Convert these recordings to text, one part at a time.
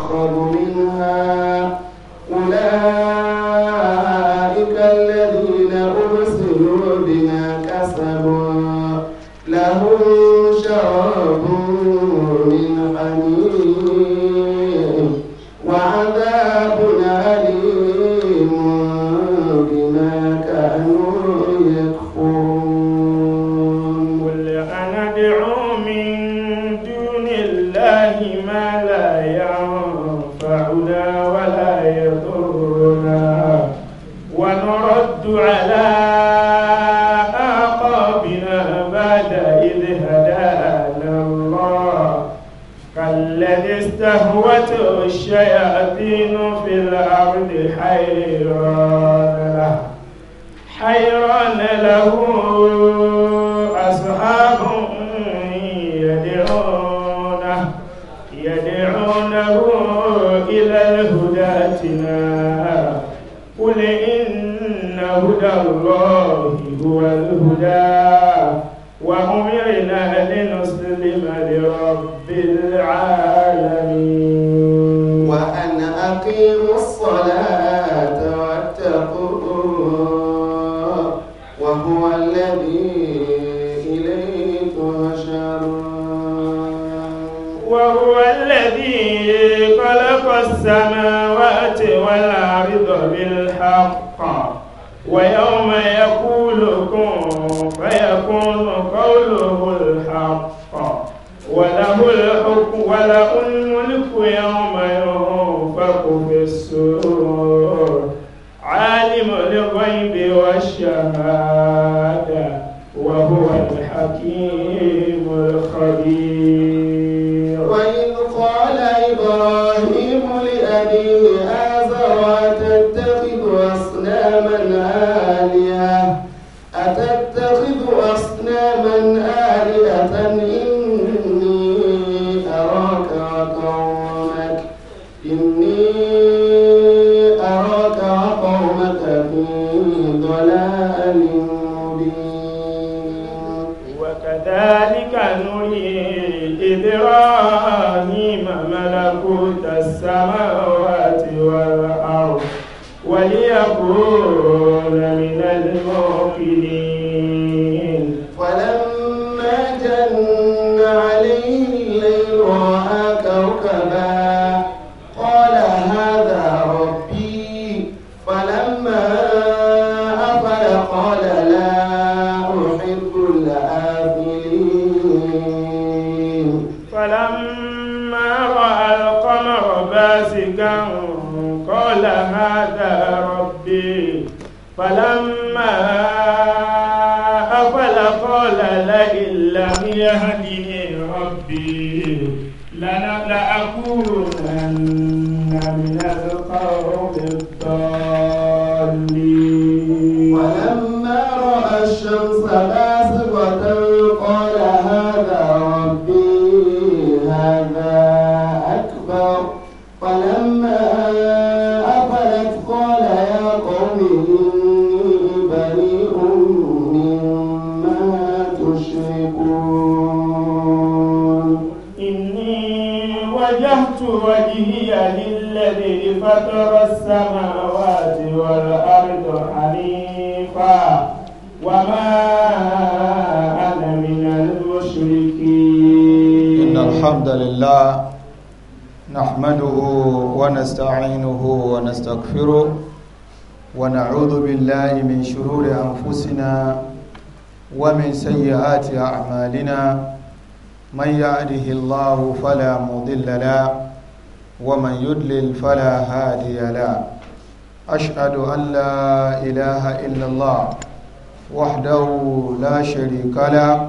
أخرجوا قال هذا ربي فلما الله نحمده ونستعينه ونستغفره ونعوذ بالله من شرور أنفسنا ومن سيئات أعمالنا من يهده الله فلا مضل له ومن يدلل فلا هادي له أشهد أن لا إله إلا الله وحده لا شريك له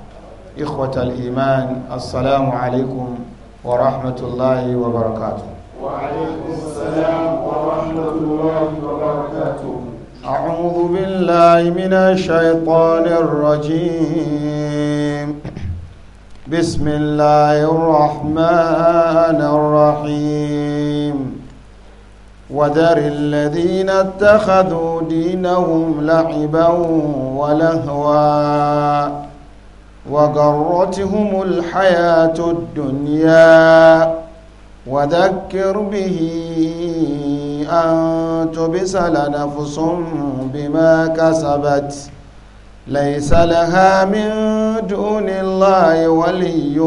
إخوة الإيمان السلام عليكم ورحمة الله وبركاته وعليكم السلام ورحمة الله وبركاته أعوذ بالله من الشيطان الرجيم بسم الله الرحمن الرحيم وذر الذين اتخذوا دينهم لعبا ولهوا وغرتهم الحياة الدنيا وذكر به أن تبسل نفس بما كسبت ليس لها من دون الله ولي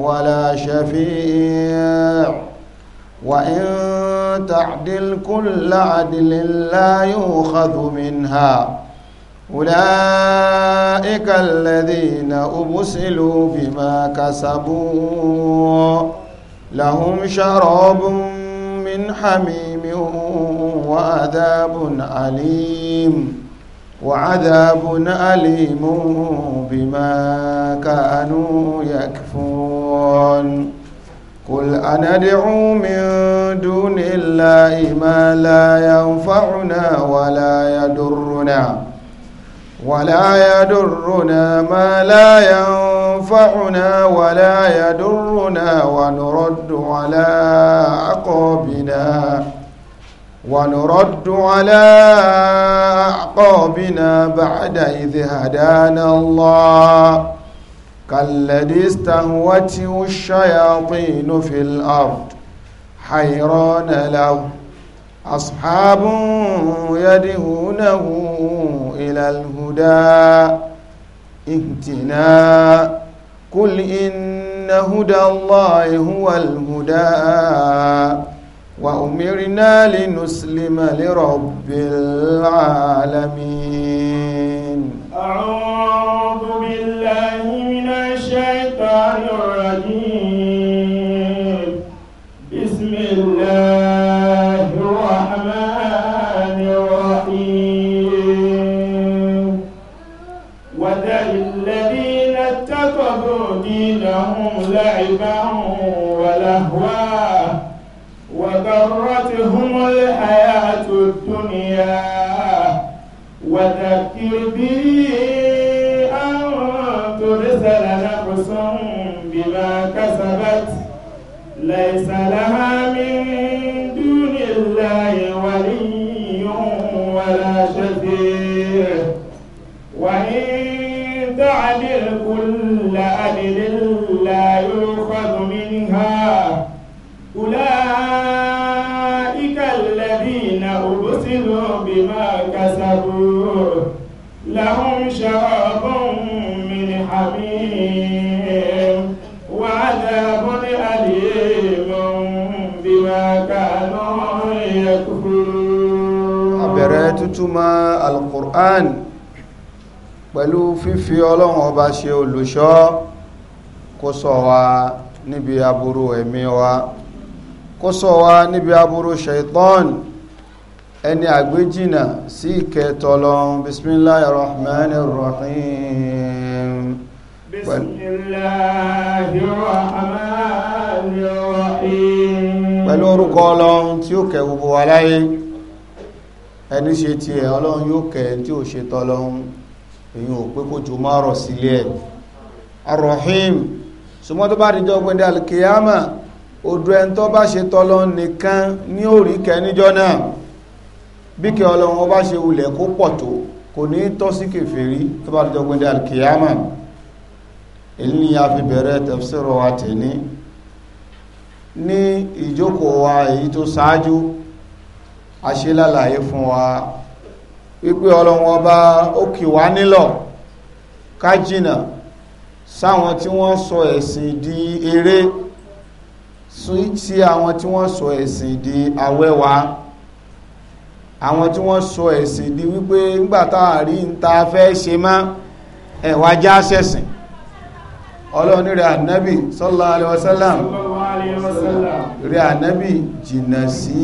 ولا شفيع وإن تعدل كل عدل لا يؤخذ منها أولئك الذين أبسلوا بما كسبوا لهم شراب من حميم وعذاب أليم وعذاب أليم بما كانوا يكفون قل أندعو من دون الله ما لا ينفعنا ولا يضرنا ولا يدرنا ما لا ينفعنا ولا يدرنا ونرد على عقابنا ونرد على أعقابنا بعد إذ هدانا الله كالذي استهوته الشياطين في الأرض حيران له أصحاب يدعونه إلى الهدى الهدى اهتنا قل إن هدى الله هو الهدى وأمرنا لنسلم لرب العالمين أعوذ بالله من الشيطان الرجيم ولهوا وغرتهم الحياة الدنيا وذكر به أن ترسل نفس بما كسبت ليس لها من دون الله ولي ولا شفيع وإن تعدل كل أدل كسبوا لهم شراب من حميم وعذاب أليم بما كانوا يكفرون أبرأتتما القرآن pẹ̀lú fífi ọlọ́run ọba ṣe olùṣọ́ kó ṣọ́ wa níbi aburú ẹ̀mí wa kó ṣọ́ wa níbi aburú ṣaitọ́ọ̀nì ẹni àgbéjìnà sí ìkẹtọlọ́n bismillahir rahmanir rahim bismillahir rahmanir rahim pẹ̀lú orúkọ ọlọ́run tí ó kẹ gbogbo wa láyé ẹni ṣe ti ẹ̀ ọlọ́run yóò kẹ tí ó ṣe tọlọ́run èyí ò pé kó jù máa rọ̀ sílé ẹ̀ arọ̀hìm ṣùgbọ́n tó bá di jọ pé alkiyama odò ẹ̀ntọ́ bá ṣe tọlọ́run nìkan ní òríkẹ́ níjọ́ náà bí kí ọlọ́run ọba ṣe wulẹ̀ kó pọ̀ tó kò ní tọ́ sí kèfèrí tó bá jọ gbẹ́dẹ́ alkiyama èyí ni a fi bẹ̀rẹ̀ tafsiro wa tẹ̀ní ní ìjókòó wa èyí tó ṣáájú a ṣe lálàyé fún wa wípé ọlọ́run ọba ó kì wá nílọ̀ ká jìnà sáwọn tí wọ́n sọ ẹ̀sìn di eré sí àwọn tí wọ́n sọ ẹ̀sìn di awẹ́wàá àwọn tí wọ́n sọ ẹ̀sìn di wípé nígbà rí ń ta fẹ́ ṣe má ẹ̀wà já ọlọ́run rẹ̀ sallallahu alaihi rẹ̀ jìnnà sí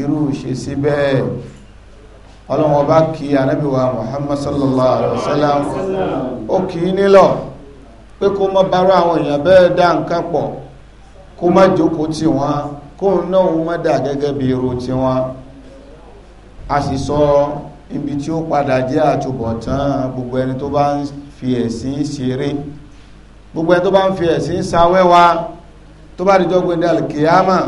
irú ṣe sí bẹ́ẹ̀ ọlọ́run ọba kí ànábì wa Muhammad sallallahu alaihi wasallam a sì sọ ibi tí ó padà jẹ́ àtúbọ̀tán gbogbo ẹni tó bá ń fi ẹ̀sìn ṣeré gbogbo ẹni tó bá ń fi ẹ̀sìn ṣawẹ́wà tó bá di alkiyama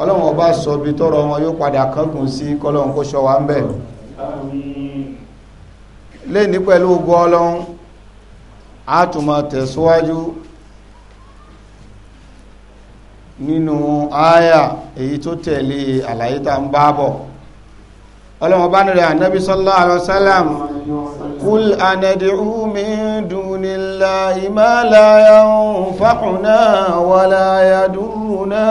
ọlọ́run ọba sọ ibi tọrọ wọn padà kankun sí kọlọ́run kó ṣọ́ ń bẹ̀ lẹ́ni pẹ̀lú ogun ọlọ́run a tún máa tẹ̀síwájú nínú àyà èyí tó ọlọ́run bá nílẹ̀ ànábì sallallahu alaihi wasallam kúl anad'u min dunillahi ma la yanfa'una wa la yadurruna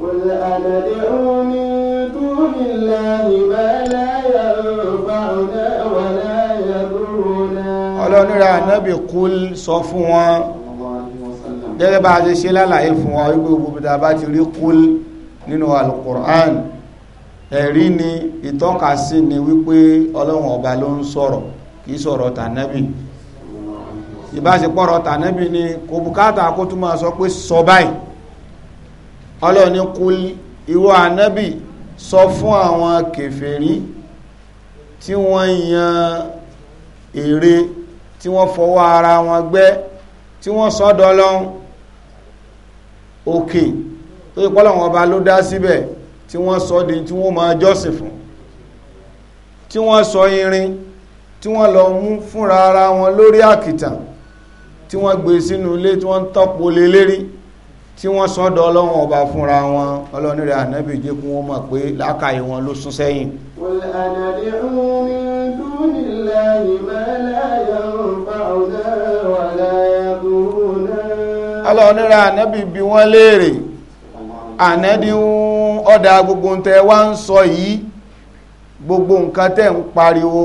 kúl anad'u min dunillahi ma la yanfa'una wa la yadurruna ọlọ́run nílẹ̀ ànábì kúl sọ fún wọn gẹ́gẹ́ bá a ṣe ṣe lálàyé fún wọn wípé bí ta bá ti rí kúl nínú alukur'an ẹ̀rí ni ìtọ́kasí ni wípé ọlọ́run ọba ló ń sọ̀rọ̀ kìí sọ̀rọ̀ tànẹ́bì ìbáṣepọ̀rọ̀ tànẹ́bì ni kò bùkátà kó tún máa sọ pé sọ báyìí ọlọ́run ní kú ìwọ ànẹ́bì sọ fún àwọn kèfèrí tí wọ́n yan ère tí wọ́n fọwọ́ ara wọn gbẹ́ tí wọ́n sọ́dọ̀ lọ́hún òkè tó ìpọ́lọ̀wọ̀n ọba ló dá síbẹ̀ tí wọ́n sọ di tí wọ́n máa jọ́sìn fún tí wọ́n sọ irin tí wọ́n lọ mú fúnra ara wọn lórí àkìtàn tí wọ́n gbé sínú ilé tí wọ́n tọ́pọ̀ lé lérí tí wọ́n sọ́dọ̀ ọlọ́run ọba fúnra wọn ọlọ́nirẹ̀ ànábì jẹ́ wọ́n mọ̀ pé làákàyè wọn ló sún sẹ́yìn. ọlọ́nirẹ̀ ànábì bi wọ́n léèrè ànádìhún ọ̀dà gbogbo ń tẹ́ wá ń sọ yìí gbogbo nǹkan tẹ́ ń pariwo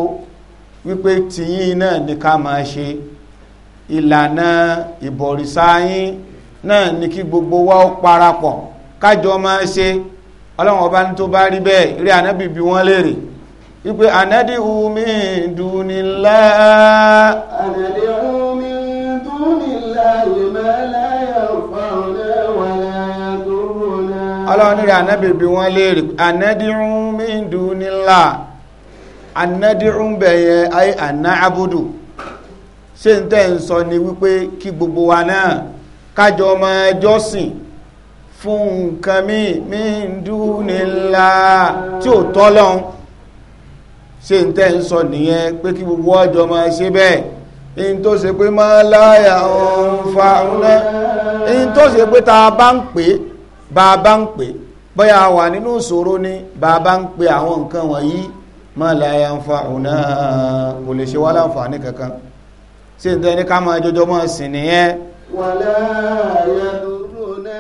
wípé tìyín náà ní ká máa ṣe ìlànà ìbọ̀rìsáyín náà ní kí gbogbo wa ó parapọ̀ kájọ máa ṣe ọlọ́run ọba ní tó bá rí bẹ́ẹ̀ rí ànábì bí wọ́n léèrè wípé ànádì umi dùnìlá ànádì umi dùnìlá ọlọ́nìrì ànábì bí wọ́n léèrè ànádìrún míndú nílá ànádìrún bẹ̀yẹ ayé àná abúdù ṣe tẹ́ ń ni wípé kí gbogbo wa náà kájọ ọmọ ẹjọ́sìn fún nǹkan míndú nílá tí ò tọ́lọ́n ṣe ń tẹ́ ń sọ nìyẹn gbogbo ọjọ́ ọmọ ṣe bẹ́ẹ̀ in tó ṣe pé máa láyà ọ̀nà in tó ṣe pé ta bá ń bàbá ń pè bóyá wà nínú ìṣòro ni bàbá ń pè àwọn nǹkan wọ̀nyí ma la yanfa'una kò lè ṣe wá láǹfààní kankan sí ní tẹ́ni ká máa jọjọ́ mọ́ sìn nìyẹn wala yaduruna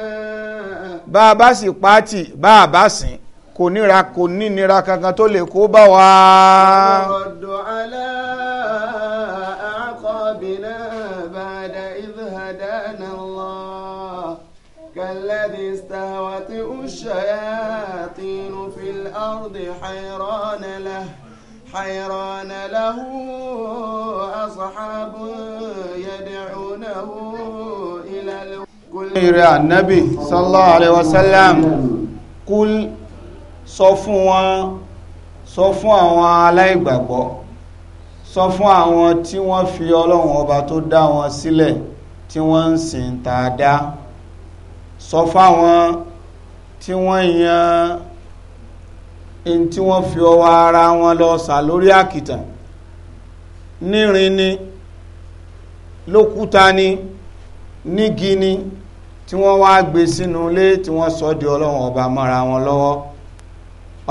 bàbá sì pàtì bàbá sìn kò níra kò ní nira kankan tó lè kó bá wa. ọ̀dọ̀ alá. الشياطين في الأرض حيران له حيران له أصحاب يدعونه إلى الو... يا النبي صلى الله عليه وسلم قل sọ fún wọn sọ fún àwọn aláìgbàgbọ́ sọ fún àwọn tí wọ́n fi ọlọ́run ọba tó dá wọn sílẹ̀ tí wọ́n ń sìn tàdá sọ fáwọn tí wọ́n yan in tí wọ́n fi ọwọ́ ara wọn lọ sà lórí àkìtàn nírin ni lókúta ni nígi ni tí wọ́n wá gbé sínú ilé tí wọ́n sọ di ọlọ́run ọba mọ́ra wọn lọ́wọ́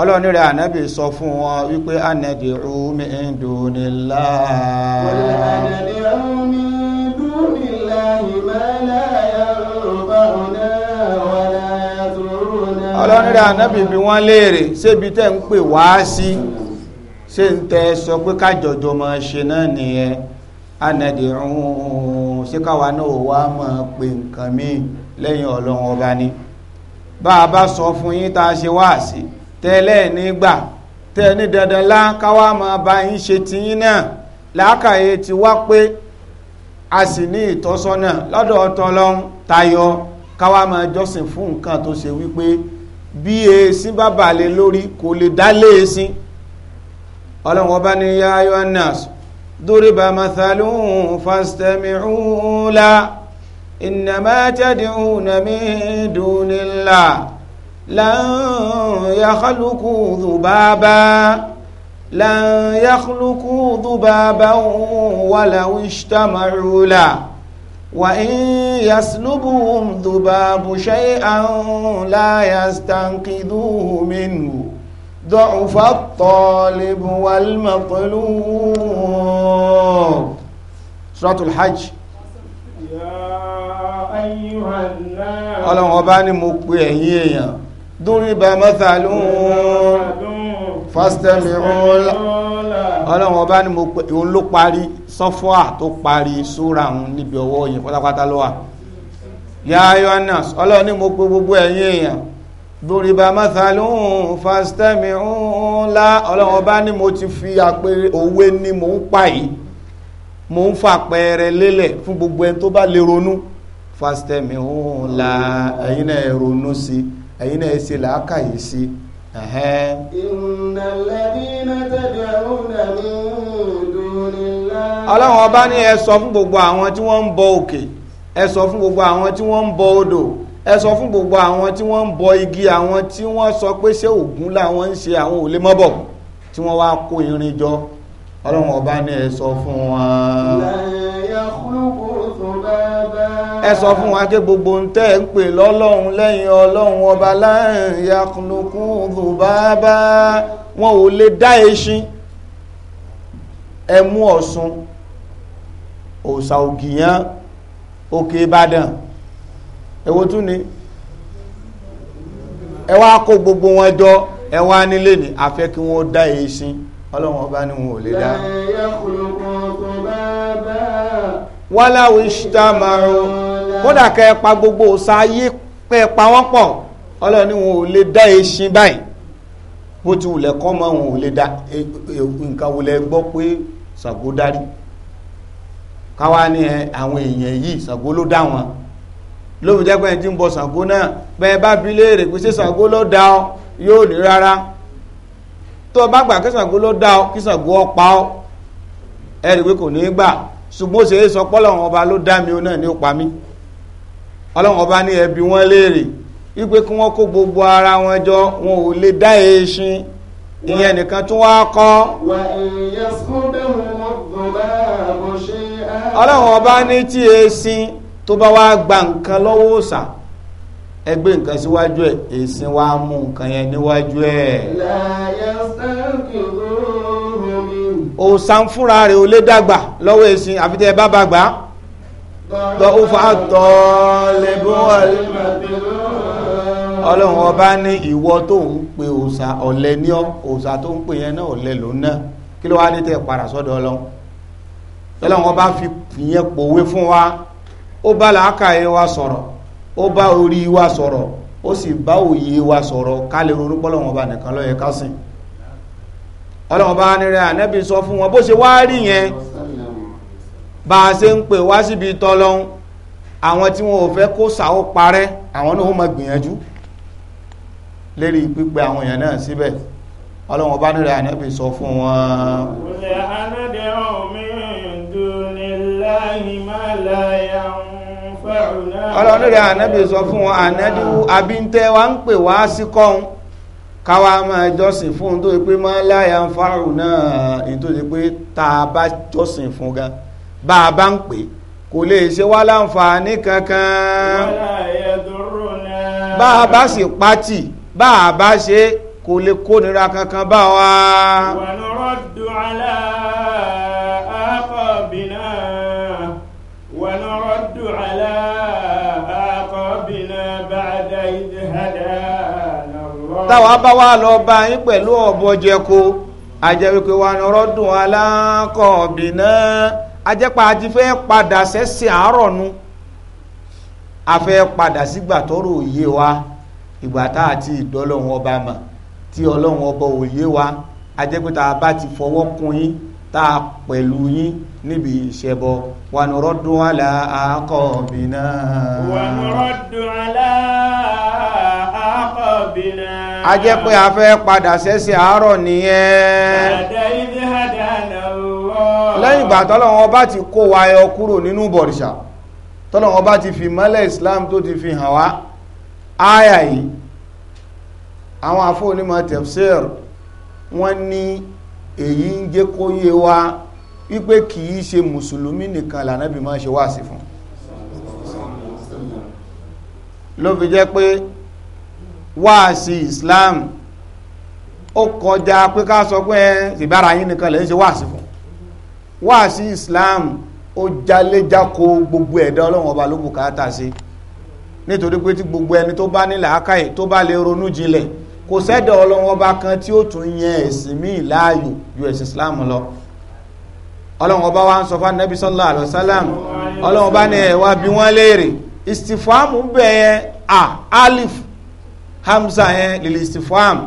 ọlọ́run rẹ̀ ànábì sọ fún wọn wípé anadiru min dunillah. ọlọ́nira ànábì bí wọ́n léèrè sébi tẹ́ ń pè wá sí ṣé ń tẹ sọ pé kájọjọ mọ̀ ṣe náà nìyẹn anadi ọ̀hún ṣé káwa náà wá mọ̀ pé nǹkan míì lẹ́yìn ọlọ́run ọba ni bá a bá sọ fún yín tá a ṣe wá sí tẹ́lẹ̀ nígbà tẹ́ ní dandan lá káwa máa bá yín ṣe tiyín náà làákàyè ti wá pé a sì ní ìtọ́sọ́nà lọ́dọ̀ ọ̀tọ̀ ọlọ́run tayọ máa jọ́sìn fún nǹkan tó ṣe wípé bí èsín bá balẹ̀ lórí kò lè dá léèsín ọlọ́run ọba ní yá yohanas duriba mathalun fastami'u la innama tad'una min dunillah lan yakhluqu dhubaba lan yakhluqu dhubaban wa law وإن يسلبهم ذباب شيئا لا يستنقذوه منه ضعف الطالب والمطلوب سورة الحج ọlọ́run ọba ni mo pe ẹ̀yin èèyàn dúríba mọ́tàlú fásitẹ́mì ọlọ́run ọba ni mo pe òun ló parí sọ́fọ́à tó parí súra òun níbi ọwọ́ yìí pátápátá lọ́wà ya yohanas ọlọ́run ni mo pe gbogbo ẹ̀yin èèyàn dùrìbà masalun fastami'u la ọlọ́run ọba ni mo ti fi àpẹẹrẹ òwe ni mò ń pa yìí mò ń fàpẹẹrẹ lélẹ̀ fún gbogbo ẹni tó bá lè ronú fastami'u la ẹ̀yin náà ronú sí ẹ̀yin náà ṣe làákàyè sí ọlọ́run ọba ní ẹ sọ fún gbogbo àwọn tí wọ́n ń bọ òkè ẹ sọ fún gbogbo àwọn tí wọ́n ń bọ odò ẹ sọ fún gbogbo àwọn tí wọ́n ń bọ igi àwọn tí wọ́n sọ pé ṣé Ògún làwọn ń ṣe àwọn ò tí wọ́n wá kó irin jọ ọlọ́run ọba ní ẹ sọ fún wa ẹ sọ fún wa kí gbogbo ń tẹ́ ń pè lọ́lọ́run lẹ́yìn ọlọ́run ọba láàrin yakunukun bàbá wọn ò lè dá eṣin ẹmú ọ̀ṣun òòsà ògìyàn òkè ìbàdàn èwo tún ni ẹ wá kó gbogbo wọn jọ ẹ wá nílé ní afẹ́ kí wọ́n dá eṣin ọlọ́run ọba ni wọn ò lè dá wálá wíṣítà márùn kódà kẹ́ pa gbogbo ọ̀sá ayé pẹ́ pa wọ́n pọ̀ ọlọ́run ni wọn ò lè dá eṣin báyìí bó ti wùlẹ̀ kọ́ mọ́ wọn ò lè dá e, e, e, nǹkan wùlẹ̀ gbọ́ pé Ṣàngó dárí káwá ní àwọn èèyàn yìí Ṣàngó ló dá wọn lóbi jẹ́ pé ẹni tí ń bọ Ṣàngó náà bẹ́ẹ̀ bá bi léèrè pé ṣé Ṣàngó ló dá ọ yóò ní rárá tó o bá gbà kí Ṣàngó ló dá ọ kí Ṣàngó ọ pa ọ ẹ rí i pé kò ní í gbà ṣùgbọ́n ṣe é sọ pọ́lọ́wọ́n ọba ló dá mi ó náà ní ó pa mí ọlọ́wọ́n ọba ní ẹbí wọn léèrè wípé kí wọ́n kó gbogbo ara wọn jọ wọn ò lè dá èéṣin ìyẹn nìkan tún wá kọ́. ọlọ́wọ́n ọba ní tí èéṣin tó bá wá gba nǹkan lọ́wọ́ òòsà ẹgbẹ́ nǹkan síwájú ẹ̀ èsìn wa mú nǹkan yẹn níwájú ẹ̀. òòsàn fúnra rẹ̀ ò lè dàgbà lọ́wọ́ èsìn àfi tẹ́ ẹ bá bá gbà á. tọ́ ó fa tọ́ lè bọ́ wọlé ọlọ́run ọba ní ìwọ tó ń pe òòsà ọ̀lẹ ní ọ òòsà tó ń pe yẹn náà ọ̀lẹ lòun náà kí ló wá dé tẹ́ padà sọ́dọ̀ ọlọ́run ọlọ́run ọba fi ìyẹn pòwe fún wa ó bá làákàyè wa sọ̀rọ̀ ó bá orí wa sọ̀rọ̀ ó sì bá òye wa sọ̀rọ̀ ká lè ronú pọ́lọ́wọ́n ọba nìkan ló yẹ ká sìn ọlọ́wọ́n bá ní rẹ̀ ànẹ́bí sọ fún wọn bó ṣe wá rí yẹn bá a ṣe ń pè wá síbi tọ́lọ́hún àwọn tí wọn ò fẹ́ kó sàó parẹ́ àwọn náà ó gbìyànjú lérí pípẹ́ àwọn èèyàn náà síbẹ̀ ọlọ́wọ́n bá ní rẹ̀ ànẹ́bí sọ fún wọn. ọ̀lẹ́ ànádẹ́ ọ̀hún mi dùn ní láyìí má láyà wọn ọlọ́run rẹ̀ ànábì sọ fún wọn ànádú abíntẹ́ wa ń pè wá sí kọ́hún káwa máa jọ́sìn fún tó yẹ pé láyà ń fárùn náà èyí tó pé tá bá jọ́sìn fún gan bá a bá ń pè kò lè ṣe wá láǹfààní kankan bá a bá sì pátì bá a bá ṣe kò lè kónira kankan bá wa. wà lọ́rọ̀ dùn àlá. táwa bá wà lọ bá yín pẹ̀lú ọ̀bọ jẹko ajẹ́ wípé wà ní ọ̀rọ̀ dùn aláǹkọ̀ọ̀bì ajẹ́pà àti fẹ́ padà sẹ́sìn àárọ̀ nu a fẹ́ padà sígbà tọ́rọ̀ òye wa ìgbà tá a ti ìdọ́lọ́hún ọba mà tí ọlọ́hún ọba òye wa ajẹ́pẹ́ tá a bá ti fọwọ́ kun yín tá a pẹ̀lú yín níbi ìṣẹbọ wà ní ọ̀rọ̀ dùn wà ní ọ̀rọ̀ dùn ربنا أجيب يا فيه قد أسيسي أرونيه بعد إذ هدانا الله لين بعد الله وباتي قوة يوكرو نينو بورشا tọ́lọ́wọ́ bá ti fi mọ́lẹ̀ islam tó ti fi hàn wá áyà yìí àwọn afọ́nímọ̀ tafsir wọ́n ní èyí ń jẹ́ kó yé wa wípé kìí ṣe mùsùlùmí nìkan lànàbì máa ṣe wá sí fún ló jẹ́ pé wáàsí islam ó kọjá pé ká sọ pé ìbára yín nìkan lè ń ṣe wáàsí fún wáàsí islam ó jaléjáko gbogbo ẹ̀dá ọlọ́run ọba ló bùkátà sí nítorí pé tí gbogbo ẹni tó bá ní làákàyè tó bá lè ronú jinlẹ̀ kò sẹ́dọ̀ ọlọ́run ọba kan tí ó tún yẹn ẹ̀sìn míì láàyò ju ẹ̀sìn islam lọ ọlọ́run ọba wa ń sọ fún anabi sallallahu alaihi wasallam ọlọ́run ọba ní ẹ̀wà bí wọ́n léèrè istifamu bẹ́ẹ̀ a alif hamza yẹn lèlè istifam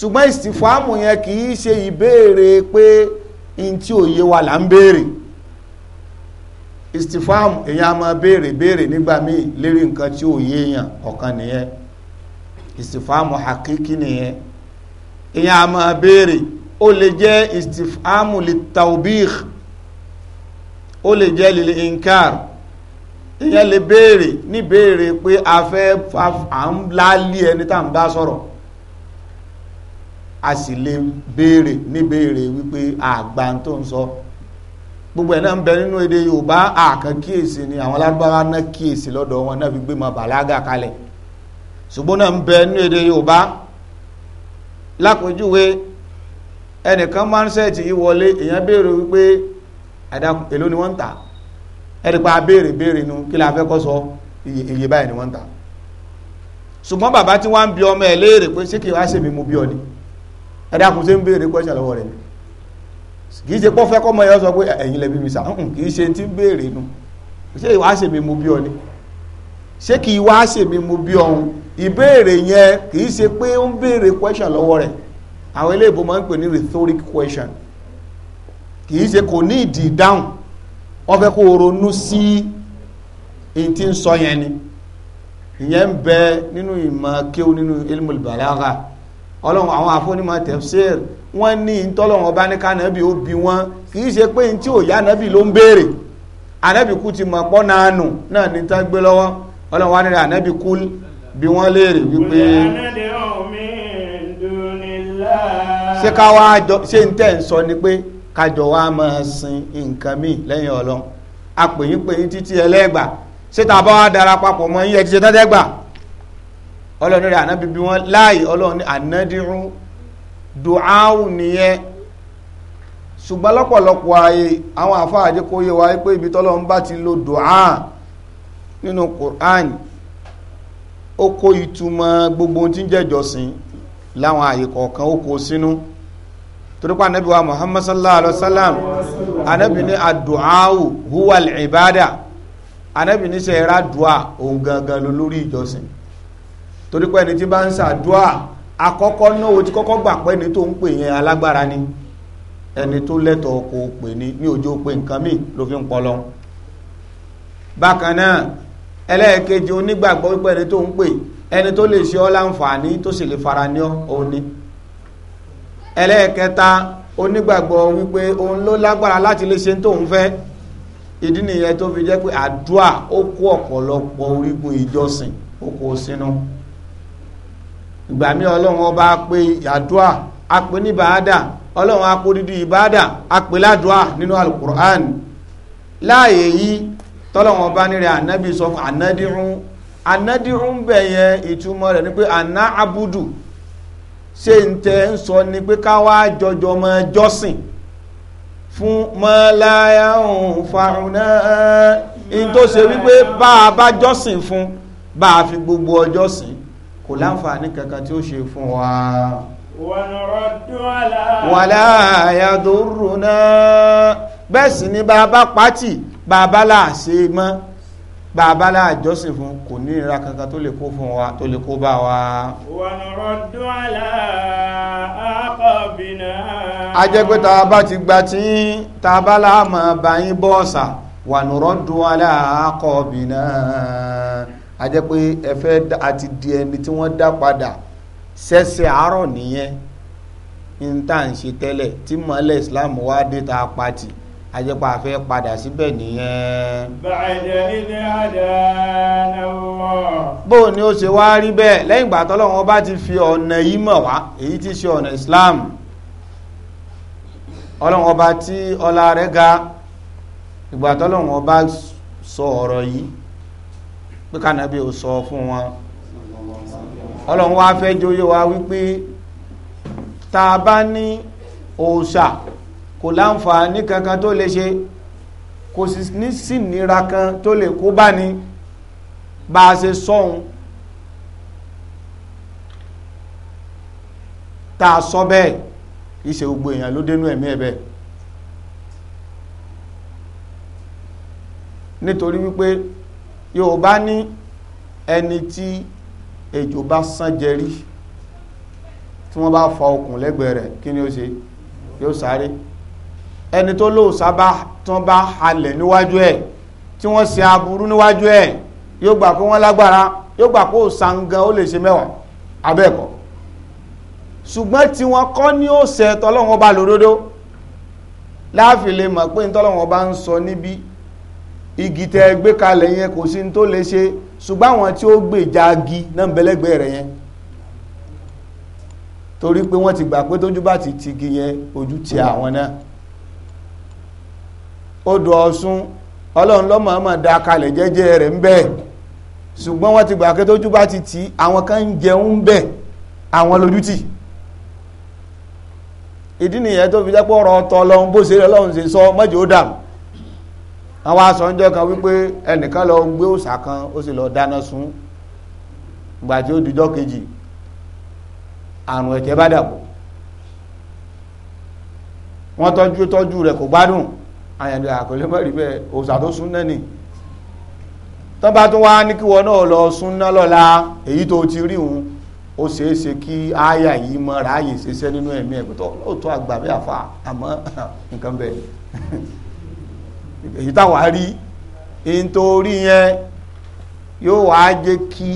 ṣùgbọ́n istifam yẹn kì í ṣe ìbéèrè pé n tí òye wa là ń béèrè istifam èyàn a máa béèrè béèrè nígbà míì lérí nǹkan tí òye yàn ọ̀kan nìyẹn istifam hakiki nìyẹn èyàn a máa béèrè ó lè jẹ́ istifam lè tawbih ó lè jẹ́ lè inkar ìyẹn lè béèrè ní béèrè pé a fẹ́ à ń lálé ẹni tá à ń bá sọ̀rọ̀ a sì lè béèrè ní béèrè wípé àgbà tó ń sọ gbogbo ẹ̀ náà ń bẹ nínú èdè Yorùbá àkàn kíyèsí ni àwọn alágbára náà kíyèsí lọ́dọ̀ wọn náà fi gbé mọ bàlágà kalẹ̀ ṣùgbọ́n náà ń bẹ nínú èdè Yorùbá lápèjúwe ẹnìkan máa ń sẹ́ẹ̀tì yìí wọlé èèyàn béèrè wípé àdàkùn èló ni wọ́n ń tà á ẹ̀rí pa béèrè béèrè nu kí la fẹ́ kọ́ sọ iye báyìí ni wọ́n ń ta ṣùgbọ́n bàbá tí wọ́n ń bi ọmọ ẹ̀ léèrè pé ṣé kì í wá ṣèmi mo bí ọ ni ẹ̀dá kùn ṣe ń béèrè pẹ́ṣẹ̀ lọ́wọ́ rẹ̀ ni kì í ṣe pọ́fẹ́ kọ́mọ ẹ̀ sọ pé ẹ̀yin lẹ́bí mi sà kì í ṣe ti ń béèrè nu ṣé kì í wá ṣèmi mo bí ọ ni ṣé kì í wá ṣèmi mo bí ọ̀hún ìbéèrè yẹn kì í ṣe pé ń béèrè pẹ́ṣẹ̀ lọ́wọ́ rẹ̀ àwọn eléèbó máa ń pè ní rhetoric question kì í ṣe kò ní ìdí ìdáhùn wọ́n fẹ́ kó o ronú sí èyí tí ń sọ yẹn ni ìyẹn ń bẹ nínú ìmọ̀ kéwú nínú ilmul balaga ọlọ́run àwọn afọ́nímọ̀ tafsir wọ́n ní ìtọ́lọ́run ọba ní kánábì ó bi wọ́n kì í ṣe pé ní tí ò yá nábì ló ń béèrè ànábì kú ti mọ̀ pọ́ nánù náà ní tá gbé lọ́wọ́ ọlọ́run wá nílẹ̀ ànábì kú bí wọ́n léèrè wípé ṣé ká wá ṣe ń tẹ̀ ń sọ ni pé kájọ wa máa sin nǹkan míì lẹ́yìn ọlọ́run apèyín pèyín títí ẹlẹ́gbà síta bá wa dara papọ̀ mọ́ yín ẹ ti ṣe tẹ́tẹ́gbà ọlọ́run rẹ̀ ànábi bí wọ́n láàyè ọlọ́run ànádìrún dùáhùn nìyẹn ṣùgbọ́n lọ́pọ̀lọpọ̀ ayé àwọn àfáàjẹ́ kó yé wa pé ibi tọ́lọ́run bá ti lo dùá nínú Qur'an ó kó ìtumọ̀ gbogbo tí ń jẹ́jọ́sìn láwọn àyè kọ̀ọ̀kan ó kó sínú torí pa anabi wa muhammad sallallahu alaihi wa sallam anabi ni adu'awu huwa al-ibada anabi ni sẹ́yìn ra du'a òun gangan ló lórí ìjọsìn torí pa ẹni tí bá ń ṣàdúà àkọ́kọ́ náà o ti kọ́kọ́ gbà pé ẹni tó ń pè yẹn alágbára ni ẹni tó lẹ́tọ̀ọ́ kò pè ní ní òjò pé nǹkan míì ló fi ń pọlọ bákan náà ẹlẹ́ẹ̀kejì onígbàgbọ́ pé ẹni tó ń pè ẹni tó lè ṣe ọ́ láǹfààní tó sì lè fara ní ọ́ òun ni ẹlẹ́ẹ̀kẹta onígbàgbọ́ wípé òun ló lágbára láti lè ṣe tóun fẹ́ ìdí nìyẹn tó fi jẹ́ pé àdúà ó kó ọ̀pọ̀lọpọ̀ orígun ìjọsìn ó kó sínú ìgbà míì ọlọ́run ọba pé àdúà a pè ní ìbáadà ọlọ́run a pè dídí ìbáadà a pè ládùá nínú alukur'an láàyè yìí tọ́lọ́run ọba nírẹ̀ ànábì sọ fún ànádìrún ànádìrún bẹ̀yẹn ìtumọ̀ rẹ̀ ni pé àná abudu ṣé n tẹ́ ń sọ ni pé ká wá jọjọ mọ jọ́sìn fún mọ́láyà òun fàrùn náà in tó ṣe wípé bá a bá jọ́sìn fún bá a fi gbogbo ọjọ́ sìn kò láǹfààní kankan tí ó ṣe fún wa. wàlá àyàdó rúnà bẹ́ẹ̀ sì ni bá a bá pátì bá a bá láàṣe mọ́ bá a bá láàjọsìn fún kò ní ìra kankan tó lè kó fún wa tó lè kó bá wa. wọn rọdú àlá àkọbìnà. a jẹ́ pé tá a bá ti gba tí tá a bá láàmọ̀ bá yín bọ́ọ̀sà wọn rọdú àlá àkọbìnà. a jẹ́ pé ẹ àti di ẹni tí wọ́n dá padà sẹ́sẹ̀ àárọ̀ nìyẹn ní tá à ń ṣe tẹ́lẹ̀ tí mọ́lẹ̀ Islam wá dé tá a ajẹ́pọ̀ àfẹ́ padà síbẹ̀ nìyẹn. bàjẹ́ ilé àdáná wọ̀. bó ni ó ṣe wá rí bẹ́ẹ̀ lẹ́yìn ìgbà tọ́lọ́wọ́n bá ti fi ọ̀nà yìí mọ̀ wá èyí tí ṣe ọ̀nà Islam ọlọ́wọ́n ọba tí ọlá rẹ̀ ga ìgbà tọ́lọ́wọ́n ọba sọ ọ̀rọ̀ yìí pé kànábì ò sọ fún wọn ọlọ́wọ́n wá fẹ́ jóyè wá wípé tá a bá ní òòṣà kò láǹfààní kankan tó lè ṣe kò sì ní sí nira kan tó lè kó bá ní bá a ṣe sọ́hun tá a sọ bẹ́ẹ̀ ìṣe gbogbo èèyàn ló dénú ẹ̀mí ẹ̀ nítorí wípé Yorùbá ní ẹni tí ejò bá sán jẹrí tí wọ́n bá fa okùn lẹ́gbẹ̀ẹ́ rẹ̀ kí ni ó ṣe yóò sáré ẹni tó lóòsà bá tán bá halẹ̀ níwájú ẹ̀ tí wọ́n ṣe aburú níwájú ẹ̀ yóò gbà kó wọ́n lágbára yóò gbà kó sangan ó lè ṣe mẹ́wàá abẹ́ẹ̀kọ́ ṣùgbọ́n tí wọ́n kọ́ ní òsẹ̀ tọ́lọ́wọ́n bá lòdòdó láàfi lè mọ̀ pé tọ́lọ́wọ́n bá ń sọ níbi igi tẹ́ gbé kalẹ̀ yẹn kò sí tó lè ṣe ṣùgbọ́n àwọn tí ó gbèjà agi náà bẹ́lẹ́gbẹ́ rẹ̀ yẹn torí pé wọ́n ti gbà pé tójú bá ti tigi yẹn ojú ti àwọn náà odò ọ̀ṣun ọlọ́run lọ́mọ ọmọ da kalẹ̀ jẹ́jẹ́ rẹ̀ ń bẹ ṣùgbọ́n wọ́n ti gbà pé tójú bá ti tì àwọn kan ń jẹun ń bẹ àwọn lójú tì ìdí nìyẹn tó fi jẹ́ pé ọ̀rọ̀ ọ̀tọ̀ ọlọ́run bó ṣe ọlọ́run ṣe sọ mọ́jì ó dàmú àwọn aṣọ kan wípé ẹnìkan lọ gbé òòṣà kan ó sì lọ dáná sun ìgbà tí ó dijọ́ kejì àrùn ẹ̀jẹ̀ bá dàbò wọ́n tọ́jú tọ́jú rẹ̀ kò gbádùn àyànlẹ̀ àkọlẹ́ mọ́rí bẹ́ẹ̀ òòsà tó súnná ni tán bá tún wá ní kíwọ náà lọ súnná lọ́la èyí tó ti rí òun ó ṣeé se kí áyà yìí mọ ráàyè ṣiṣẹ́ nínú ẹ̀mí ẹ̀gbẹ́tọ́ lóòótọ́ àgbà bí àfà àmọ́ nǹkan bẹ́ẹ̀ èyí táwa rí nítorí yẹn yóò wá jẹ́ kí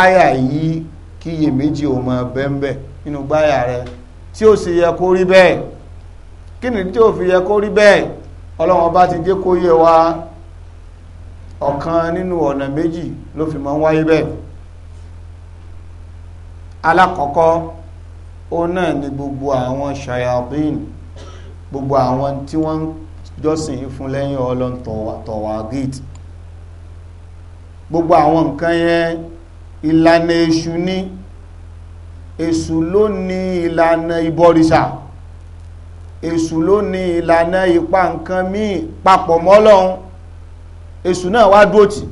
áyà yìí kíyè méjì ò mọ bẹ́ńbẹ́ nínú gbáyà rẹ tí ó sì yẹ kó rí bẹ́ẹ̀ kí nìdí tí ò fi yẹ kó rí bẹ́ẹ̀ ọlọ́run bá ti jẹ́ kó yé wa ọ̀kan nínú ọ̀nà méjì ló fi mọ́ wáyé bẹ́ẹ̀ alákọ̀ọ́kọ́ ó náà ni gbogbo àwọn shayabin gbogbo àwọn tí wọ́n jọ́sìn fún lẹ́yìn ọlọ́run tọ̀wà gate gbogbo àwọn nǹkan yẹn ìlànà èṣù ni èṣù ló ní ìlànà ìbọrìṣà èṣù ló ní ìlànà ipa nǹkan míì papọ̀ mọ́ Ọlọ́run èṣù náà wá dúró tì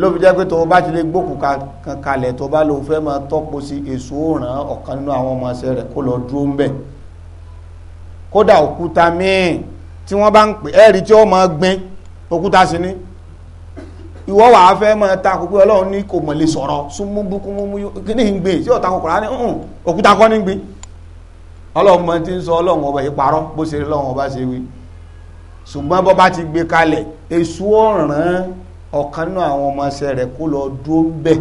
ló fi jẹ́ pé tó bá ti lè gbókùn kan kalẹ̀ tó bá lòun fẹ́ máa tọ́po sí èṣù òràn ọ̀kan nínú àwọn ọmọ ẹsẹ̀ rẹ̀ kó lọ dúró ń bẹ̀ kódà òkúta míì tí wọ́n bá ń pè ẹ́ẹ̀rí tí ó máa gbin òkúta sí ni ìwọ wàá fẹ́ máa ta kókó Ọlọ́run ní kò mọ̀ lè sọ̀rọ̀ súnmú búkú mú kí ní ń gbin sí ọ̀tà kòkòrò á ní òkúta kọ́ ní gbin ọlọ́run mọ tí ń sọ ọlọ́run ọba ìparọ́ bó ṣe ọlọ́run ọba ṣe wí ṣùgbọ́n bọ́ bá ti gbé kalẹ̀ èṣù ọ̀ràn ọ̀kan náà àwọn ọmọọṣẹ́ rẹ̀ kó lọ dúró ń bẹ̀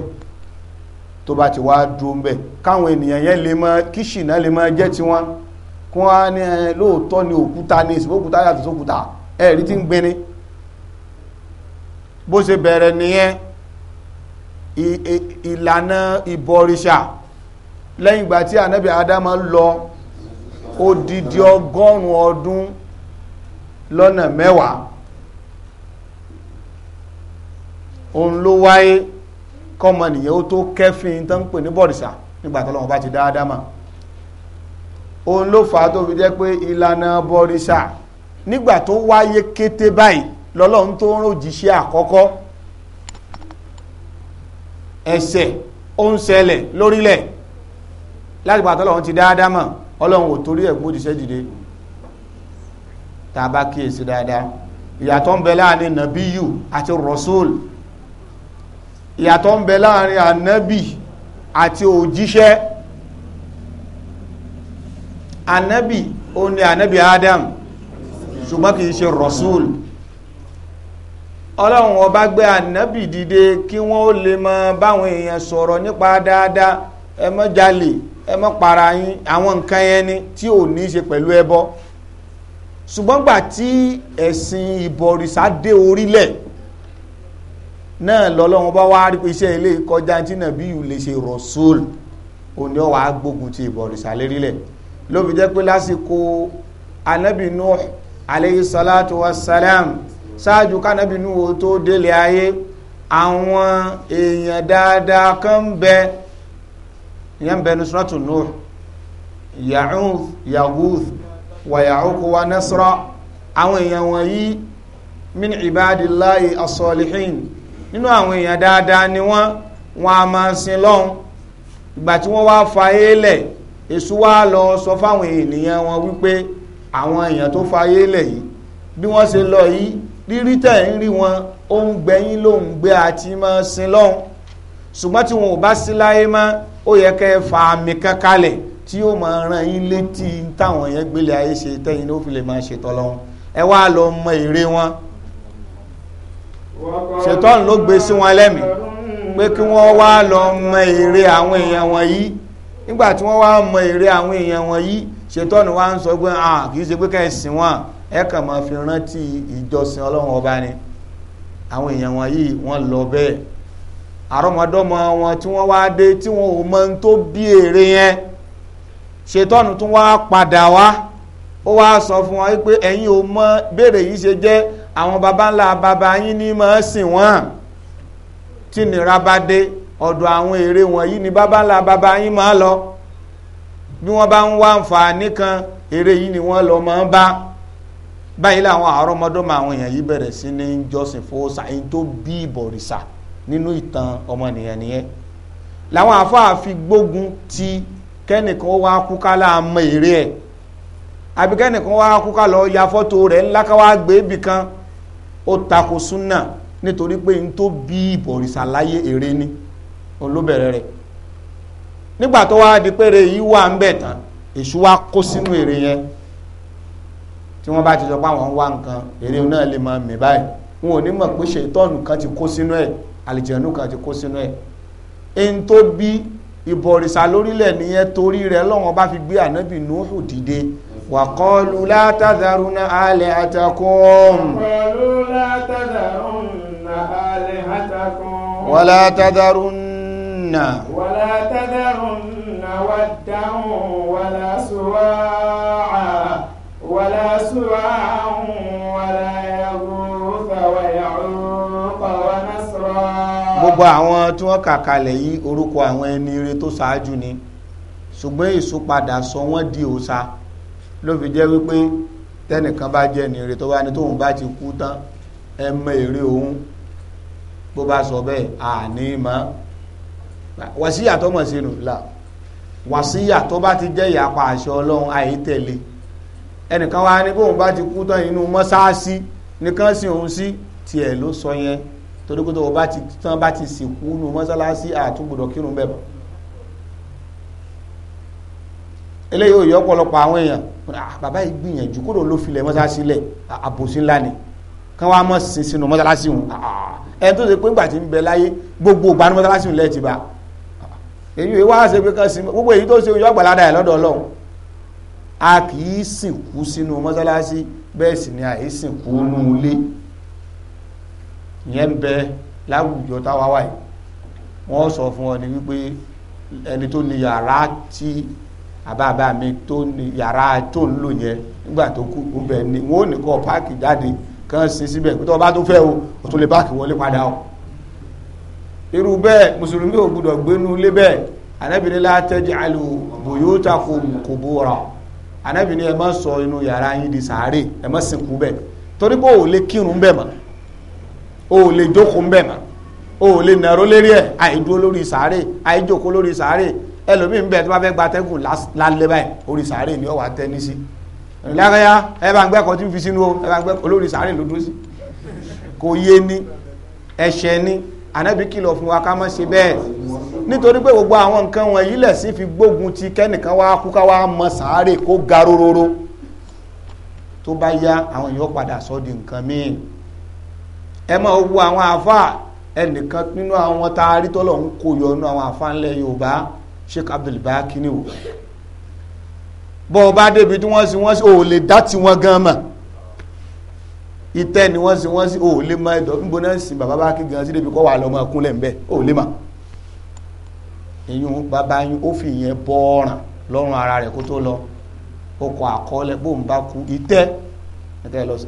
tó bá ti wá dúró ń bẹ̀ káwọn ènìyàn yẹn lè mọ kíṣìnà lè mọ jẹ́ tiwọn kí wọ́n á ní lóòótọ́ ni òkúta ní ìsìnkú òkúta yàtọ̀ sókúta ẹ̀rí tí ń gbéni bó ṣe bẹ̀rẹ̀ nìyẹn ìlànà ìbọrìṣà lẹ́yìn ìgbà tí ànábì Ádámọ̀ lọ odidi ọgọ́rùn ọdún lọ́nà mẹ́wàá òun ló wáyé kọmọnìyàn ó tó kẹfìn tó ń pè ní bọ̀rìṣà nígbàtọ́lọ́wọ́n bá ti dáadáa mà òun ló fà á tó fi jẹ́ pé ìlànà bọ̀rìṣà nígbà tó wáyé kété báyìí lọ́lọ́run tó ń ròjíṣẹ́ àkọ́kọ́ ẹ̀ṣẹ̀ ó ń ṣẹlẹ̀ lórílẹ̀ láti ti dáadáa ọlọ́run ò torí ẹ̀ gbódìṣẹ́ dìde tá a bá kíyèsí dáadáa ìyàtọ̀ ń bẹ láàrin nàbíyù àti rọ́súl ìyàtọ̀ ń bẹ láàrin ànábì àti òjíṣẹ́ ànábì ó ní ànábì adam ṣùgbọ́n kìí ṣe rọ́súl ọlọ́run ọba gbé ànábì dìde kí wọ́n ó lè mọ báwọn èèyàn sọ̀rọ̀ nípa dáadáa ẹ má jalè ẹ má para yín àwọn nǹkan yẹn ni tí ò ní í ṣe pẹ̀lú ẹbọ ṣùgbọ́n gbà tí ẹ̀sìn ìbọ̀rìṣà dé orílẹ̀ náà lọ́lọ́run bá wá rí pé iṣẹ́ ilé kọjá tí nàbí yìí lè ṣe rọ̀ṣọ́l òní ọ̀wà gbógun ti ìbọ̀rìṣà lérílẹ̀ ló fi jẹ́ pé lásìkò anábì Nuh alayhi salatu wassalam ṣáájú kánábì Nuh tó délé ayé àwọn èèyàn dáadáa kan bẹ́ẹ̀ ìyẹn bẹnu suratu Nuh Ya'uth Yaghuth wa Ya'uq wa Nasra àwọn èèyàn wọ̀nyí min ibadillahi as-salihin nínú àwọn èèyàn dáadáa ni wọ́n wọn a máa sin lọ́hun ìgbà tí wọ́n wá fa eélẹ̀ èṣù wá lọ sọ fáwọn ènìyàn wọn wípé àwọn èèyàn tó fa yìí bí wọ́n ṣe lọ yìí rírí tẹ̀ ń rí wọn ó ń gbẹ̀yìn lóhùn gbé àti máa sin lọ́hun ṣùgbọ́n tí wọn ò bá sí láyé máa ó yẹ kẹ́ fa àmì kan kalẹ̀ tí yóò máa ràn yín létí táwọn yẹn gbélé ayé ṣe tẹ́yìn ló fi lè máa ṣètò ọlọ́run ẹ wá lọ mọ èrè wọn ṣètọ́n ló gbé sí wọn lẹ́mìí pé kí wọ́n wá lọ mọ èrè àwọn èèyàn wọn yìí nígbà tí wọ́n wá mọ èrè àwọn èèyàn wọn yìí ṣètọ́n wá ń sọ pé ah kì í ṣe pé ká ẹ sìn wọn ẹ kàn máa fi rántí ìjọsìn ọlọ́run ọba ni àwọn èèyàn wọn yìí wọ́n lọ bẹ́ẹ̀ àrọ́mọdọ́mọ wọn tí wọ́n wá dé tí wọn ò mọ tó bí èrè yẹn ṣètọ́nù tún wá padà wá ó wá sọ fún wọn pé ẹ̀yin ò mọ béèrè yìí ṣe jẹ́ àwọn baba ńlá baba yín ní mọ̀ sìn wọ́n tí nira bá dé ọ̀dọ̀ àwọn èrè wọn yìí ni baba ńlá baba yín máa lọ bí wọ́n bá ń wá àǹfààní kan èrè yìí ni wọ́n lọ máa bá báyìí làwọn àrọ́mọdọ́mọ àwọn èèyàn yìí bẹ̀rẹ̀ sí ní jọ́sìn fowósà ẹni tó bí ìbọ̀rìṣà nínú ìtàn ọmọnìyàn nìyẹn làwọn àfáà fi gbógun ti kẹ́nìkan wá kúká láàmọ èrè ẹ̀ àbí kẹ́nìkan wá kúká lọ ya fọ́tò rẹ̀ ńlá ká wá gbé ibì kan ó tako súnà nítorí pé n tó bí ìbọ̀rìṣà èrè ni olóbẹ̀rẹ̀ rẹ̀ nígbà tó wá di pé èrè yìí wà ń bẹ̀ tán èṣù wá kó sínú èrè yẹn tí wọ́n bá ti sọ pé àwọn ń wá nǹkan èrè náà lè máa mì báyìí wọn ò ní mọ̀ pé ṣètọ́nù kan ti kó sínú ẹ̀ àlìjẹ̀nù kan ti kó sínú ẹ̀ ẹni tó bí ìbọ̀rìṣà lórílẹ̀ nìyẹn torí rẹ̀ lọ́wọ́n bá fi gbé ànábì Nuhu dìde wàkọ́lù látàzàrún alẹ́ àtàkùn wàlá tàzàrún náà wàlá tàzàrún náà wàdà wàlá sùwàá wàlá sùwàá wàlá yàgùn gbogbo àwọn tí wọ́n kà kalẹ̀ yìí orúkọ àwọn ẹni ire tó ṣáájú ni ṣùgbọ́n èso padà sọ wọ́n di òòṣà ló fi jẹ́ wípé tẹ́nìkan bá jẹ́ ẹni ire tó bá ní tóun bá ti kú tán ẹ mọ èrè òun bó bá sọ bẹ́ẹ̀ àní mọ́ wàsíyà tó mọ̀ sínú là wàsíyà tó bá ti jẹ́ ìyapa àṣẹ ọlọ́run àìtẹ̀lé ẹnìkan wá ní bóun bá ti kú tán inú mọ́sáàsì nìkan sin òun sí tiẹ̀ ló sọ yẹn torí kótó ọba ti tán bá ti sìnkú nu mọ́sálásí àtúgbòdò kírun bẹ́ẹ̀ bọ̀ eléyìí ò yọ ọ̀pọ̀lọpọ̀ àwọn èèyàn ah, bàbá yìí gbìyànjú kó ló filẹ̀ mọ́sálásí lẹ̀ ah, àbòsí ńlá ni kán wá mọ̀ sí sínú mọ́sálásí wọn ah, ẹni tó ṣe pé ńgbà tí ń bẹ láyé gbogbo ìgbà ní mọ́sálásí wọn lẹ́ẹ̀tì bá èyí wá ṣe pé kán sí gbogbo èyí tó ṣe ojú àgbàládà ẹ̀ lọ́dọ̀ Ọlọ́run a kì í sìnkú sínú mọ́sálásí bẹ́ẹ̀ sì ni àìsìnkú nù ilé ìyẹn ń bẹ láwùjọ táwa wà yìí sọ fún ọ ní wípé ẹni tó ní yàrá tí àbábá mi tó ní yàrá tó ń lò yẹn nígbà tó kú ọbẹ̀ ni wọ́n ò ní kọ́ páàkì jáde kan sin síbẹ̀ pé tó bá tó fẹ́ o o tó lè báàkì wọlé padà o irú bẹ́ẹ̀ mùsùlùmí ò gbúdọ̀ gbénú ilé bẹ́ẹ̀ anábìrin látẹ́jẹ́ àlò bòyótà kò kò bóra anábìrin ẹ má sọ inú yàrá yín di sàárè ẹ má sìnkú bẹ́ẹ̀ torí pé ò lè kírun bẹ́ẹ̀ mọ́ o ò lè jókòó ń bẹ̀ mọ́ o ò lè nàró lérí ẹ̀ àìdúró lórí sàárè àìjókòó lórí sàárè ẹlòmíì ń bẹ̀ tó bá fẹ́ gba atẹ́gùn lálẹ́ báyìí orí sàárè ni ó wà tẹ́ ní sí lágbáyà ẹ bá ń gbẹ́ ẹ̀kọ́ tí ń fi sínú o ẹ bá ń gbẹ́ olórí sàárè ló dúró sí kò yé ni ẹ̀ṣẹ̀ ni ànábì kìlọ̀ fún wa ká má ṣe bẹ́ẹ̀ nítorí pé gbogbo àwọn nǹkan wọ̀nyí lẹ̀ sí fi gbógun ti kẹ́nìkan wá kú ká wá mọ sàárè kó ga rororo tó bá yá àwọn èèyàn padà sọ di nǹkan míì ẹ máa wo àwọn àfáà ẹnìkan nínú àwọn tá a rí tọ́lọ̀ ń kó yọ nínú àwọn àfáà ńlẹ̀ Yorùbá Sheikh Abdul Baki ni o bọ́ ọ bá débi tí wọ́n sì wọ́n sì ò lè dá tí wọ́n gan mọ̀ ìtẹ́ ni wọ́n sì wọ́n sì ò lè mọ ẹ̀dọ̀ níbo náà sì bàbá bá kí gan sí débi kọ́ wà lọ́mọ ẹkúnlẹ̀ ń bẹ́ ò lè mọ̀ ìyún bàbá yín ó fi ìyẹn bọ́ ọ̀ràn lọ́rùn ara rẹ̀ kó tó lọ ó kọ àkọọ́lẹ̀ bóun bá ku ìtẹ́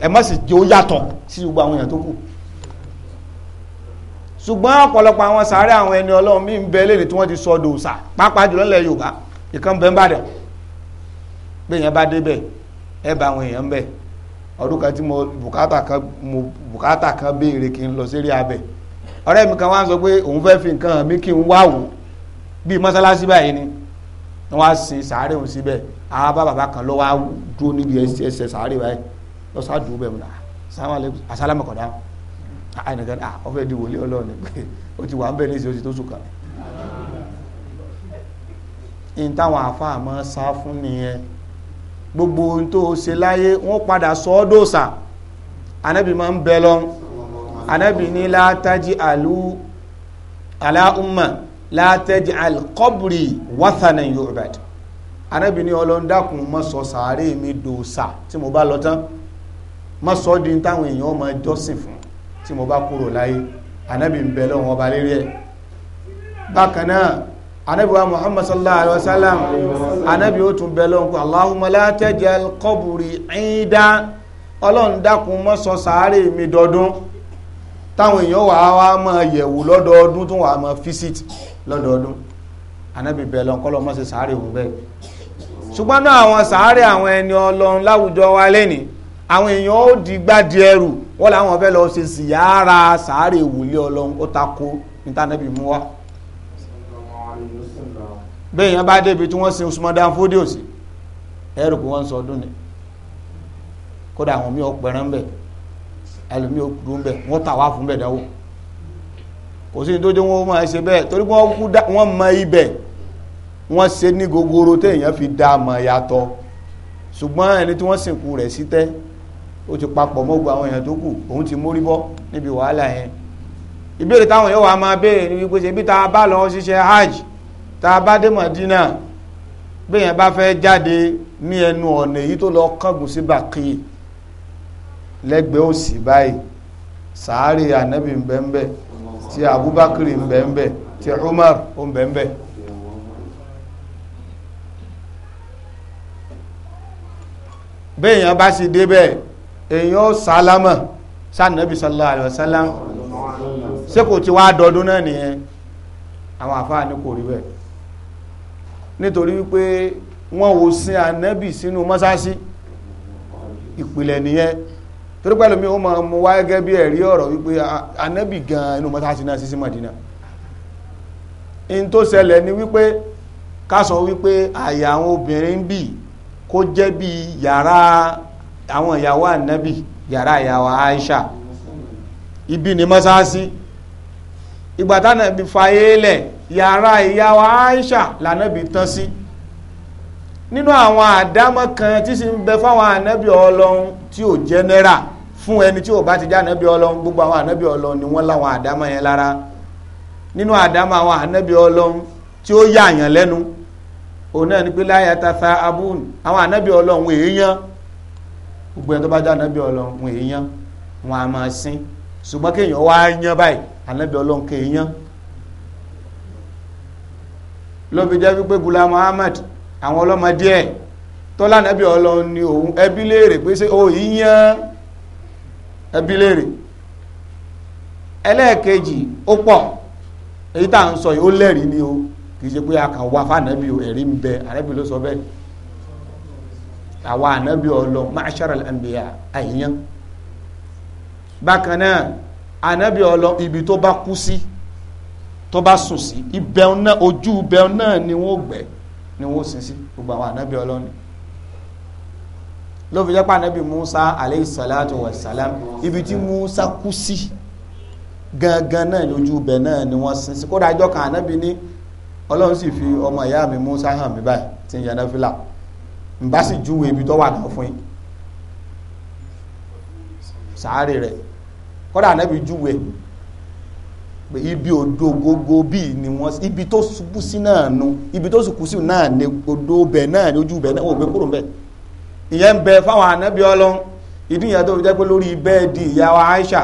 ẹ má sì jẹ́ ó yàtọ̀ sí gbogbo àwọn èèyàn tó kù ṣùgbọ́n ọ̀pọ̀lọpọ̀ àwọn sàárẹ̀ àwọn ẹni ọlọ́run mí ń bẹ léde tí wọ́n ti sọ dòòsà pàápàá jùlọ nílẹ̀ yorùbá ìkan bẹ́ẹ̀ ń bàdàn bí èèyàn bá débẹ̀ ẹ bá àwọn èèyàn bẹ̀ ọdún kan tí mo bùkátà kan mo bùkátà kan béèrè kí n lọ sí eré abẹ ọ̀rẹ́ mi kan wá ń sọ pé òun fẹ́ fi nǹkan hàn mí kí n wá wò bíi mọ́sálásí báyìí ni wọ́n á sin sàárẹ̀ òun síbẹ̀ àwọn bá bàbá kan lọ́wọ́ á dúró níbi ẹsẹ̀ sàárẹ̀ báyìí lọ́sàdúró bẹ́ẹ̀ mi là sálámù ẹnìkan à ọ fẹ́ di wòlé ọlọ́ọ̀ni pé ó ti wà ń bẹ̀ ní ìṣe oṣù tó sùn kan ní táwọn àfáà máa sá fún nìyẹn gbogbo ohun tó ṣe láyé wọ́n padà sọ ọ́ dòṣà anábì máa ń bẹ lọ́n anábì ní látàjì àlú aláùmọ̀ látàjì alkọ́bùrì wàtànà yorùbá anábì ní ọlọ́ndàkùn mọ́ sọ sàárè mi dòṣà tí mo bá lọ tán mọ́ sọ di táwọn èèyàn máa jọ́sìn fún tí mo bá kúrò láyé anábì ń bẹ lọ́wọ́ ọba lérí ẹ̀ bákan anábì wa muhammad sallallahu alaihi wasallam anábì ó tún bẹ lọ́wọ́ allahumma la tajal qabri ida ọlọ́run dákun mọ́ sọ sàárè mi dọdún táwọn èèyàn wà wá máa yẹ̀wò lọ́dọọdún tó wà máa fisit lọ́dọọdún anábì bẹ lọ́wọ́ kọ́lọ́ mọ́ sí sàárè òun bẹ́ẹ̀ ṣùgbọ́n náà àwọn sàárè àwọn ẹni ọlọ́run láwùjọ wa lẹ́ni àwọn èèyàn ó di gbádìí ẹrù wọ́n làwọn fẹ́ lọ ṣe síyára sàárè wòlé ọlọ́run ó takò nítànẹ́bì mú wá bẹ́ẹ̀ yẹn bá débi tí wọ́n sin Usman Dan Fodio sí ẹ̀rù pé wọ́n ń sọ ọdún ni kódà àwọn míì ọpẹran ń bẹ̀ ẹlòmíì òkúrú ń bẹ̀ wọ́n tà wá fún bẹ̀ dáwọ́ kò sí ní tó jẹ́ wọ́n máa ṣe bẹ́ẹ̀ torí wọ́n kú dá wọ́n mọ ibẹ̀ wọ́n ṣe ní gogoro téèyàn fi dá mọ̀ yàtọ̀ ṣùgbọ́n ẹni tí wọ́n sìnkú rẹ̀ sí tẹ́ ó ti papọ̀ mọ́gbọ́ àwọn èèyàn tó kù òun ti mórí bọ́ níbi wàhálà yẹn ìbéèrè táwọn yóò wá máa béèrè ní wípé ṣebí tá a bá lọ ṣiṣẹ́ hajj tá bá dé Madina béèyàn bá fẹ́ jáde ní ẹnu ọ̀nà èyí tó lọ kángun sí bàkì lẹ́gbẹ̀ẹ́ òsì báyìí sàárè ànábì ń bẹ ń bẹ ti Abubakar ń bẹ ń bẹ ti Umar ń bẹ ń bẹ. béèyàn bá sì débẹ̀ èèyàn sálámà sànàbí sallallahu alaihi wasallam ṣé kò ti wá dọdún náà nìyẹn àwọn àfáà ní kò rí bẹ́ẹ̀ nítorí wípé wọ́n wo sin ànábì sínú mọ́sáàsì ìpìlẹ̀ nìyẹn torí pẹ́lú mi ó máa mú wá gẹ́gẹ́ bí ẹ̀rí ọ̀rọ̀ wípé ànábì gan inú mọ́sáàsì náà sí sí Mádínà in tó ṣẹlẹ̀ ni wípé ká sọ wípé àyà àwọn obìnrin bì kó jẹ́ bí yàrá àwọn ìyàwó ànábì yàrá ìyàwó Aisha ibi ni mọ́sáàsì ìgbà tánàbí fayélẹ̀ yàrá ìyàwó Aisha lànàbí tán sí nínú àwọn àdámọ́ kan tí sì ń bẹ fáwọn ànábì ọlọ́run tí ò jẹ́nẹ́rà fún ẹni tí ò bá ti já ànábì ọlọ́run gbogbo àwọn ànábì ọlọ́run ni wọ́n láwọn àdámọ́ yẹn lára nínú àdámọ́ àwọn ànábì ọlọ́run tí ó yà àyàn lẹ́nu òun náà ni pé láyàtà fa abúùn àwọn ànábì ọlọ́run èèyàn gbogbo ẹni tó bá jẹ́ ànábì ọlọ́run wọn èèyàn wọn a máa sin ṣùgbọ́n kéèyàn wá yan báyìí ànábì ọlọ́run kéèyàn lóbi jẹ́ wípé gula Ahmad àwọn ọlọ́mọdé ẹ̀ tọ́lá ànábì ọlọ́run ni òun ẹbí léèrè pé ṣé òun yíyan ẹbí léèrè ẹlẹ́ẹ̀kejì ó pọ̀ èyí o kì àwa ànábì ọlọ́run ma'asharal anbiya àyíyàn bákan náà ànábì ọlọ́run ibi tó bá kú sí tó bá sùn sí ibẹ̀ náà ojú ibẹ̀ náà ni wọ́n gbẹ́ ni wọ́n sin sí gbogbo àwọn ànábì ọlọ́run ló fi jẹ́ pé ànábì Musa alayhi salatu wa salam ibi tí Musa kú sí gangan náà lójú ibẹ̀ náà ni wọ́n sin sí kódà ọjọ́ kan ànábì ní ọlọ́run sì fi ọmọ ìyá mi Musa hàn mí báyìí tí ń n bá sì júwe ibi tó wà náà fún yín sàárè rẹ̀ kódà ànábì júwe pé ibi odò gógó bíi ni wọ́n ibi tó ṣubú sí náà nu ibi tó ṣùkú sí náà ni odò bẹ̀ náà ni ojú bẹ̀ náà wọ́n gbé kúrò bẹ̀ ìyẹn ń bẹ fáwọn ànábì ọlọ́run ìdí ìyá tó fi lórí bẹ́ẹ̀dì ìyàwó Aisha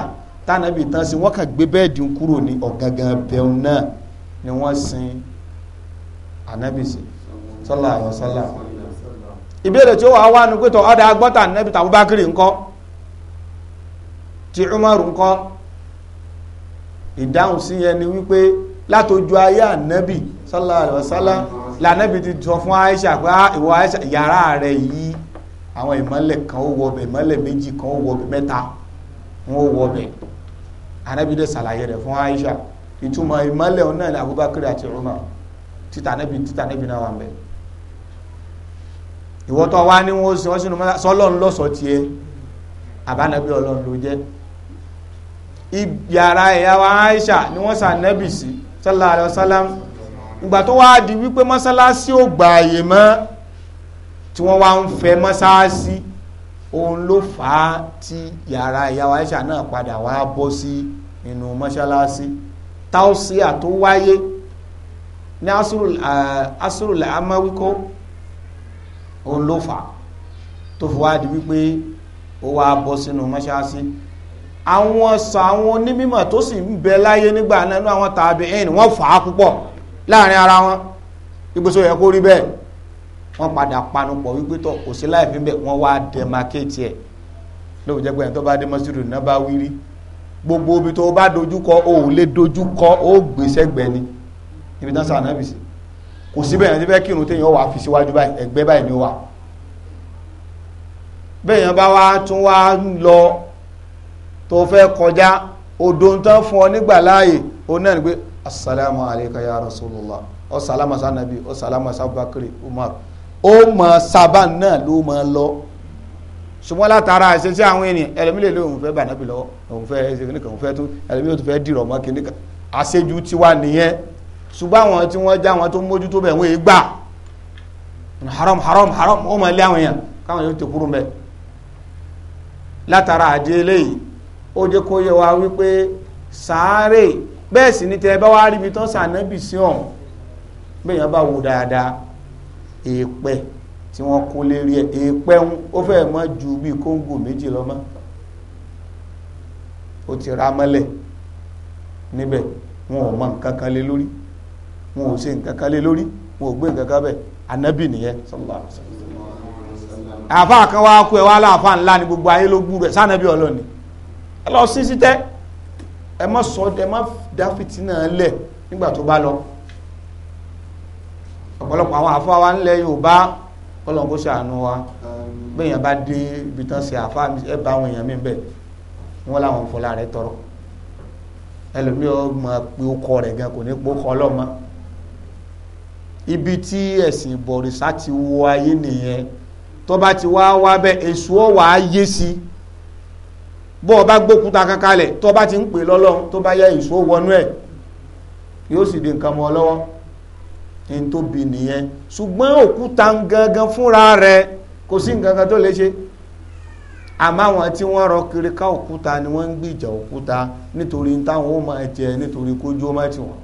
tánàbì tán sí wọ́n kàn gbé bẹ́ẹ̀dì kúrò ní ọ̀gangan bẹ̀rù náà ni wọ́n sin ànábì sí sọ́lá àwọn sọ́lá ìbéèrè tí ó wà wá nu pé tọ ọdà agbọ́tà nẹ́bí tàbúbákiri ńkọ́ ti Umaru ńkọ́ ìdáhùn sí yẹn ni wípé látojú ayé ànẹ́bì sallallahu alaihi wasallam lànẹ́bì ti sọ fún Aisha pé ah, ìwọ Aisha yàrá rẹ̀ yìí àwọn ìmọ́lẹ̀ kan ó wọbẹ̀ ìmọ́lẹ̀ méjì kan ó wọbẹ̀ mẹ́ta wọn ó wọbẹ̀ ànẹ́bì dẹ̀ sàlàyé rẹ̀ fún Aisha ìtumọ̀ ìmọ́lẹ̀ ọ̀nà Abubakar àti Umar títà ànẹ́bì títà ànẹ́bì náà wà mẹ́rin ìwọ́tọ̀ wá ní wọ́n sọ sínú mọ́lá sọlọ́run lọ́sọ̀ tiẹ̀ àbánábí ọlọ́run ló jẹ́ yàrá ìyá wa Aisha ni wọ́n sà nẹ́bì sí sallallahu alaihi wasallam ìgbà tó wá di wípé mọ́sálásí ò gbààyè mọ́ tí wọ́n wá ń fẹ́ mọ́sálásí òun ló fà á tí yàrá ìyá wa Aisha náà padà wá bọ́ sí inú mọ́sálásí táwọ́síà tó wáyé ní asúrùlẹ̀ eh, amáwíkọ́ òun ló fà á tó fi wá di wípé ó wá bọ́ sínú mọ́ṣáláṣí àwọn sàn àwọn onímọ̀ tó sì ń bẹ láyé nígbà náà ní àwọn tàbíìn wọ́n fà á púpọ̀ láàrin ara wọn ibùsọ yẹ kó rí bẹ́ẹ̀ wọ́n padà panupọ̀ wípé tọ̀ kò sí láì fi bẹ́ẹ̀ wọ́n wá dẹ̀mákéètì ẹ̀ lóò jẹ́ pé tó bá dé mọ́sídùú náà bá wírí gbogbo ibi tó bá dojúkọ o ò lè dojúkọ o gbèsè gbẹ̀ni ibi tán sàn náà bìsí kò síbẹ̀ yẹn ti fẹ́ kírun téèyàn wà fi síwájú báyìí ẹ̀gbẹ́ báyìí ni ó wà bẹ́ẹ̀ yẹn bá wá tún wá ń lọ tó fẹ́ kọjá odò ń tán fún ọ nígbà láàyè ó náà ní pé asalaamu alayka ya rasulullah ọ salama sa nabi salama sa bakiri umar ó mọ sábà náà ló mọ lọ ṣùgbọ́n látara àṣeṣe àwọn ènìyàn ẹlẹ́mìlẹ̀ ló ń fẹ́ bà nábì lọ́wọ́ òun fẹ́ ṣe kíníkan òun fẹ́ tún ẹlẹ́mìlẹ̀ tó fẹ́ dìrọ̀ mọ́ kíníkan àṣejù tiwa nìyẹn ṣùgbọ́n àwọn tí wọ́n já wọn tó mójútó bẹ̀ wọ́n gbà haram haram haram ó mọ̀ ilé àwọn èèyàn káwọn yóò ti kúrò mẹ́ látara àdé eléyìí ó jẹ́ kó yẹ wa wípé sàárè bẹ́ẹ̀ sì ni tẹ́ ẹ bá wá ríbi tán sànábì sí ọ̀hún bẹ́ẹ̀ yẹn bá wò dáadáa èèpẹ̀ tí wọ́n kó lérí ẹ̀ èèpẹ̀ ń ó fẹ́ mọ́ ju bíi kóńgò méjì lọ mọ́ ó ti ra mọ́lẹ̀ níbẹ̀ wọn ò mọ nǹkan kan lé lórí wọn ò ṣe nǹkan kan lé lórí wọn ò gbé nǹkan kan bẹ̀ ànábì nìyẹn sallallahu àfa kan wá kú ẹ wá láàfa ńlá ni gbogbo ayé ló gbúrò ẹ sànàbí ọlọ́ni ẹ lọ sí sí tẹ́ ẹ má sọ ẹ má dá fìtínà lẹ̀ nígbà tó bá lọ ọ̀pọ̀lọpọ̀ àwọn àfa wa ńlẹ̀ Yorùbá kọ́lọ̀ kó ṣàánú wa bẹ́ẹ̀ yẹn bá dé ibi tán ṣe àfa ẹ bá àwọn èèyàn mi bẹ̀ wọ́n láwọn fọlá rẹ̀ tọrọ ẹlòmíọ́ mọ̀ pé ó kọ gan kò ní pọ́ kọ́ ọlọ́mọ ibi tí ẹ̀sìn ìbọ̀rìṣà ti wọ ayé nìyẹn tó bá ti wá wá bẹ́ẹ̀ èṣù ọ̀ wá yé sí i bó o bá gbókúta kankalẹ̀ tó o bá ti ń pè lọ́lọ́run tó bá yẹ èṣù ọ̀ wọnú ẹ̀ yóò sì di nǹkan mọ́ ọ lọ́wọ́ ní tó bi nìyẹn ṣùgbọ́n òkúta gangan fúnra rẹ̀ kò sí nǹkan tó lè ṣe àmọ́ àwọn tí wọ́n rọ kiri ká òkúta ni wọ́n ń gbìjà òkúta nítorí táwọn ó máa jẹ nítorí kójú ó máa ti wọ́n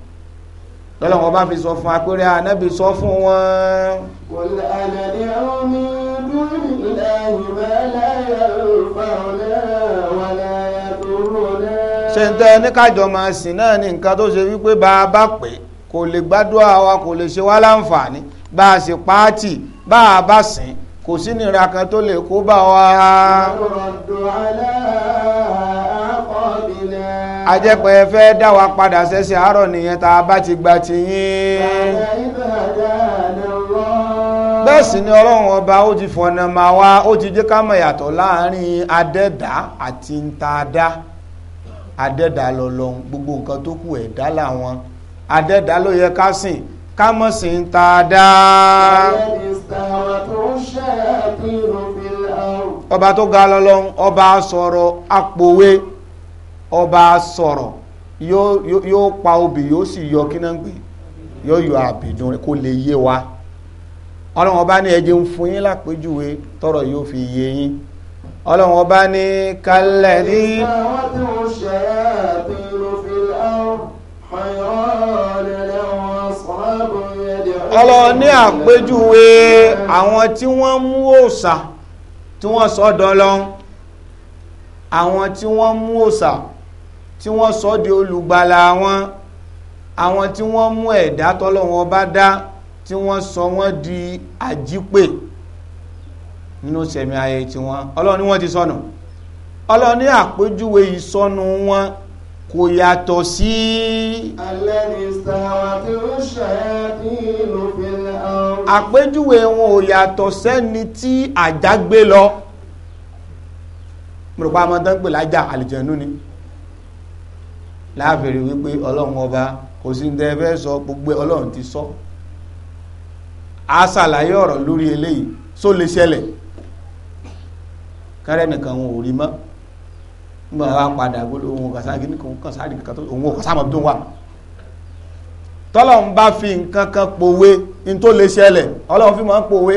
lọ́lọ́ wọn bá fi sọ fún apẹ́rẹ́ anábì sọ fún wọn. wọ́n àná ní omi dúró lẹ́yìn mẹ́lẹ́ ọ̀pá ọ̀lẹ́ wà lẹ́. ṣé ń máa sìn náà ní nǹkan tó ṣe wípé bá a bá pè kò lè gbàdúrà wa kò lè ṣe wá láǹfààní bá a sì pààtì bá a bá sìn kò sí nira kan tó lè kó bá wa. ọ̀rọ̀ dùn alẹ́ àkọ́bí náà ajẹ́pẹ́ ẹ fẹ́ dá wa padà sẹ́sẹ̀ àárọ̀ nìyẹn tá a bá ti gba ti yín. bẹ́ẹ̀ sì ni ọlọ́run ọba ó ti fọ̀nà máa wá ó ti jẹ́ ká mọ̀ yàtọ̀ láàrin adẹ́dá àti ntaadá adẹ́dá lọ́lọ́run gbogbo nǹkan tó kù ẹ̀dá làwọn adẹ́dá ló yẹ ká sìn ká mọ̀ sí ntaadá. ọba tó ga lọ́lọ́run ọba sọ̀rọ̀ apòwe ọba sọ̀rọ̀ yóò pa obì yóò sì yọ kíná gbé yóò yọ àbìdùn kó lè yé wa ọlọ́run ọba ní ẹjẹ́ ń fún yín lápéjúwe tọrọ yóò fi yé yín ọlọ́run ọba ní kálẹ̀ ní. ọlọ́run ní àpéjúwe àwọn tí wọ́n mú òòṣà tí wọ́n sọ́dọ̀ lọ àwọn tí wọ́n mú òòṣà tí wọ́n sọ di olùgbàlà wọn àwọn tí wọ́n mú ẹ̀dá tọ́lọ́wọ́n bá dá tí wọ́n sọ wọ́n di àjípè nínú sẹ̀mí ayé tí wọ́n ọlọ́run ni wọ́n ti sọnù ọlọ́run ní àpéjúwe ìsọnù wọn kò yàtọ̀ sí. alẹ́ ní sáwà tí ó ṣàyàtì ló fi lọ. àpéjúwe wọn ò yàtọ̀ sẹ́ni tí àjá gbé lọ. mo rò pa amọ̀tán pè lájà àlìjẹ̀nu ni láàbẹ̀rẹ̀ wípé ọlọ́run ọba kò sí ní ẹfẹ́ sọ gbogbo ọlọ́run ti sọ a ṣàlàyé ọ̀rọ̀ lórí eléyìí só lè ṣẹlẹ̀ kárẹ́ nìkan wọn ò rí mọ́ nígbà wa padà gbọ́dọ̀ òun kàṣáàgì nìkan kàn sáàdì kankan tó òun kàn sáàmọ̀ tó wà tọ́lọ́run bá fi nǹkan kan pòwe ní tó lè ṣẹlẹ̀ ọlọ́run fi máa ń pòwe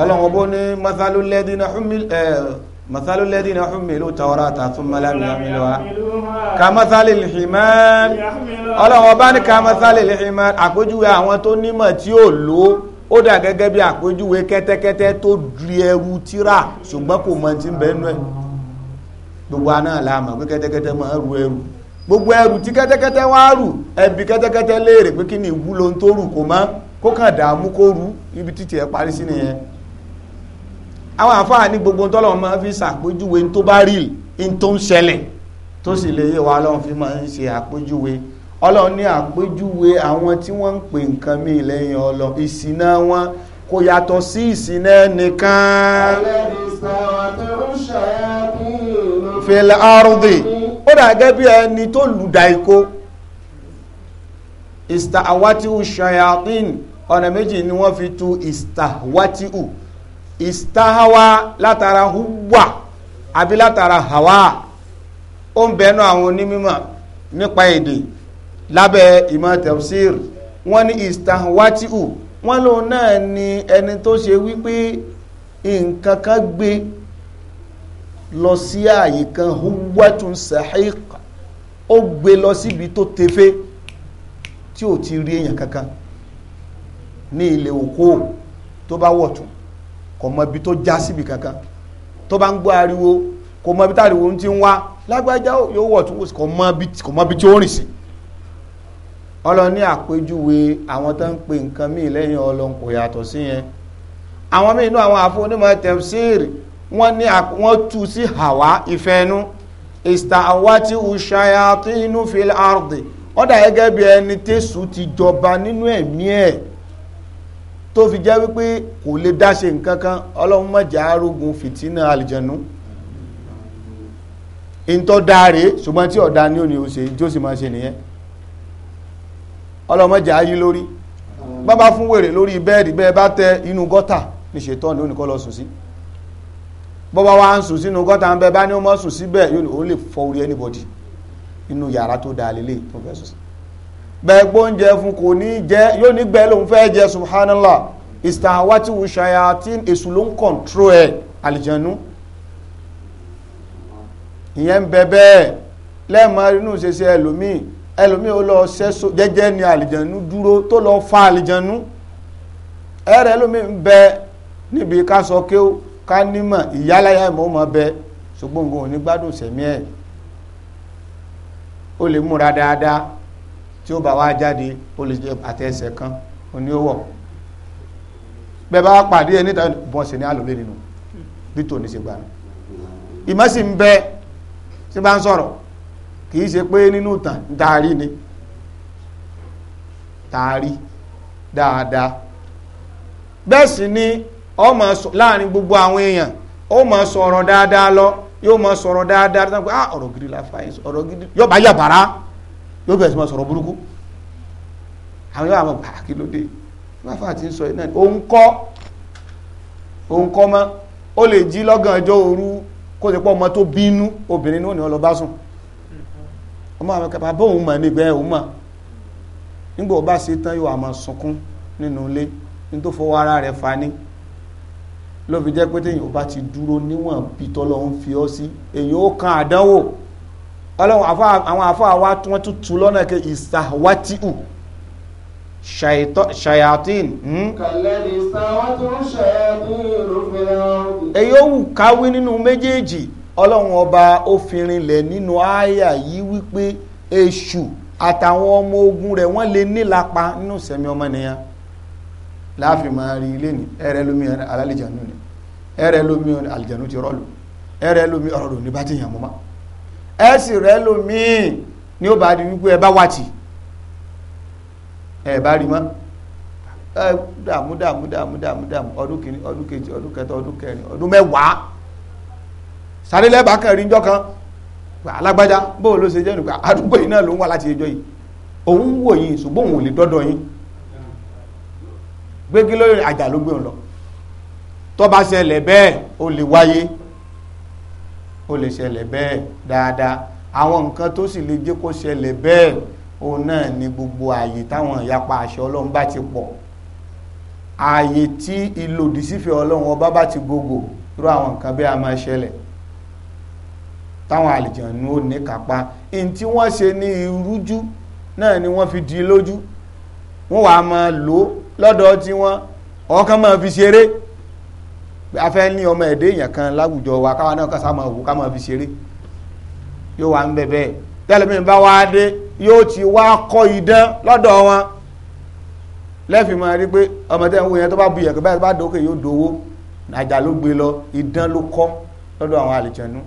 ọlọ́run ọbọ̀ ní masalú lẹ́dínà مثال الذين حملوا توراة ثم لم يحملوها كمثال الحمار ọlọ́wọ́ bá كمثال كمثل الحمار àpéjúwe àwọn tó nímọ̀ tí ó lò ó dà gẹ́gẹ́ bí àpéjúwe kẹ́tẹ́kẹ́tẹ́ tó di ẹrù tíra ṣùgbọ́n kò mọ̀ tí ń bẹ nú ẹ̀ gbogbo aná làmọ̀ pé kẹ́tẹ́kẹ́tẹ́ máa ń ru ẹrù gbogbo ẹrù tí kẹ́tẹ́kẹ́tẹ́ wá rù ẹbí kẹ́tẹ́kẹ́tẹ́ léèrè pé kí ni ìwúlò ń tó rù kò mọ́ kó kàn dààmú kó rù ibi títì ẹ̀ parí sí nìyẹn àwọn àfáà ní gbogbo tọ́lọ̀ máa fi ṣàpèjúwe tó bá rí in tó ń ṣẹlẹ̀ tó sì lè yé wa ọlọ́run fi máa ń ṣe àpèjúwe ọlọ́run ní àpèjúwe àwọn tí wọ́n ń pè nǹkan mí lẹ́yìn ọlọ́run ìsìnà wọn kò yàtọ̀ sí ìsìnà nìkan fèlè ó dà bí ẹni tó lùdà ìkó ìstàwátìú ṣayatin ọ̀nà méjì ni wọ́n fi tu ìstàwátìú istahawa látara huwa àbí látara hawa ó ń bẹnu àwọn onímọ̀ nípa èdè lábẹ́ ìmọ̀ tafsir wọ́n ní istahwatiu wọ́n lòun náà ni ẹni tó ṣe wípé nǹkan kan gbé lọ sí ààyè kan huwatun sahiq ó gbé lọ síbi tó tefe tí ò ti rí èèyàn kankan ní ilé òkú tó bá wọ̀tún kò mọ ibi tó já síbi kankan tó bá ń gbọ́ ariwo kò mọ ibi tá ariwo ti ń wá lágbájá yóò wọ̀ tó kò mọ ibi tí ó rìn sí ọlọ́ni àpéjúwe àwọn tó ń pe nǹkan míì lẹ́yìn ọlọ́run kò yàtọ̀ sí yẹn àwọn míì inú àwọn àfọnímọ̀ tẹ̀síìrì wọ́n ní wọ́n tú sí hàwá ìfẹ́nu ìsàwátí uṣayatinu fil ardi ọ̀dà gẹ́gẹ́ bí ẹni tẹ̀sù ti jọba nínú ẹ̀mí ẹ̀ tó fi jẹ́ wípé kò lè dáṣe nǹkan kan ọlọ́run mọ̀já arógun fìtínà àlìjẹ̀nú ìntọ́ dáre ṣùgbọ́n tí ọ̀dá ní òní òṣè tí ó sì máa ṣe nìyẹn ọlọ́run mọ̀já ayé lórí bábá fún wèrè lórí bẹ́ẹ̀dì bẹ́ẹ̀ bá tẹ inú gọ́tà ní ṣètọ́ ní oníkọ́ lọ sùn sí bọ́bá wa ń sùn sínú gọ́tà ń bẹ bá ní ó mọ́ sùn síbẹ̀ yóò lè fọ orí anybody inú yàrá tó dáa lélẹ̀ tó fẹ́ sùn sí bẹ̀gbọ́ oúnjẹ fún kò ní jẹ́ yóò ní gbẹ́ lòun fẹ́ jẹ subhanallah istahawati tí èṣù ló ń kọ̀ntró ẹ̀ àlìjẹ̀nú ìyẹn ń bẹ bẹ́ẹ̀ lẹ́ẹ̀mọ́ inú ṣe ṣe ẹlòmíì ó lọ jẹ́jẹ́ ni àlìjẹ̀nú dúró tó lọ fa àlìjẹ̀nú ẹ̀rẹ̀ ẹlòmíì ń bẹ níbi ká sọ kí ó ká nímọ̀ ìyáláyà ìmọ̀ ó bẹ ṣùgbọ́n ò ní gbádùn sẹ̀mí ẹ̀ ó lè múra dáadáa tí ó bá wá jáde ó lè jẹ kan òní ó wọ̀ pàdé ẹni tàbí bọ́n ní àlòlé nínú bí tòní ṣe gbà ìmọ̀ sì ń bẹ tí bá ń sọ̀rọ̀ kì í ṣe pé nínú tàn ntààrí ni tààrí dáadáa bẹ́ẹ̀ ni láàrin gbogbo àwọn èèyàn ó sọ̀rọ̀ dáadáa lọ yóò sọ̀rọ̀ dáadáa ah, ọ̀rọ̀ gidi la ọ̀rọ̀ yóò bẹ̀rẹ̀ sí máa sọ̀rọ̀ burúkú àwọn yóò àmọ́ bàá kí ló dé máfà ti ń sọ iná òun kọ́ òun kọ́ mọ́ ó lè jí lọ́gàn ọjọ́ òru kó ti pọ́ ọmọ tó bínú obìnrin náà ni wọ́n lọ bá sùn ọmọ àwọn kẹfà bó òun mọ̀ nígbẹ́ òun mọ̀ nígbà ó bá ṣe tán yóò àmọ́ sunkún nínú ilé ní tó fọwọ́ ara rẹ̀ fa ní ló fi jẹ́ pé téèyàn bá ti dúró níwọ̀n bí tọ́lọ́hun fi ọ́ sí èyí ó kan àdánwò ọlọ́run àwọn afọ àwa tí wọ́n tún tu lọ́nà kí ìsàwátìhù ṣayatin. kàlẹ́rì ìsàwátì ṣayatin rúfin ọ̀hún. èyí ó wù káwí nínú méjèèjì ọlọ́run ọba ó n'inu nínú àyà yìí wípé èṣù àtàwọn ọmọ ogun rẹ̀ wọ́n lè nílapa nínú ọmọ nìyẹn láàfin máa rí ilé ní ẹ̀rẹ́ lómi alálejànú ni ti lómi ní bá ẹ sì rẹ lómìn ní ó bá di wípé ẹ bá wàtì ẹ bá rí mọ́ ẹ dààmú dààmú dààmú dààmú dààmú ọdún kìíní ọdún kejì ọdún kẹta ọdún kẹrin ọdún mẹ́wàá sáré lẹ́bàá kan rí njọ́ kan alágbájá bóò ló ṣe jẹ́ nípa àdúgbò yìí náà ló ń wá láti ẹjọ́ yìí òun wò yìí ṣùgbọ́n òun ò lè dọ́dọ̀ yín gbégi lórí àjà ló gbé òun lọ tó bá ṣẹlẹ̀ bẹ́ẹ̀ ó lè wáyé ó lè ṣẹlẹ̀ bẹ́ẹ̀ dáadáa àwọn nǹkan tó sì lè jẹ́ kó ṣẹlẹ̀ bẹ́ẹ̀ òun náà ni gbogbo ààyè táwọn ìyapa àṣẹ ọlọ́run bá ti pọ̀ ààyè tí ìlòdì sífẹ́ ọlọ́run ọba bá ti gbogbo irú àwọn nǹkan bẹ́ẹ̀ a máa ṣẹlẹ̀ táwọn àlìjànú ò ní kápá in tí wọ́n ṣe ní irújú náà ni wọ́n fi di lójú wọ́n wàá máa lò lọ́dọ̀ tí wọ́n ọkàn máa fi ṣeré a fẹ́ ní ọmọ ẹ̀dẹ́ èèyàn kan láwùjọ wa káwa náà kásá máa wù ká máa fi ṣeré yóò wá ń bẹ̀ bẹ́ẹ̀ tẹ́lẹ̀mí bá wá dé yóò ti wá kọ́ idán lọ́dọ̀ wọn lẹ́fì máa rí pé ọmọ tẹ́ ń wo yẹn tó bá bu yẹ̀kẹ́ báyìí bá dókè yóò dowó àjà ló gbé lọ idán ló kọ́ lọ́dọ̀ àwọn àlìjẹ̀nu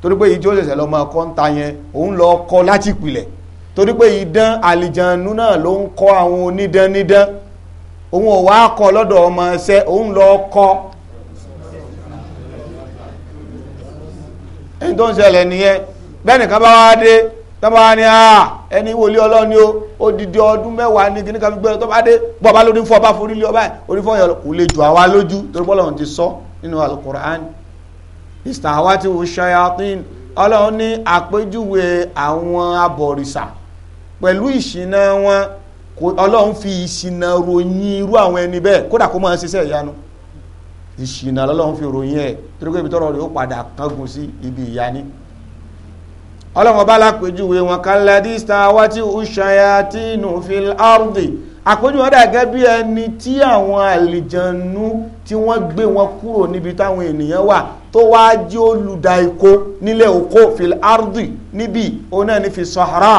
torí pé ìjọ ṣẹ̀ṣẹ̀ lọ́mọ ọkọ ń ta yẹn òun lọ kọ́ láti ìpìlẹ̀ torí pé idán àlìjẹ̀nu náà ló ń kọ́ àwọn onídán nídán òun ò wá kọ́ lọ́dọ̀ ọmọ ṣẹ́ òun lọ kọ́ ẹni tó ń ṣẹlẹ̀ nìyẹn bẹ́ẹ̀nìkan bá wá dé tó bá ní àà ẹni wòlé ọlọ́ni o ó dìde ọdún mẹ́wàá ní kíníkà fi gbẹ́rẹ́ tó bá dé bọ́ bá lórí fún ọba forí lé ọba orí fún ọyọ kò lè jù àwa lójú torí pé Ọlọ́run ti sọ nínú alukur'an istahawati wo shayatin Ọlọ́run ní àpéjúwe àwọn abọ̀rìṣà pẹ̀lú ìṣìnà wọn ọlọ́run fi ìṣìnà ròyìn irú àwọn ẹni bẹ́ẹ̀ kódà kó máa ṣiṣẹ́ ìyanu ìṣìnà lọ́lọ́run fi ròyìn ẹ̀ torí pé ibi tọ́rọ̀ rẹ̀ ó padà kángun sí ibi ìyaní ọlọ́run ọba lápèjúwe wọn kálẹ́dí stawati ushayatinu fil ardi àpèjú wọn dàgẹ́ bí ẹni tí àwọn àlìjànú tí wọ́n gbé wọn kúrò níbi táwọn ènìyàn wà tó wáá jẹ́ olùdá ikó nílé òkó fil ardi níbi òun ní fi sahara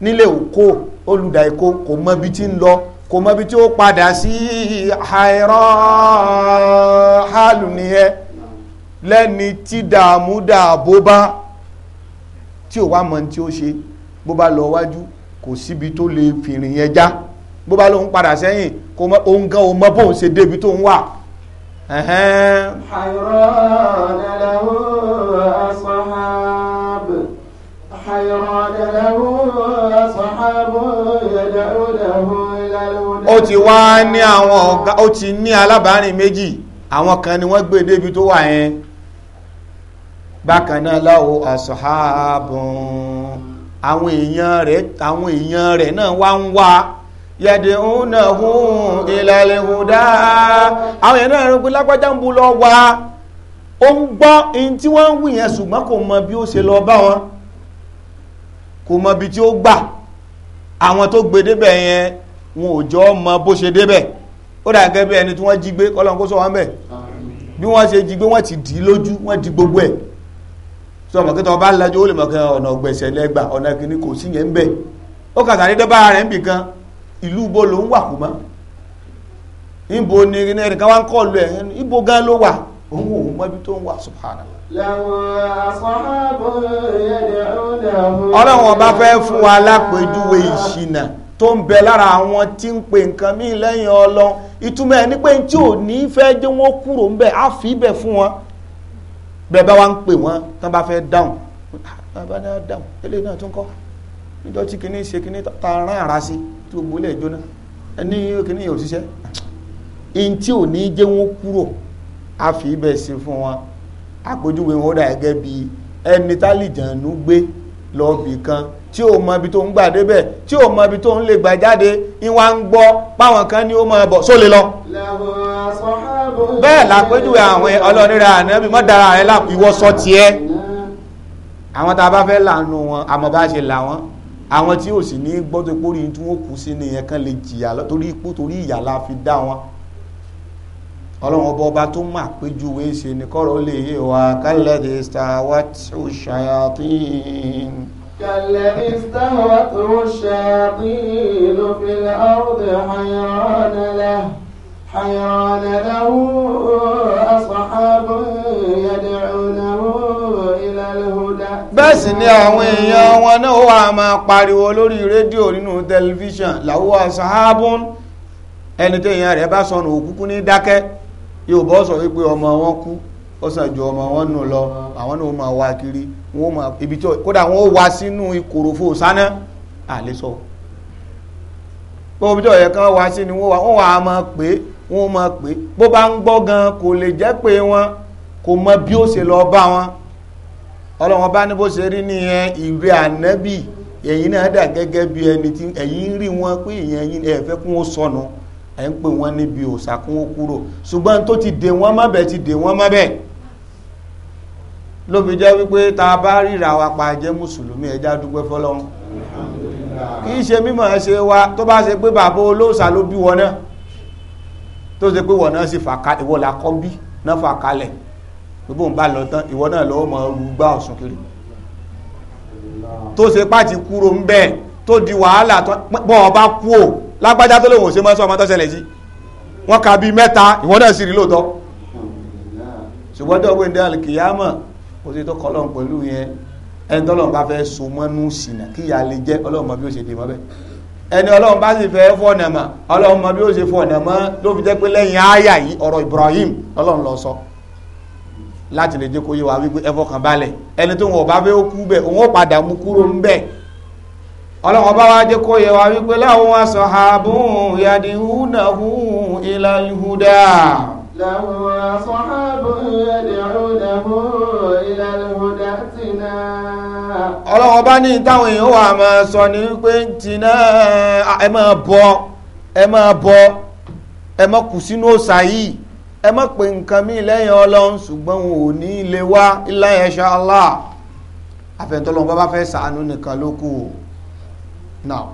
nílé òkó olùdá èkó kò mọ ibi tí ń lọ kò mọ ibi tí ó padà sí àìrọ́ hálù nìyẹn lẹ́ni tí dààmú dààbò bá tí ò wá mọ tí ó ṣe bó bá lọ wájú kò síbi tó lè fìrìn yẹn já bó bá lóun padà sẹ́yìn kò mọ òun gan ò mọ bóun ṣe débi tó ń wà. ẹ̀hẹ́n. ọ̀nà làwọn aṣọ حيران له أصحاب ó ti wá ní àwọn ọ̀gá ó ti ní alábàárìn méjì àwọn kan ni wọ́n gbé débi tó wà yẹn bákan náà láwo àṣọ̀háàbùn àwọn èèyàn rẹ̀ àwọn èèyàn rẹ̀ náà wá ń wá yẹ̀dẹ̀ òun náà hùn ìlàlẹ̀ hùn dáa àwọn èèyàn náà rẹ̀ pé lágbájá ń bu lọ wá ó ń gbọ́ in tí wọ́n ń wù yẹn ṣùgbọ́n kò mọ bí ó ṣe lọ bá wọn kò mọ ibi tí ó gbà àwọn tó gbé débẹ̀ yẹn wọn ò jọ mọ bó ṣe débẹ̀ ó dà gẹ́gẹ́ bí ẹni tí wọ́n jí gbé kọ́lọ́n kó sọ wọn bẹ̀ bí wọ́n ṣe jí gbé wọ́n ti dì í lójú wọ́n di gbogbo ẹ̀ sọ mọ̀ kí tọ́ bá lajú ó lè mọ̀ kí ọ̀nà ọ̀gbẹ̀sẹ̀ lẹ́gbà ọ̀nà kìíní kò sí yẹn ń bẹ̀ ó kàtà ní dẹ́bà rẹ̀ ń bì kan ìlú ibo ló ń wà kó mọ́ níbo ni ẹnìkan wá ń kọ́ lu ẹ̀ ibo gan ló wà òun ò mọ ibi tó ń wà subhanallah ọlọ́run ọba fẹ́ fún wa lápèjúwe ìṣìnà tó ń bẹ lára àwọn tí ń pe nǹkan míì lẹ́yìn ọlọ́run ìtumọ̀ ẹ̀ ní pé tí ò ní fẹ́ jẹ́ wọ́n kúrò ń bẹ̀ á fi ibẹ̀ fún wọn bẹ́ẹ̀ bá wa ń pè wọ́n tán bá fẹ́ dáhùn ah, bàbá náà dáhùn eléyìí náà tún kọ́ níjọ́ tí kìíní ṣe kìíní ta ara sí tí gbogbo ilẹ̀ jóná ẹni kìíní yóò ṣiṣẹ́ ò ní jẹ́ wọ́n kúrò á fi ibẹ̀ sí fún wọn àpèjúwe wọn dà gẹ́gẹ́ bí ẹni tálìjànú gbé lọ́ọ̀bì kan tí o mọ ibi tó ń gbà débẹ̀ tí o mọ ibi tó ń lè gbà jáde ìwà ń gbọ́ páwọn kan ní o mọ ẹbọ sólè lọ. bẹ́ẹ̀ làpéjúwe àwọn ọlọ́nira ànábì mọ́ dára rẹ láàpù ìwọ sọ tiẹ́. àwọn tá a bá fẹ́ lànà wọn àmọ́ bá ṣe là wọ́n àwọn tí ò sì ní gbọ́ pórí tí wọ́n kú sí nìyẹn kan lè jìyà torí ipò torí ìyà la fi dá wọn ọlọ́run ọba ọba tó mà péjúwe ṣe ni kọ́rọ̀ lè yé wa kálẹ̀dẹ̀ stawatu shayatin. kálẹ̀dẹ̀ stawatu shayatin fil ardi hayran lahu hayran lahu ashabun yad'unahu ila al-huda. bẹ́ẹ̀ sì ni àwọn èèyàn wọn náà wà máa pariwo lórí rédíò nínú tẹlifíṣàn làwọn ashabun ẹni tó èèyàn rẹ̀ bá sọnù òkúkú ní dákẹ́ yóò bọ́ sọ wípé ọmọ wọn kú ó ọmọ wọn nù lọ àwọn náà máa wá kiri wọn máa ibi tí kódà wọn ó wá sínú ìkòròfò sáná àlésọ bóbi tí ọ̀yẹ̀ kan wá sí ni wọ́n wà wọ́n wá máa pè é wọ́n bó bá ń gbọ́ gan kò lè jẹ́ pé wọn kò mọ bí ó ṣe lọ bá wọn ọlọ́wọ́n bá ní bó ṣe rí nìyẹn ìrẹ́ ànábì ẹ̀yin náà dà gẹ́gẹ́ bí ẹni tí ẹ̀yin rí wọn pé ìyẹn ẹ̀fẹ́ kún ẹ̀ ń pè wọ́n níbi òòsà kún ó kúrò ṣùgbọ́n tó ti dè wọ́n mọ́bẹ̀ ti dè wọ́n mọ́bẹ̀ ló jẹ́ wípé tá a bá ríra wa pa jẹ́ mùsùlùmí ẹja dúpẹ́ fọ́lọ́run kì í ṣe mímọ̀ ẹ ṣe wa tó bá ṣe pé bàbá olóòsà ló bí wọn náà tó ṣe pé wọn náà sì fà kalẹ̀ ìwọ làkọ́ bí náà fà kalẹ̀ gbogbo ń bá lọ tán ìwọ náà lọ́wọ́ mọ̀ ọ́rù gbá ọ̀sùn kiri tó ṣe pá kúrò ń bẹ́ẹ̀ tó di wàhálà tán bọ́ ọ kú ò lágbájá tó lòun ò ṣe mọ́ sọ ọmọ tó ṣẹlẹ̀ sí wọ́n ka bíi mẹ́ta ìwọ náà sì rí lóòótọ́ ṣùgbọ́n dọ́gbé ní alìkìyàmọ̀ kò sí tó kọlọ̀ pẹ̀lú yẹn ẹni tọ́lọ́run bá fẹ́ so mọ́nú sínà kí ìyá lè jẹ́ ọlọ́run mọ bí ó ṣe dè mọ́ bẹ́ẹ̀ ẹni ọlọ́run bá sì fẹ́ fọ̀nà mọ́ ọlọ́run mọ bí ó ṣe fọ̀nà mọ́ ló fi jẹ́ pé lẹ́yìn ááyà yìí ọ̀rọ̀ Ibrahim ọlọ́run lọ sọ láti lè jẹ́ kó yé wa wípé ẹfọ́ kan balẹ̀ ẹni tó wọn ò bá fẹ́ ó kú bẹ́ẹ̀ òun ó padà mú kúrò ń bẹ́ẹ̀ ọlọ́wọ́n bá wá jẹ́ kó yẹ wa wípé láwọn asọ̀hábùn yad'unahu ilal huda láwọn asọ̀hábùn yad'unahu ilal huda tìǹà ọlọ́wọ́n bá ní táwọn èèyàn wà máa sọ ní wípé tìǹà ẹ máa bọ ẹ máa bọ ẹ má kù sínú òòṣà yìí ẹ má nǹkan mí lẹ́yìn ọlọ́run ṣùgbọ́n wọn ò ní ilé wá illa yasha Allah àfẹ́ntọ́lọ́wọ́n bá bá fẹ́ ṣàánú nìkan ló kù náà.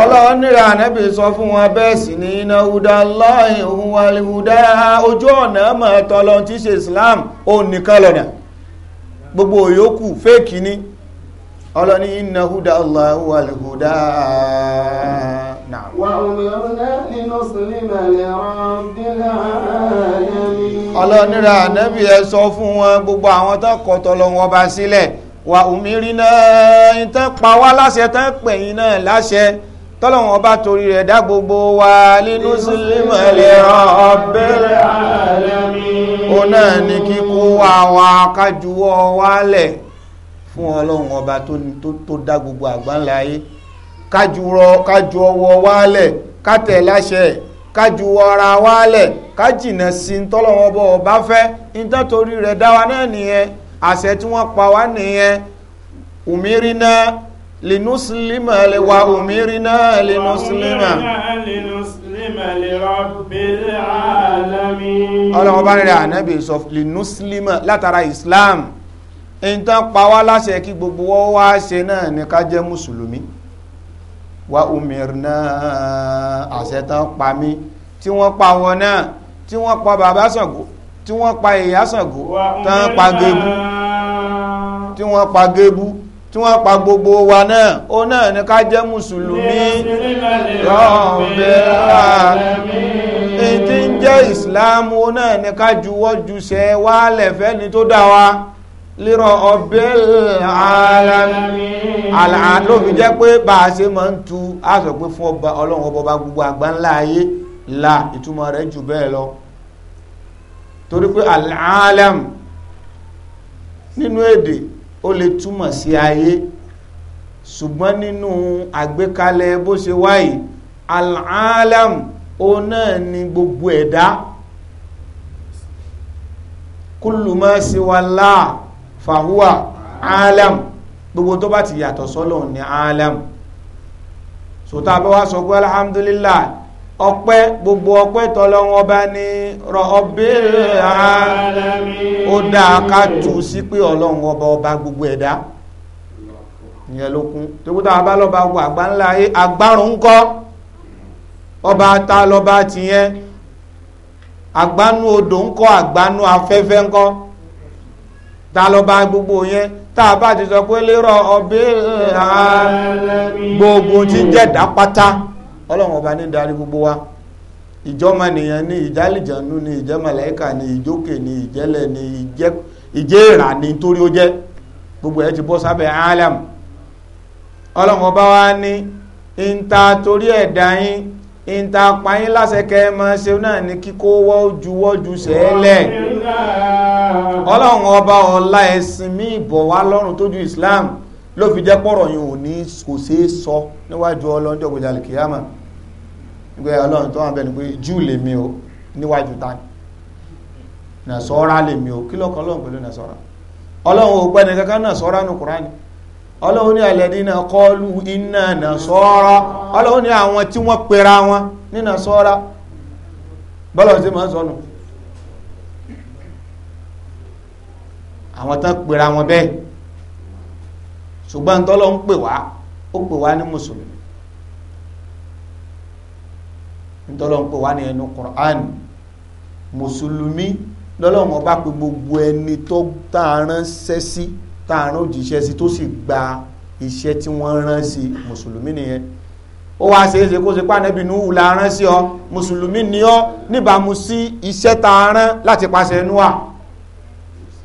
Ọlọ́run níra ànẹ́bì sọ fún wọn bẹ́ẹ̀ sì ní iná húdá lọ́yìn ohun alìhúdá ojú ọ̀nà mọ̀ tọ́lọ tí ṣe Islam ó nìkan lọ́nà gbogbo òyókù fèkì ní ọlọ́ni iná húdá lọ́yìn ohun alìhúdá نعم وأمرنا لنسلم لرب العالمين ọlọ́nira ànábì ẹ sọ fún wọn gbogbo àwọn tó kọ̀ tọlọ́hun ọba sílẹ̀ wà òmìnirínà ìtàn pa wá láṣẹ tán pẹ̀yìn náà láṣẹ tọ́lọ́hun ọba torí rẹ̀ dá gbogbo wa nínú sílẹ̀mọ̀ lè ọ̀bẹ̀rẹ̀ àlẹ́mí ó náà ní kíkú wa wa kájúwọ́ wálẹ̀ fún ọlọ́hun ọba tó dá gbogbo àgbáńlá ayé kájúrọ kájú ọwọ́ wálẹ̀ kátẹ̀ láṣẹ kájú ara wálẹ̀ kájìnà sí ń tọ́lọ́wọ́ bọ́ ọba fẹ́ nítorí torí rẹ̀ dá wa náà nìyẹn àṣẹ tí wọ́n pa wá nìyẹn òmìnirínà lìnúsílímà lè wa òmìnirínà lìnúsílímà ọlọ́wọ́ bá rẹ̀ ànábì sọ lìnúsílímà látara Islam ìtàn pa wá láṣẹ kí gbogbo wọ́n wá ṣe náà ní ká jẹ́ mùsùlùmí wa umirna àṣetán pa mí tí wọ́n pa wọn náà tí wọ́n pa bàbá Ṣàngó tí wọ́n pa ìyá Ṣàngó tán pa gébú tí wọ́n pa gébú tí wọ́n pa gbogbo wa náà ó náà ní ká jẹ́ mùsùlùmí rọ̀bẹ̀ ń jẹ́ ìsìláàmù ó náà ní ká juwọ́ ju sẹ́ wálẹ̀ tó dá lérò ọbẹ̀ àlàmì ló fi jẹ́ pé bá a ṣe máa ń tu a sọ pé fún ọba ọlọ́run ọba ọba gbogbo àgbá ńlá ayé la ìtumọ̀ rẹ̀ jù bẹ́ẹ̀ lọ torí pé àlàmì nínú èdè ó lè túmọ̀ sí ayé ṣùgbọ́n nínú àgbékalẹ̀ bó ṣe wáyé àlàmì ó náà ni gbogbo ẹ̀dá kúlùmọ́ sí wa láà fàhúwà alam gbogbo tó bá ti yàtọ̀ sọ́lọ́hun ní alam sòtá bá wá sọ pé alhamdulillah ọpẹ́ gbogbo ọpẹ́ tọlọ́run ọba ní rọọbẹ ó dáa ká tù sí pé Ọlọ́run ọba ọba gbogbo ẹ̀dá ìyẹn ló kún tókútà abálọba wo àgbà ńlá ayé agbárùn ń ọba ta lọba tìyẹn àgbánú odò ń àgbánú afẹ́fẹ́ ń ta lọ bá gbogbo yẹn tá a bá ti sọ pé lérò gbogbo tí ń jẹ́ dá pátá ọba ní darí gbogbo wa ìjọmọ nìyẹn ní ìjálìjànú ní ìjẹmọlẹ́kà ní ìjókè ní ìjẹlẹ̀ ní ìjẹ́ẹ̀rà ní torí ó jẹ gbogbo ẹ ti bọ alam ṣe náà ní kíkó ọlọ́run ọba ọlá ẹ̀sìn mi bọ̀ wá lọ́rùn islam ló fi jẹ́ pọ̀rọ̀ yìí sọ níwájú ọlọ́njọ́ gbèjà alìkìyàmà ọlọ́run tó ni pé lèmi o níwájú ta nàṣọ́ra lèmi o kí ọlọ́run pẹ̀lú nàṣọ́ra ọlọ́run ò gbẹ́ni kankan nàṣọ́ra nù kúránì ọlọ́run ní alẹ́dínà kọlu iná nàṣọ́ra ọlọ́run ní àwọn tí wọ́n pera wọn ní àwọn tán pera wọn bẹ́ẹ̀ ṣùgbọ́n tọ́lọ́ ń pè wá ó pè wá ní mùsùlùmí ntọ́lọ́ ń pè wá ní ẹnu Qur'an mùsùlùmí lọ́lọ́wọ́n bá pe gbogbo ẹni tó tààrán sẹ́sí tààrán òjíṣẹ́ sí tó sì gba iṣẹ́ tí wọ́n rán sí mùsùlùmí nìyẹn ó wá ṣe é ṣe kó ṣe pé ànábì Nuhu la rán sí ọ mùsùlùmí ni ọ níbàámu sí iṣẹ́ tààrán láti pàṣẹ Nuhu à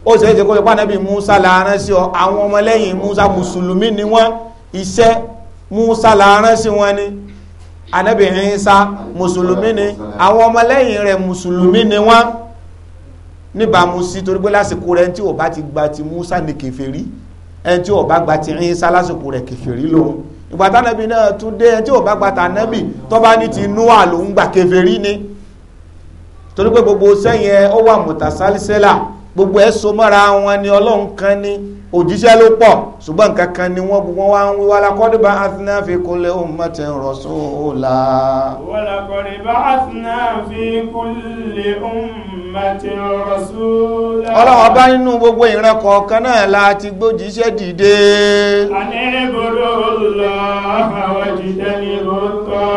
ó sì ṣe kó pàdánù Musa làárán sí ọ àwọn ọmọlẹ́yìn Musa mùsùlùmí ni wọ́n iṣẹ́ Musa làárán sí wọn ni anabi Isa mùsùlùmí ni àwọn ọmọlẹ́yìn rẹ̀ mùsùlùmí ni wọ́n níbàámu sí torí pé lásìkò rẹ̀ tí ó ti gba ti Musa ní kèfèrí ẹni tí ó bá gba ti Isa lásìkò rẹ̀ kèfèrí lòun ìgbà tánàbí náà tún dé ẹni tí ó gba tànàbí tó bá ní ti Nóà lòun gbà kèfèrí ni torí pé gbogbo sẹ́yìn ẹ ó wà mùtàsálísẹ́là gbogbo ẹ̀ so mọ́ra wọn ni ọlọ́run kan ni òjíṣẹ́ ló pọ̀ ṣùgbọ́n nǹkan kan ni wọ́n gbogbo wá ń wíwá lakọ́dìbá athena fi kulli ummatin rasula. wọ́lakọ́dìbá athena fi kulli ummatin rasula. ọlọ́wọ́n bá nínú gbogbo ìran kọ̀ọ̀kan náà la ti gbójíṣẹ́ dìde. àní ibùdó lọ àwọn jíjẹ́ ní lóòótọ́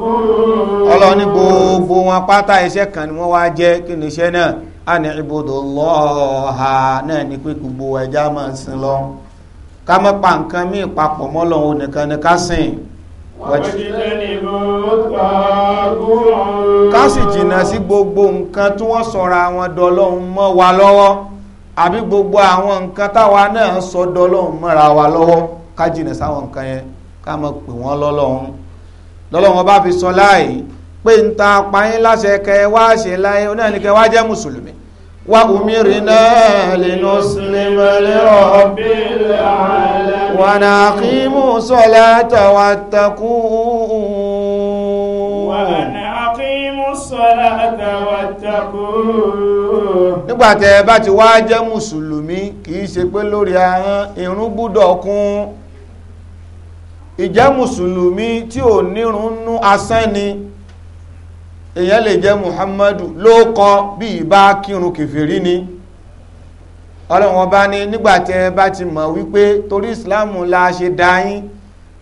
kúrò. ọlọ́ni gbogbo wọn pátá iṣẹ́ kan ni wọ́n wá jẹ́ kí ni iṣẹ́ náà Ani ibùdó lọ́ọ̀ha náà ni pé gbogbo ẹja máa sin lọ ká má pa nǹkan mí papọ̀ mọ́ lọ́hùn nìkan ni ká sìn ká sì jìnnà sí gbogbo nǹkan tí wọ́n sọra wọn dọ́lọ́hun mọ́ wa lọ́wọ́ àbí gbogbo àwọn nǹkan táwa náà sọ dọ́lọ́hun mọ́ra wa lọ́wọ́ ká jìnnà sáwọn nǹkan yẹn ká má pè wọ́n lọ́lọ́hun lọ́lọ́hun ọba fi sọ láàyè pé ń ta apáyín láṣẹ kẹ wá ṣe láyé onáà wá jẹ́ mùsùlùmí وأمرنا لنسلم لرب العالمين ونقيم صلاة واتقوه وأن أقيموا الصلاة واتقوه nígbà tẹ́ bá ti wá jẹ́ mùsùlùmí kìí ṣe pé lórí ahọ́n irun gbúdọ̀ kún ìjẹ́ mùsùlùmí tí ò nírun nú asán ni. Irun èyàn lè jẹ́ muhammadu ló kọ bí ìbá kírun kèfèrí ni ọlọ́wọ́n bá ní nígbàtí ẹ bá ti mọ̀ wípé torí ìsìláàmù la ṣe dá yín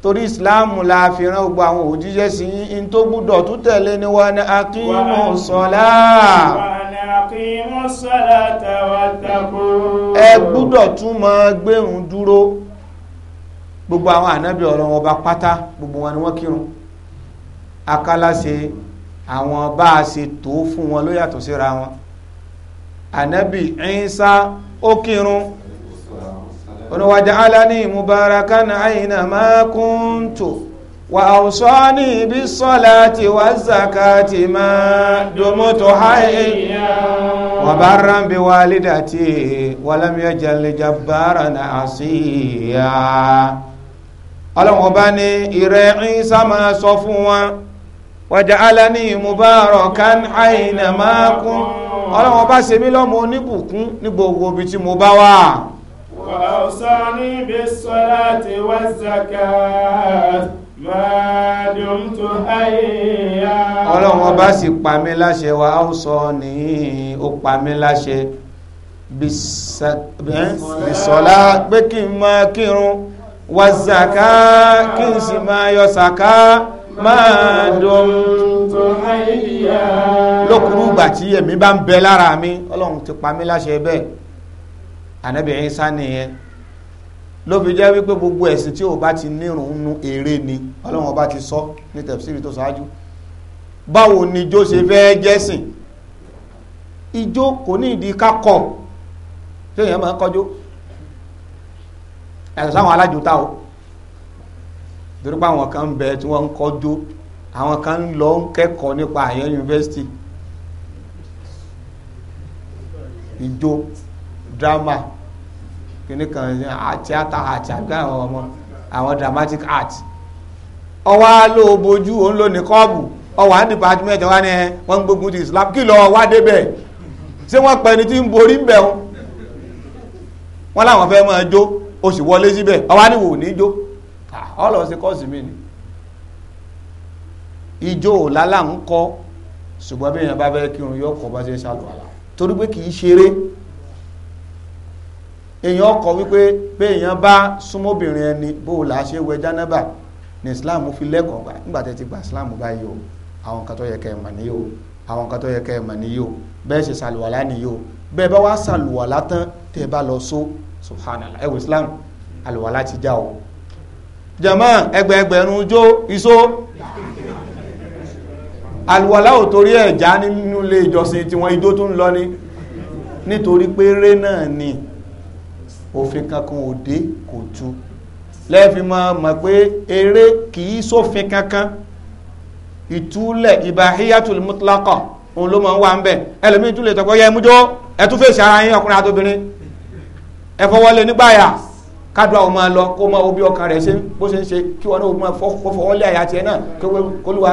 torí ìsìláàmù la fi rán gbogbo àwọn òjíṣẹ́ sí yín in tó gbúdọ̀ tún tẹ̀lé ni wà ní akímù sọ́lá ẹ gbúdọ̀ tún mọ́ gbẹ̀rún dúró gbogbo àwọn ànábì ọlọ́wọ́n bá pátá gbogbo wọn ni wọ́n kírun akálá àwọn bá a ṣe tó fún wọn ló yàtọ̀ síra wọn ànábì Ìsá ó kírun oníwàjà alani mubarakan aina ma kuntu wa awsani bis salati waz zakati ma dumtu hayya wa barran bi walidati wa lam yajal jabbaran asiya ọlọ́run ọba ní ìrẹ́ Ìsá máa sọ fún wọn wàjàálání mubarakan àìnà máa kún ọlọ́wọ́n bá ṣe mí lọ́mọ oníbùkún ní gbogbo ibi tí mo bá wà. wà á sọ ní ibi sọ́lá ti wá zaka máa dùn tó àyíyá. ọlọ́wọ́n bá sì pa mí láṣẹ wà á sọ ní ó pa mí láṣẹ bisọ́lá pé kí n máa kírun wà kí n sì máa yọ zaka máa dùn lókùrú ìgbà tí ẹ̀mí bá ń bẹ lára mi ọlọ́run ti pa mí láṣẹ bẹ́ẹ̀ ànábì Ìsá nìyẹn ló fi jẹ́ wípé gbogbo ẹ̀sìn tí ò bá ti nírun nu eré ni ọlọ́run ọba ti sọ ní tẹ̀fsíìrì tó ṣáájú báwo ni ijó ṣe fẹ́ jẹ́sìn ijó kò ní ìdí kákọ̀ tí èèyàn máa ń kọjú ẹ̀sán àwọn alájò tá torí pé àwọn kan ń bẹ tí wọ́n ń kọ́jú àwọn kan lọ ń kẹ́kọ̀ọ́ nípa àyàn yunifásitì ìjó drama kìnnì kan tíátà àti àgbà àwọn ọmọ àwọn dramatic art ọwọ́ ló bojú òun ló ní kọ́ọ̀bù ọwọ́ àwọn department wa ni wọ́n ń gbógun ti Islam kí lọ wá débẹ̀ ṣé wọ́n pẹ̀lú tí ń borí ń bẹ̀ wọ́n láwọn fẹ́ máa jó o wọlé síbẹ̀ ọwọ́ àníwò ò ní jó ọlọ́ ah, sí kọ́ọ̀sì mi ni ijó lálà ń kọ́ ṣùgbọ́n bí èèyàn bá fẹ́ kírun yóò kọ́ bá ṣe ṣàlùwàlà torí pé kì í ṣeré èèyàn kọ wípé pé èèyàn bá súnmọ́bìnrin ẹni bó la ṣe wẹ jánábà ní islam fi lẹ́kọ̀ọ́ gbà nígbà tẹ́ ti gba islam báyìí o àwọn nǹkan tó yẹ kẹ́ ẹ mọ̀ níyì o àwọn nǹkan tó yẹ kẹ́ ẹ mọ̀ níyì o bẹ́ẹ̀ ṣe ṣàlùwàlá níyì o bẹ́ẹ̀ bá wá ṣàlùwàlá tán tẹ́ ẹ bá lọ só subhanallah ẹ wò islam àlùwàlá ti já o jẹ̀mọ́ ẹgbẹ̀ẹgbẹ̀rún jó iṣó àlùwàlá ò torí ẹ̀ já nínú ilé ìjọsìn tí wọ́n ijó tún lọ ní nítorí pé eré náà ni òfin kankan ò dé kò tu lẹ́ẹ̀fi máa mọ̀ pé eré kìí sófin kankan ìtúlẹ̀ ìbáhíyàtul mutlaqa òun ló máa ń wà ń bẹ̀ ẹlòmíì tún tọ́kọ́ yẹ mújó ẹtún fèsì ara yín ọkùnrin àtobìnrin ẹfọwọ́lé nígbàyà kádùá o máa lọ kó máa wo bí ọkàn rẹ̀ ṣe bó ṣe ń ṣe kí wọn náà o máa fọwọ́ lé àyà tiẹ̀ náà kó wé kólúwa.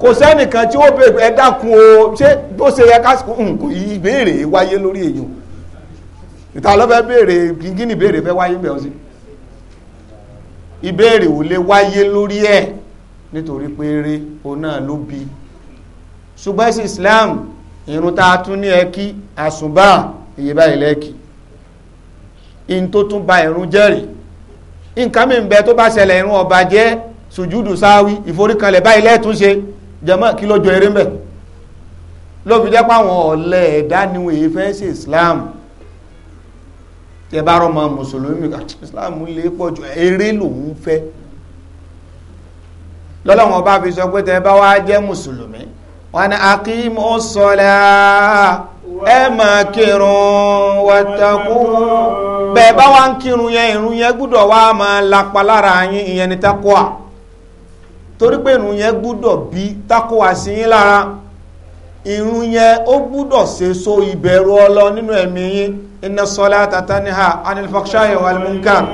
kò sẹ́nìkan tí ó bèrè ẹ dákun o ṣé bó ṣe yẹ ká nǹkan ìbéèrè wáyé lórí èèyàn ìta ló fẹ́ béèrè gíngínì ìbéèrè fẹ́ wáyé bẹ́ẹ̀ sí ìbéèrè ò lè wáyé lórí ẹ̀ nítorí pé eré òun náà ló bi ṣùgbọ́n sí Islam ìrun tá a tún ní ẹ kí àsùnbà iye báyìí lẹ́ẹ̀kì in tó tún ba ìrun jẹ́rì nǹkan mi ń bẹ tó bá ṣẹlẹ̀ ìrun ọba jẹ́ sùjúdù sáwí ìforíkanlẹ̀ báyìí lẹ́ẹ̀tún ṣe jẹ́mọ́ kí ló eré mbẹ̀ ló fi jẹ́ páwọn ọ̀lẹ́ ẹ̀dá ni wọ́n fẹ́ sí Islam tẹ bá rọmọ mùsùlùmí ah, Islam lè pọ̀ jù eré lòun fẹ́ lọ́lọ́wọ́n bá fi sọ pé tẹ bá wá jẹ́ mùsùlùmí wọn ni aqimu ssalah ẹ máa kírun wàtàkù bẹ́ẹ̀ bá wá ń kírun yẹn ìrun yẹn gbúdọ̀ wá máa lapa lára yín ìyẹn ni takoa torí pé ìrun yẹn gbúdọ̀ bí takoa sí yín lára ìrun yẹn ó gbúdọ̀ sèso ìbẹ̀rù ọlọ nínú ẹ̀mí yín inna salata tanha anil fakhsha'i wal munkar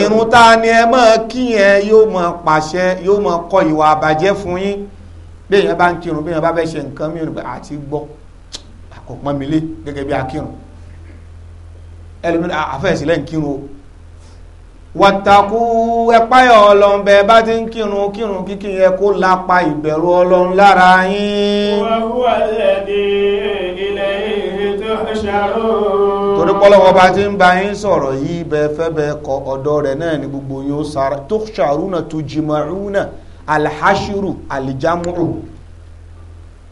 ìrun ta ni ẹ máa kí yẹn yóò máa pàṣẹ yóò máa kọ ìwà àbàjẹ́ fún yín bí èèyàn bá ń kírun bí èèyàn bá fẹ́ ṣe nǹkan mìíràn kò pọ́n mi lé gẹ́gẹ́ bí akírun ẹlòmínú àfẹ́sílẹ̀ ń kírun o wàtàkù ẹ̀páyọ̀ ọlọ́run bẹ́ẹ̀ bá ti ń kírun kírun kíkí yẹ kó lápa ìbẹ̀rù ọlọ́run lára yín. torí pọ́lọ́wọ́ bá ti ń bá yín sọ̀rọ̀ yìí bẹ́ẹ̀ fẹ́ bẹ́ẹ̀ kọ ọ̀dọ̀ rẹ̀ náà ni gbogbo yín ó sara tuhsharuna tujma'una alhashiru aljamu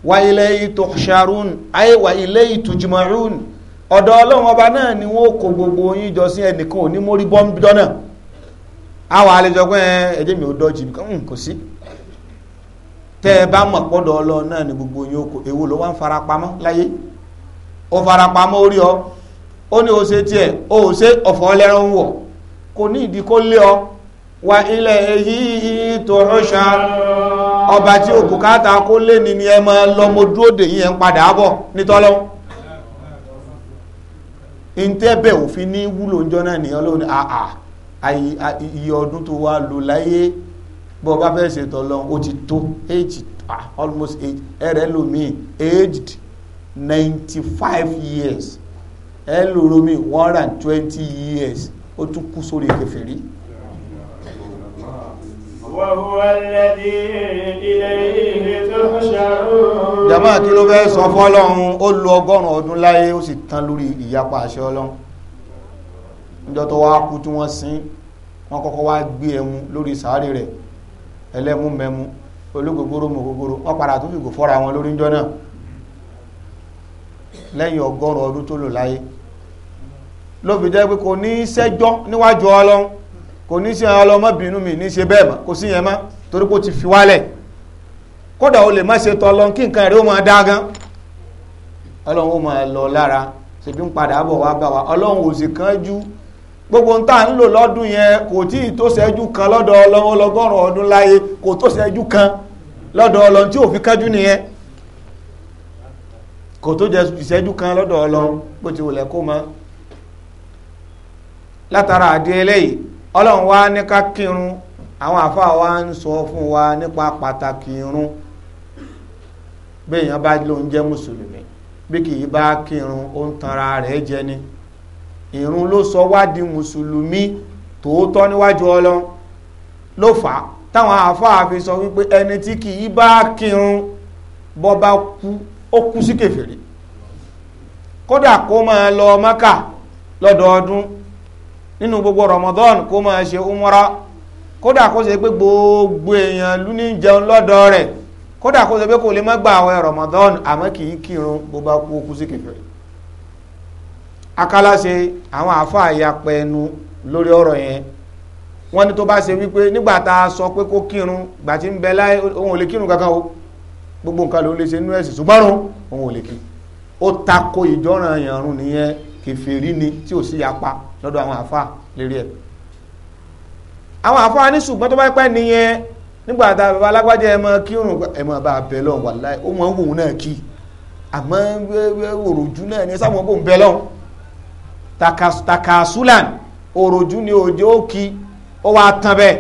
wa ilayhi tuhsharun ayé wa ilayhi tujma'un ọ̀dọ̀ ọlọ́run ọba náà ni wọ́n kò gbogbo yín jọ sí ẹnìkan ò ní mórí bọ́m̀bì dọ́nà àwọn àlejò pé ẹjẹ́ mi ò dọ́jì hmm, kò sí tẹ́ ẹ bá mọ̀ pọ́dọ̀ ọlọ́run náà ni gbogbo yín ọ o ṣe tiẹ̀ o ò ṣe ọ̀fọ̀ ń wọ̀ kò ní ọ wa ilẹ̀ èyí tó ń ọba tí o kò káàtà kó lé ni ni ẹ máa lọ mo dúró dè yín ẹ ń padà bọ̀ nítọ́lọ́ ntẹ́bẹ̀ òfin ní wúlò ńjọ́ náà nìyẹn ló àà iye ọdún tó wá lò láyé bọ́ bá fẹ́ ṣètò lọ ó ti tó ah, almost ẹ̀rẹ́ lómi aged 95 years ẹ̀ lómi one and twenty years ó tún kú sórí kèfèrí. وهو الذي إليه تحشرون jàmáà kí ló fẹ́ sọ fọ́lọ́run ó lo ọgọ́rùn ọdún láyé ó sì tán lórí ìyapa àṣẹ ọlọ́run níjọ́ tó wá kú tí wọ́n sin wọ́n kọ́kọ́ wá gbé ẹmu lórí sàárè rẹ̀ ẹlẹ́mú mẹ́mú ológogoro mọ̀gogoro wọ́n padà tó fìgò fọ́ra wọn lórí níjọ́ náà lẹ́yìn ọgọ́rùn ọdún tó lò láyé ló fi jẹ́ pé kò ní kò ní ṣe ọlọmọbìnú mi ní ṣe bẹ́ẹ̀ mọ́ kò sí yẹn torí kò ti fi wálẹ̀ kódà o lè má ṣe tọlọ kí nǹkan rẹ̀ ó máa dá gan ọlọ́run ó máa lọ lára ṣèbí ń padà bọ̀ wá bá wa ọlọ́run gbogbo ń tà ń lò lọ́dún yẹn kò tí ì tó ṣẹ́jú kan lọ́dọ̀ ọlọ́run lọ́gọ́rùn ọdún láyé kò tó ṣẹ́jú kan lọ́dọ̀ ọlọ́run tí ò fi nìyẹn kò tó jẹ ìṣẹ́jú kan lọ́dọ̀ ọlọ́run bó ti wùlẹ̀ kó mọ́ látara àdé eléyìí ọlọ́run wá ní ká kírun àwọn àfáà wa ń sọ fún wa nípa pàtàkì irun bí èèyàn bá lóun jẹ́ mùsùlùmí bí kì í bá kírun ó ń tanra rẹ̀ jẹ ni irun ló sọ wá mùsùlùmí tòótọ́ níwájú ọlọ́run ló fà á táwọn àfáà fi sọ wípé ẹni tí kì í bá kírun bọ́ bá kú ó kú sí kèfèrí kódà kó máa lọ mọ́kà lọ́dọọdún nínú gbogbo Ramadan kó máa ṣe umra kódà kó ṣe pé gbogbo èèyàn ló ní jẹun lọ́dọ̀ rẹ̀ kódà kó ṣe pé kò lè má gba àwẹ̀ Ramadan àmọ́ kì í kírun bó bá kú okú sí kẹfẹ́ akálàṣe àwọn àáfàá ìyapẹ ẹnu lórí ọ̀rọ̀ yẹn wọ́n ní tó bá ṣe wípé nígbà tá a sọ pé kó kírun gbà tí ń bẹ láyé òun ò lè kírun kankan o gbogbo nǹkan ló lè ṣe nínú ẹ̀sìn ṣùgbọ́n òun ò lè kí ó tako ìjọ́ràn yàrún nìyẹn kẹfẹ́rí ni tí ò sí yapa lọ́dọ̀ àwọn àfa lérí ẹ̀ àwọn àfa ní ṣùgbọ́n tó bá pẹ́ nìyẹn nígbà tá bàbá alágbájá ẹ̀ máa kírun ẹ̀ máa bá a bẹ̀ lọ́n wàláì ó máa wòun náà kí àmọ́ òròjú náà ní sáwọn bò ń bẹ̀ lọ́n takasulan òròjú ni òjò ó kí ó wá tán bẹ́ẹ̀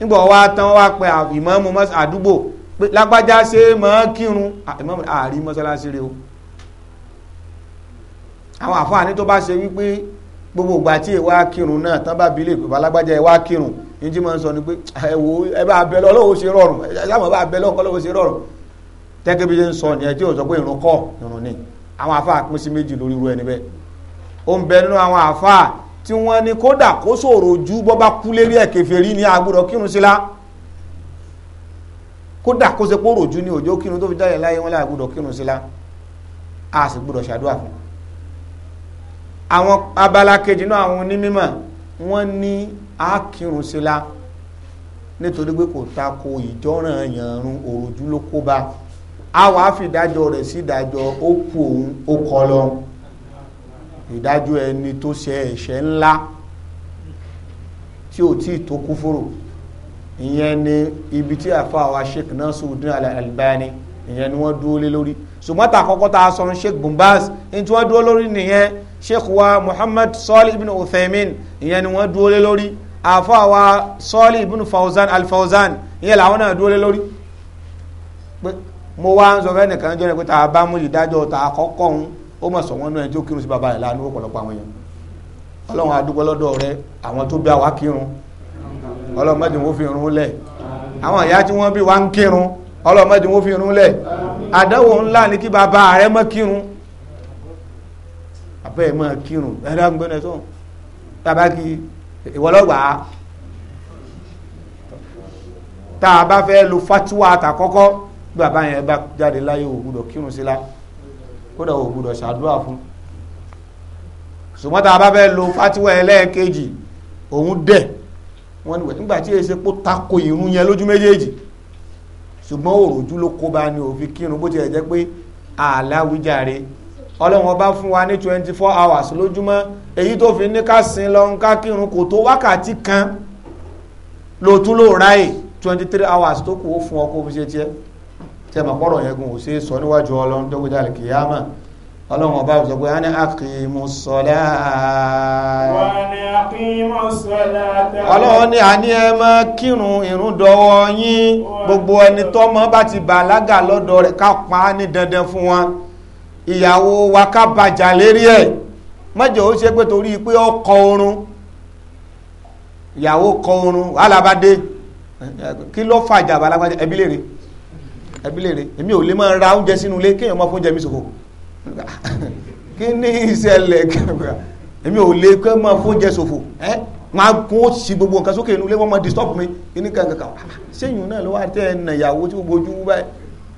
nígbà wá tán wá pé ìmáàmù àdúgbò pé lágbájá ṣe máa kírun ìmáàmù àárín mọ́sálásí rẹ o àwọn àfa ní tó bá ṣe wípé gbogbo ìgbà tí ìwà kírun náà tán bá bí lè pèpà lágbájá ìwà kírun ní tí mo ń sọ ni pé ẹ wo ẹ bá bẹ lọ lọ́wọ́ ṣe rọrùn ẹ sábà bá bẹ lọ́wọ́ lọ́wọ́ ṣe rọrùn tẹ́gẹ́ bí ṣe ń sọ nìyẹn tí ò sọ pé ìrun kọ́ ìrun ni àwọn àfáà pín sí méjì lórí irú ẹni bẹ́ẹ̀ ó ń bẹ nínú àwọn àfáà tí wọ́n ní kódà kó ṣòro ju bọ́ bá kú lérí ẹ̀ kèfèrí ní àwọn abala kejì náà àwọn onímọ̀ wọ́n ní ákírun sí la nítorí pé kò ta ko ìjọ́ràn yànrun òròjú ló kó bá a wà á fi ìdájọ́ rẹ̀ sí ìdájọ́ ó kú òun ó kọ lọ ìdájọ́ ẹni tó ṣe ẹ̀ṣẹ̀ ńlá tí ò tí ì tó kú fòrò ìyẹn ni ibi tí àfa àwa Sheikh Nasiruddin Al-Albani ìyẹn ni wọ́n dúró lé lórí ṣùgbọ́n tàkọ́kọ́ tá a sọ Sheikh Bumbaz ní tí wọ́n dúró lórí nìyẹn sheikh wa muhammad sọ́ọ̀lì ibn uthaymin ìyẹn ni wọ́n dúró lé lórí àfọ́ wa sọ́ọ̀lì ibn fawzan alfawzan ìyẹn làwọn náà dúró lé lórí pé mo wá ń sọ fẹ́ nìkan jẹ́ pé tá a bá mú ìdájọ́ tá a kọ́kọ́ ń ó mọ̀ sọ wọn náà ẹni tó kírun sí bàbá rẹ̀ láàánú ọ̀pọ̀lọpọ̀ àwọn èèyàn ọlọ́run adúgbò lọ́dọ̀ rẹ àwọn tó bí àwa kírun ọlọ́run mẹ́jọ wọ́n fi irun lẹ̀ àwọn ìyá tí wọ́n bí wa ń kírun ọlọ́run mẹ́jọ wọ́n fi irun lẹ̀ àdánwò ńlá ni kí bàbá rẹ mọ́ kírun àfẹ́ ẹ̀ máa kírun ẹ̀rọ àgbẹ̀nẹ̀ sọ̀rọ̀ tàbá kí ìwọlọ́gbàá tá a bá fẹ́ lo fatiwa àtàkọ́kọ́ bí bàbá yẹn bá jáde láyé ògbúdọ̀ kírun sí la kódà ògbúdọ̀ ṣàdúrà fún ṣùgbọ́n tá a bá fẹ́ lo fatiwa ẹlẹ́ẹ̀kejì òun dẹ̀ wọ́n ní nígbà tí èsè kó tako ìrun yẹn lójú méjèèjì ṣùgbọ́n òròjú ló kó bá ní òfin kírun bó tilẹ̀ jẹ́ pé àláwíjàre ọlọ́run ọba fún wa ní twenty four hours lójúmọ́ èyí tó fi ní ká sin lọ́run ká kírun kò tó wákàtí kan ló tún lò ráyè twenty three hours tó kù ó fún ọkọ omi ṣe tiẹ̀ tẹ́ mọ̀ pọ́rọ̀ yẹn gun ò ṣe é sọ níwájú ọlọ́run tó gbéjà lè kíyàmà ọlọ́run ọba sọ pé a ní àkìmù ọlọ́run ní a ẹ má kírun ìrun dọwọ́ yín gbogbo ẹni tọ́mọ bá ti bàlágà lọ́dọ̀ rẹ̀ ká pa á ní dandan fún wọn ìyàwó wa ká bàjà lérí ẹ̀ mọ́jọ ó ṣe pé torí pé ó kọ oorun ìyàwó kọ oorun alábàdé kí ló fàjà balágbájá ẹbí lèrè ẹbí lèrè èmi ò lè máa ra oúnjẹ sínú ilé kéèyàn máa fún mi ṣòfò kí ní ìṣẹ̀lẹ̀ kẹfà èmi ò lè kẹ́ máa fóúnjẹ ṣòfò ẹ́ máa kún ó sì gbogbo nǹkan sókè inú ilé wọ́n máa disturb mi kí ní kankan kan ṣéyìn náà ló wà tẹ́ ẹ̀ nà ìyàwó tí gbogbo ojú báyìí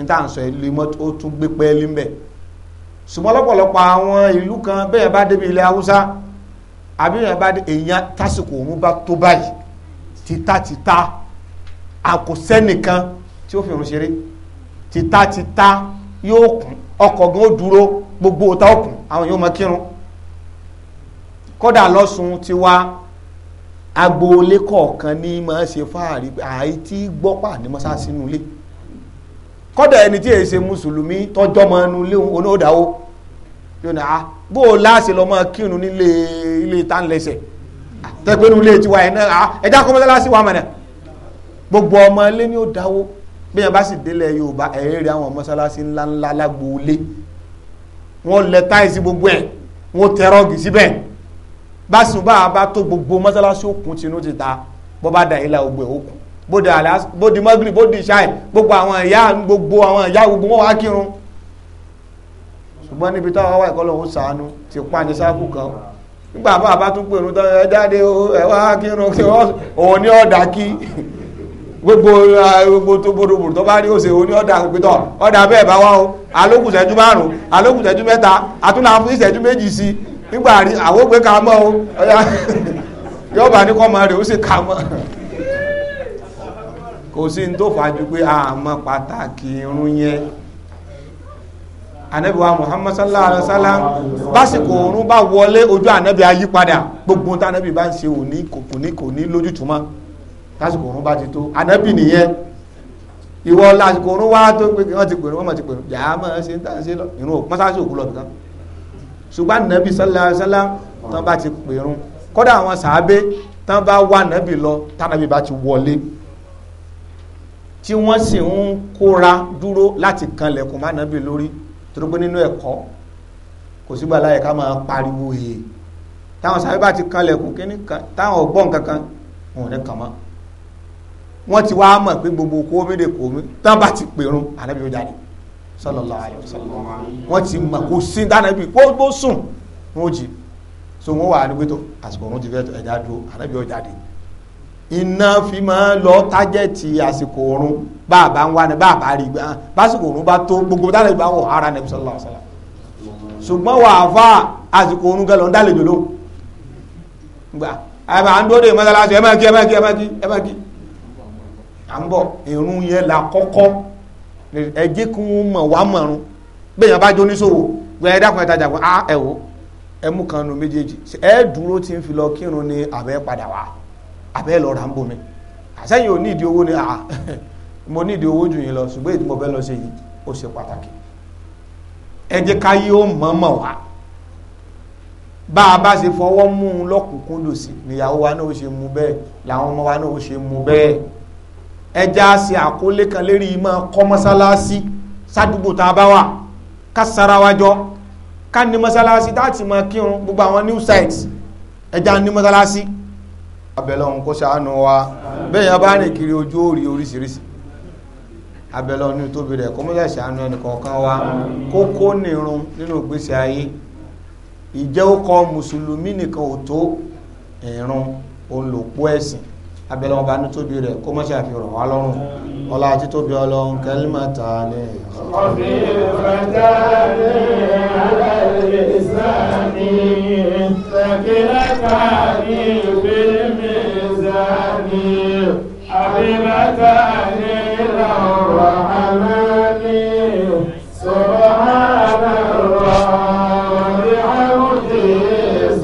níta ń sọ ilé mọ́tò ó tún gbé pẹ́ẹ́lí mbẹ̀ ṣùgbọ́n lọ́pọ̀lọpọ̀ àwọn ìlú kan bẹ́ẹ̀ bá débi ilẹ̀ haúsá àbí èèyàn bá dé èèyàn tásìkò òun bá tó báyìí títàtítà àkòsẹ́nìkan tí ó fi òun ṣeré títàtítà yóò kún ọkọ̀ gan ó dúró gbogbo ọ̀tá òkun àwọn yóò mọ kírun kódà lọ́sùn ti wá agboolé kọ̀ọ̀kan ní máa ṣe fáàrí àìtí gbọ́pà ní mọ́sáàsì nulẹ̀ kọ́dà ẹni tí èsè mùsùlùmí tọ́jọ́ mọ́ ẹnu léhun oníhòdáwó yóò ní a ah, bó o láàṣẹ lọ mọ́ kírun nílé ilé tánlẹsẹ̀ ah, tẹ́gbẹ́nu ilé tiwa ẹ̀ náà ah, ẹ̀dá kọ́mọ́tálásí wa mọ̀nà gbogbo ọmọ ilé ní ó dáwó bí yẹn bá sì délẹ̀ Yorùbá ẹ̀ẹ́rẹ́ àwọn mọ́sálásí ńláńlá lágbóolé wọ́n lẹ táìsì gbogbo ẹ̀ wọ́n tẹ́rọ̀gì síbẹ̀ bá sùn bá a bá tó gbogbo mọ́sálásí òkun tinú ti ta bọ́ bá dà ilà gbogbo ẹ̀ òkun bóde ala bóde mọ́gìrì bóde ṣáì gbogbo àwọn ìyá gbogbo àwọn ìyá gbogbo wọn wá kírun ṣùgbọ́n níbi táwọn ti pàdé sáàkù kan nígbà bá bá tún ẹ jáde ẹ wá kírun òun ní ọ̀dà kí gbogbo gbogbo tó tó bá rí òsè òun ní ọ̀dà ọ̀dà bẹ́ẹ̀ bá wá o márùn kò sí ní tó fàájú pé àmọ́ pàtàkì irun yẹn ànábì muhammad sallallahu alaihi wa sallam básìkò oorun bá wọlé ojú ànábì ayípadà gbogbo ohun tánábì bá ń ṣe òní kò ní kò ní lójútùmọ́ lásìkò oorun bá ti tó ànábì nìyẹn ìwọ lásìkò oorun wá tó pé wọ́n ti pèrò wọ́n mọ̀ ti pèrò yàá mọ̀ ṣe ń tàn ṣe lọ ìrún òpin sáà sí òkú lọ bìkan ṣùgbọ́n ànábì sallallahu alaihi wa sallam tán bá ti pèrún kódà àwọn sàábé tán bá wà ànábì lọ tánábì bá ti wọlé tí wọ́n sì ń kóra dúró láti kanlẹ̀kùn má nàbì lórí torí pé nínú ẹ̀kọ́ kò sígbà láyé ká máa pariwo yìí táwọn sàbẹ́ bá ti kanlẹ̀kùn kíní kan táwọn ọgbọ́n kankan wọn ò ní kàn mọ́ wọ́n ti wá mọ̀ pé gbogbo kó omi dè kó omi tán bá ti pèrun ànábì ó jáde sallallahu alaihi wasallam wọ́n ti mọ̀ kó sí dánàbì kó sùn wọn ò jí so wọ́n wà á ní àsìkò wọn ti fẹ́ ẹ̀dá dúró ànábì ó jáde iná fi máa lọ tájẹ̀tì àsìkò oorun bàbá ń wá ní bàbá rí gbà básìkò oorun bá tó gbogbo tá a lè bá wọ ara nàbí sọlá ọsàlá ṣùgbọ́n wà á fà àsìkò oorun gẹlọ ń dá lèjò ló gbà àbá à ń dóde mọ́sálásí ẹ máa kí ẹ máa kí ẹ máa kí ẹ máa kí à ń bọ̀ ìrun yẹn là kọ́kọ́ ẹ kí wọ́n mọ̀ wá mọ̀rún bẹ́ẹ̀ yẹn bá jó níṣòwò gbẹ dákun àbẹ́ lọ ra ń bò àsẹ́yìn ò nídìí owó ni àà mo nídìí owó jù yín lọ ṣùgbọ́n èyí tí mo fẹ́ lọ ṣe yìí ó ṣe pàtàkì ẹ jẹ́ káyé ó mọ̀ mọ̀ wá bá a bá ṣe fọwọ́ mú un lọ́kùnkúndùn sí níyàwó wa náà ó ṣe mú bẹ́ẹ̀ làwọn ọmọ wa náà ó ṣe mú bẹ́ẹ̀ ẹja ṣe àkólé kan lérí ìmọ̀ kọ́ mọ́sálásí sádùúgbò tá a bá wà ká sara wa jọ ká ní mọ́sálásí tá a ti mọ kírun gbogbo àwọn new sites ẹja ní mọ́sálásí abẹ́lẹ́ ọ̀hún kó ṣàánú wa bẹ́ẹ̀ yẹn bá rìn kiri ojú ó rí oríṣiríṣi abẹ́lẹ́ ọ̀hún tóbi rẹ̀ kó mọ́lẹ̀ ṣàánú ẹnìkọ̀ọ̀kan wa kó kó nìrun nínú ìgbésí ayé ìjẹ́ ó kọ́ mùsùlùmí nìkan ò tó ìrun olùpó ẹ̀sìn abẹ́lẹ́ ọba ní tóbi rẹ̀ kó mọ́ṣẹ́ àfihàn wá lọ́rùn ọlá àti tóbi ọlọ́run kẹlímọ̀ta ní ọ̀rọ̀ عظمتان للرحمن سبحان الله بحمده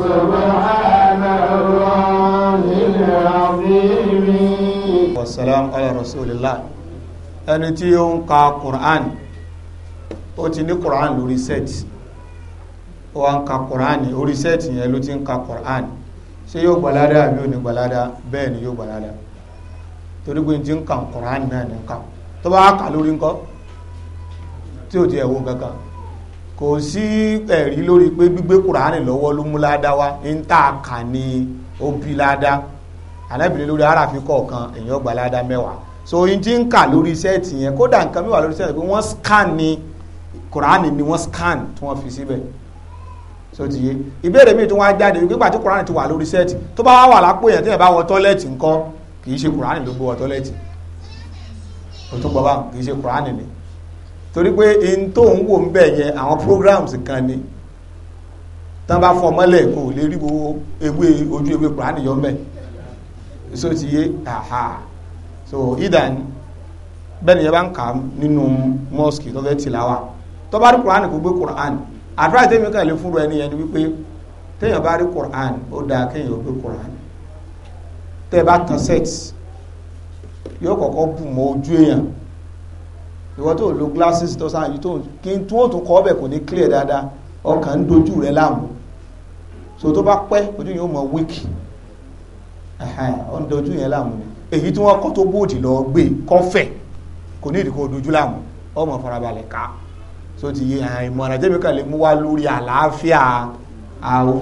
سبحان الله العظيم والسلام على رسول الله ẹni tí ó ń ka quran ó ti ní quran lórí sẹ́ẹ̀tì ó wá ń ka quran orí sẹ́ẹ̀tì yẹn ló ti ń ka quran ṣé yóò gbalada àbí ò ní gbalada bẹ́ẹ̀ ni yóò gbalada torí pé ti ń kà ń Kùránì náà ní kà tó bá kà lórí ńkọ́ tí ò ti ẹ̀wò kankan kò sí ẹ̀rí lórí pé gbígbé Kùránì lọ́wọ́ ló mú ládàá wá ń tà kà ní ó ládàá alábìnrin lórí aráàfin kọ̀ọ̀kan èèyàn gba ládàá mẹ́wàá so yín ti ń kà lórí sẹ́ẹ̀tì yẹn kódà nǹkan mẹ́wàá lórí sẹ́ẹ̀tì pé wọ́n scan ni Kùránì ni wọ́n scan tí wọ́n fi síbẹ̀ so ti yé ìbéèrè míì tó wá jáde wípé gbàtí Kùránì ti wà lórí sẹ́ẹ̀tì tó bá wà lápò yẹn tí yẹn bá wọ tọ́lẹ̀tì ńkọ́ kìí ṣe kùránì ló gbé wọ tọ́lẹ́tì o gbọ́ bá kìí ṣe kùránì ni torí pé in tó ń wò ń bẹ̀ yẹn àwọn programs kan ni tán bá fọ mọ́lẹ̀ kò lè rí gbogbo ewé ojú ewé kùránì yọ mẹ́ so ti yé aha so idan bẹ́ẹ̀ni yẹn bá ń kà nínú mosque tó fẹ́ tìláwa tó bá rí kùránì kò gbé kùránì àdúrà tẹ́mi kan lè fún ẹni yẹn ni wípé téèyàn bá rí kùránì ó dáa kéèyàn ó gbé kùránì tẹ́ bá tan sex yóò kọ́kọ́ bù mọ́ ojú èèyàn ìwọ́n tó lo glasses tó sáà yìí tó kí n tó tó kọ́ ọbẹ̀ kò ní clear dáadáa ọkàn ń dojú rẹ láàmú so tó bá pẹ́ ojú yóò mọ wíkì ọ̀n dojú yẹn láàmú ni èyí tí wọ́n kọ́ tó bóòdì lọ gbé kọ́fẹ̀ kò ní ìdíkò dojú láàmú ọmọ farabalẹ̀ ká so ti yẹ àìmọ̀ràn jẹ́mi kan lè mú wá lórí àlàáfíà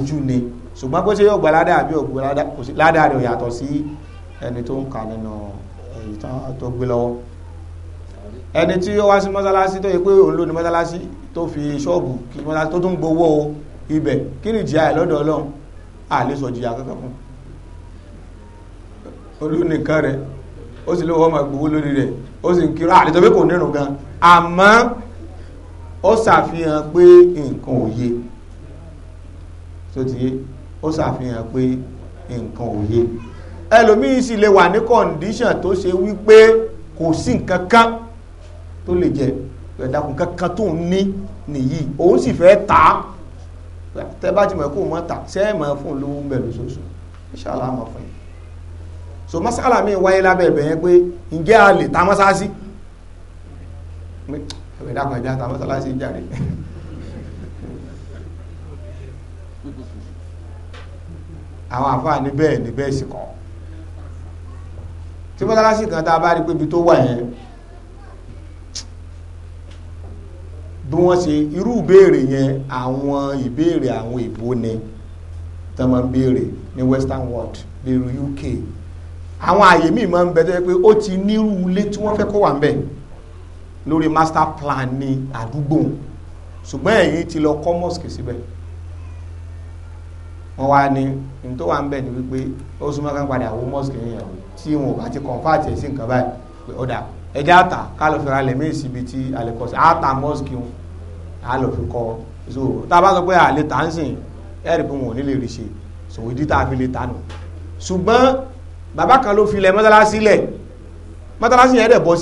ojú ni ṣùgbọ́n pé ṣe yóò gba ládàá àbí ògbó ládàá rẹ̀ yàtọ̀ sí ẹni tó ń kà nínú èyí tó gbé lọ́wọ́ ẹni tí ó wá sí mọ́sálásí tó yẹ pé òun ló ní mọ́sálásí tó fi ṣọ́ọ̀bù kí mọ́sálásí tó tún gbowó ibẹ̀ kí ni ìjìyà ẹ̀ lọ́dọ̀ ọlọ́run àlè sọ jìyà kankan fún olùnìkan rẹ̀ ó sì lówó ọmọ gbowó lórí rẹ̀ ó sì ń kírun àlè tó fi kò nírun gan àmọ́ ó ṣàfihàn pé nǹkan ò yé tó ti yé ó ṣàfihàn pé nǹkan ò yé ẹlòmíì sì lè wà ní kọ̀ǹdíṣàn tó ṣe wípé kò sí nǹkan kan tó lè jẹ ẹ̀dàkùn kankan tó ń ní nìyí òun sì fẹ́ tà á tẹ́ ti mọ̀ kó mọ̀ tà sẹ́ẹ̀mọ̀ fún olówó ń bẹ̀ lóṣooṣù inshallah fún yìí so masala mi wáyé lábẹ́ ẹ̀bẹ̀ yẹn pé ǹjẹ́ a lè ta mọ́sáàsì ẹ̀dàkùn ẹ̀dà ta mọ́sáàsì jáde àwọn àfáà ní bẹ́ẹ̀ ní bẹ́ẹ̀ sì kọ́ tí mọ́sálásí kan tá a bá rí pé ibi tó wà yẹn bí wọ́n ṣe irú ìbéèrè yẹn àwọn ìbéèrè àwọn ìbò ni tó máa ń béèrè ní western world bíi UK àwọn àyè míì máa ń bẹ tó yẹ pé ó ti nírú ilé tí wọ́n fẹ́ kó wà ń bẹ̀ lórí master plan ní àdúgbò ṣùgbọ́n ẹ̀yin ti lọ kọ́ mosque síbẹ̀ wọ́n wá ní ní tó wà ń bẹ̀ ní wípé ó súnmọ́ kan padà wó mọ́sùkì yẹn o tí wọn ò bá ti kọ̀ǹfàtì ẹ̀ sí nǹkan báyìí pé ọ̀dà ẹja àtà kálọ̀ fi ra lẹ́mí ìsibí tí alẹ́ àtà mọ́sùkì wọn àlọ́ fi kọ́ so tá a bá sọ pé àlè tà ń sìn ẹ̀rì pé wọn ò ní lè rí ṣe so ìdí tá a fi lè tà nù ṣùgbọ́n bàbá kan ló fi lẹ̀ mọ́sálásí lẹ̀ mọ́sálásí yẹn dẹ̀ bọ́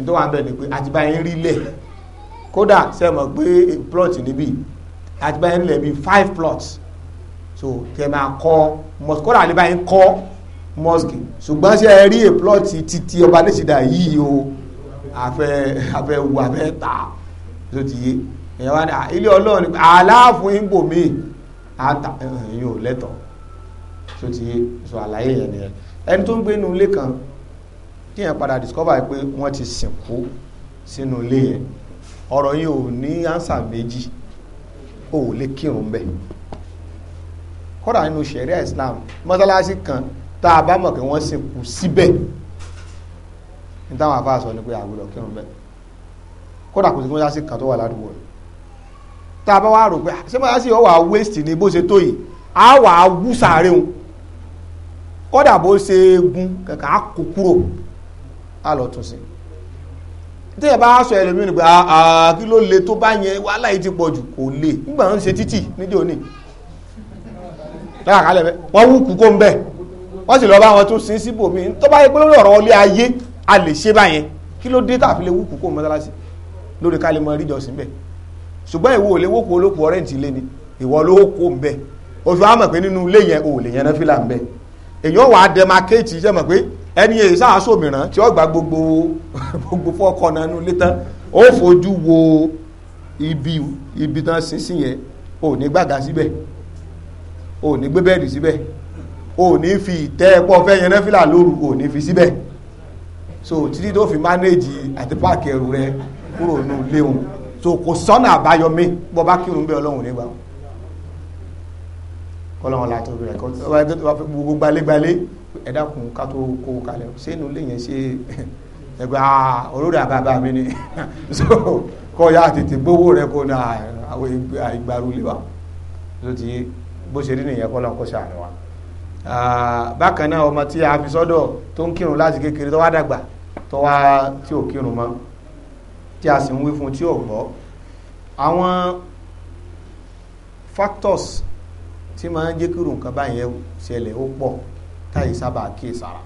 nítorí wọn bẹ̀rẹ̀ ni pé àti báyìí rí lẹ̀ kódà ṣe mọ̀ pé plot níbí àti báyìí lẹ̀ bí five plots so tẹ̀ máa kọ́ mosque kódà àti báyìí kọ́ mosque ṣùgbọ́n ṣe rí a plot títí ọba lẹ́sìdá yìí o àfẹ́ àfẹ́ wù àfẹ́ tà tó ti yé èèyàn wá ní ilé ọlọ́run aláàfin ń bò mí àtàyàn lẹ́tọ̀ọ́ tó ti yé so àlàyé yẹn nìyẹn ẹni tó ń gbénu ilé kan tí yẹn padà discover pé wọ́n ti sìnkú sínú ilé yẹn ọ̀rọ̀ yìí ò ní ánsà méjì ò lè kírun bẹ́ẹ̀ kódà nínú ṣẹ̀ríà Islam mọ́sálásí kan tá a bá mọ̀ pé wọ́n sìnkú síbẹ̀ ní táwọn àbá sọ ni pé àgbọ̀dọ̀ kírun bẹ́ẹ̀ kódà kò sí mọ́sálásí kan tó wà ládùúgbò rẹ̀ tá a bá wá rò pé ah, ṣé mọ́sálásí ọ̀ wà waste ni bó ṣe tó yìí á wà á wú sàárẹ̀ wọn kódà bó ṣe gun kẹ̀kẹ́ á kó kúrò á lọ tún sí tí ẹ bá sọ ẹlòmíràn pé àà ah, ah, kí ló le tó bá yẹn wàhálà yìí ti pọ̀ jù kò le nígbà ń ṣe títì níjẹ́ òní láàkálẹ̀ bẹ́ wọ́n wú kú kó ń bẹ̀ wọ́n sì lọ bá wọn tó sin síbò mi tó bá yẹ pé lórí ọ̀rọ̀ ilé ayé a lè ṣe báyẹn kí ló dé tàbí lè wú kú kó ń mọ́tálásí lórí ká lè mọ ìríjọsìn bẹ́ẹ̀ ṣùgbọ́n ìwọ òlé wókò olóko ọ̀rẹ́ǹtì ilé ni ìwọ olówó kó ń bẹ́ẹ̀ oṣù àmọ̀ pé nínú ilé yẹn ò lè yẹn náà fìlà ń bẹ́ẹ̀ èyàn wà á ẹni èyí sáàsó mìíràn tí ó gba gbogbo gbogbo fọ́kọ̀ náà nínú ilé tán ó fojú wo ibi ibi tán sínsìn yẹn ò ní gbàgà síbẹ̀ ò ní gbé bẹ́ẹ̀dì síbẹ̀ ò ní fi ìtẹ́ ẹ̀pọ̀ fẹ́ yẹn nẹ́fìlà lóru ò ní fi síbẹ̀ so títí tó fi mánéèjì àti páàkì ẹrù rẹ kúrò nínú ilé òun so kò sọ́nà àbáyọ mi bọ́ bá kírun bẹ́ẹ̀ ọlọ́run nígbà kọ́lọ́run látọ̀ rẹ̀ kọ́ gbogbo gbalẹ́gbalẹ́ ẹ dákun ká tó kó kalẹ̀ sínú lè yẹn ṣe ẹgbẹ́ olórí àbábá mi ni so kọ́ ya tètè gbówó rẹ kó na àwọn ìgbàrú lè wa ló ti bó ṣe rí nìyẹn kọ́ lọ́n kó ṣàánú wa bákan náà ọmọ tí a fi sọ́dọ̀ tó ń kírun láti kékeré tó wá dàgbà tó wá tí ò kírun mọ́ tí a sì ń wí fún tí ò gbọ́ àwọn factors tí máa ń jẹ́ kírun kan báyẹn ṣẹlẹ̀ ó pọ̀ táyì sábà kíyè sára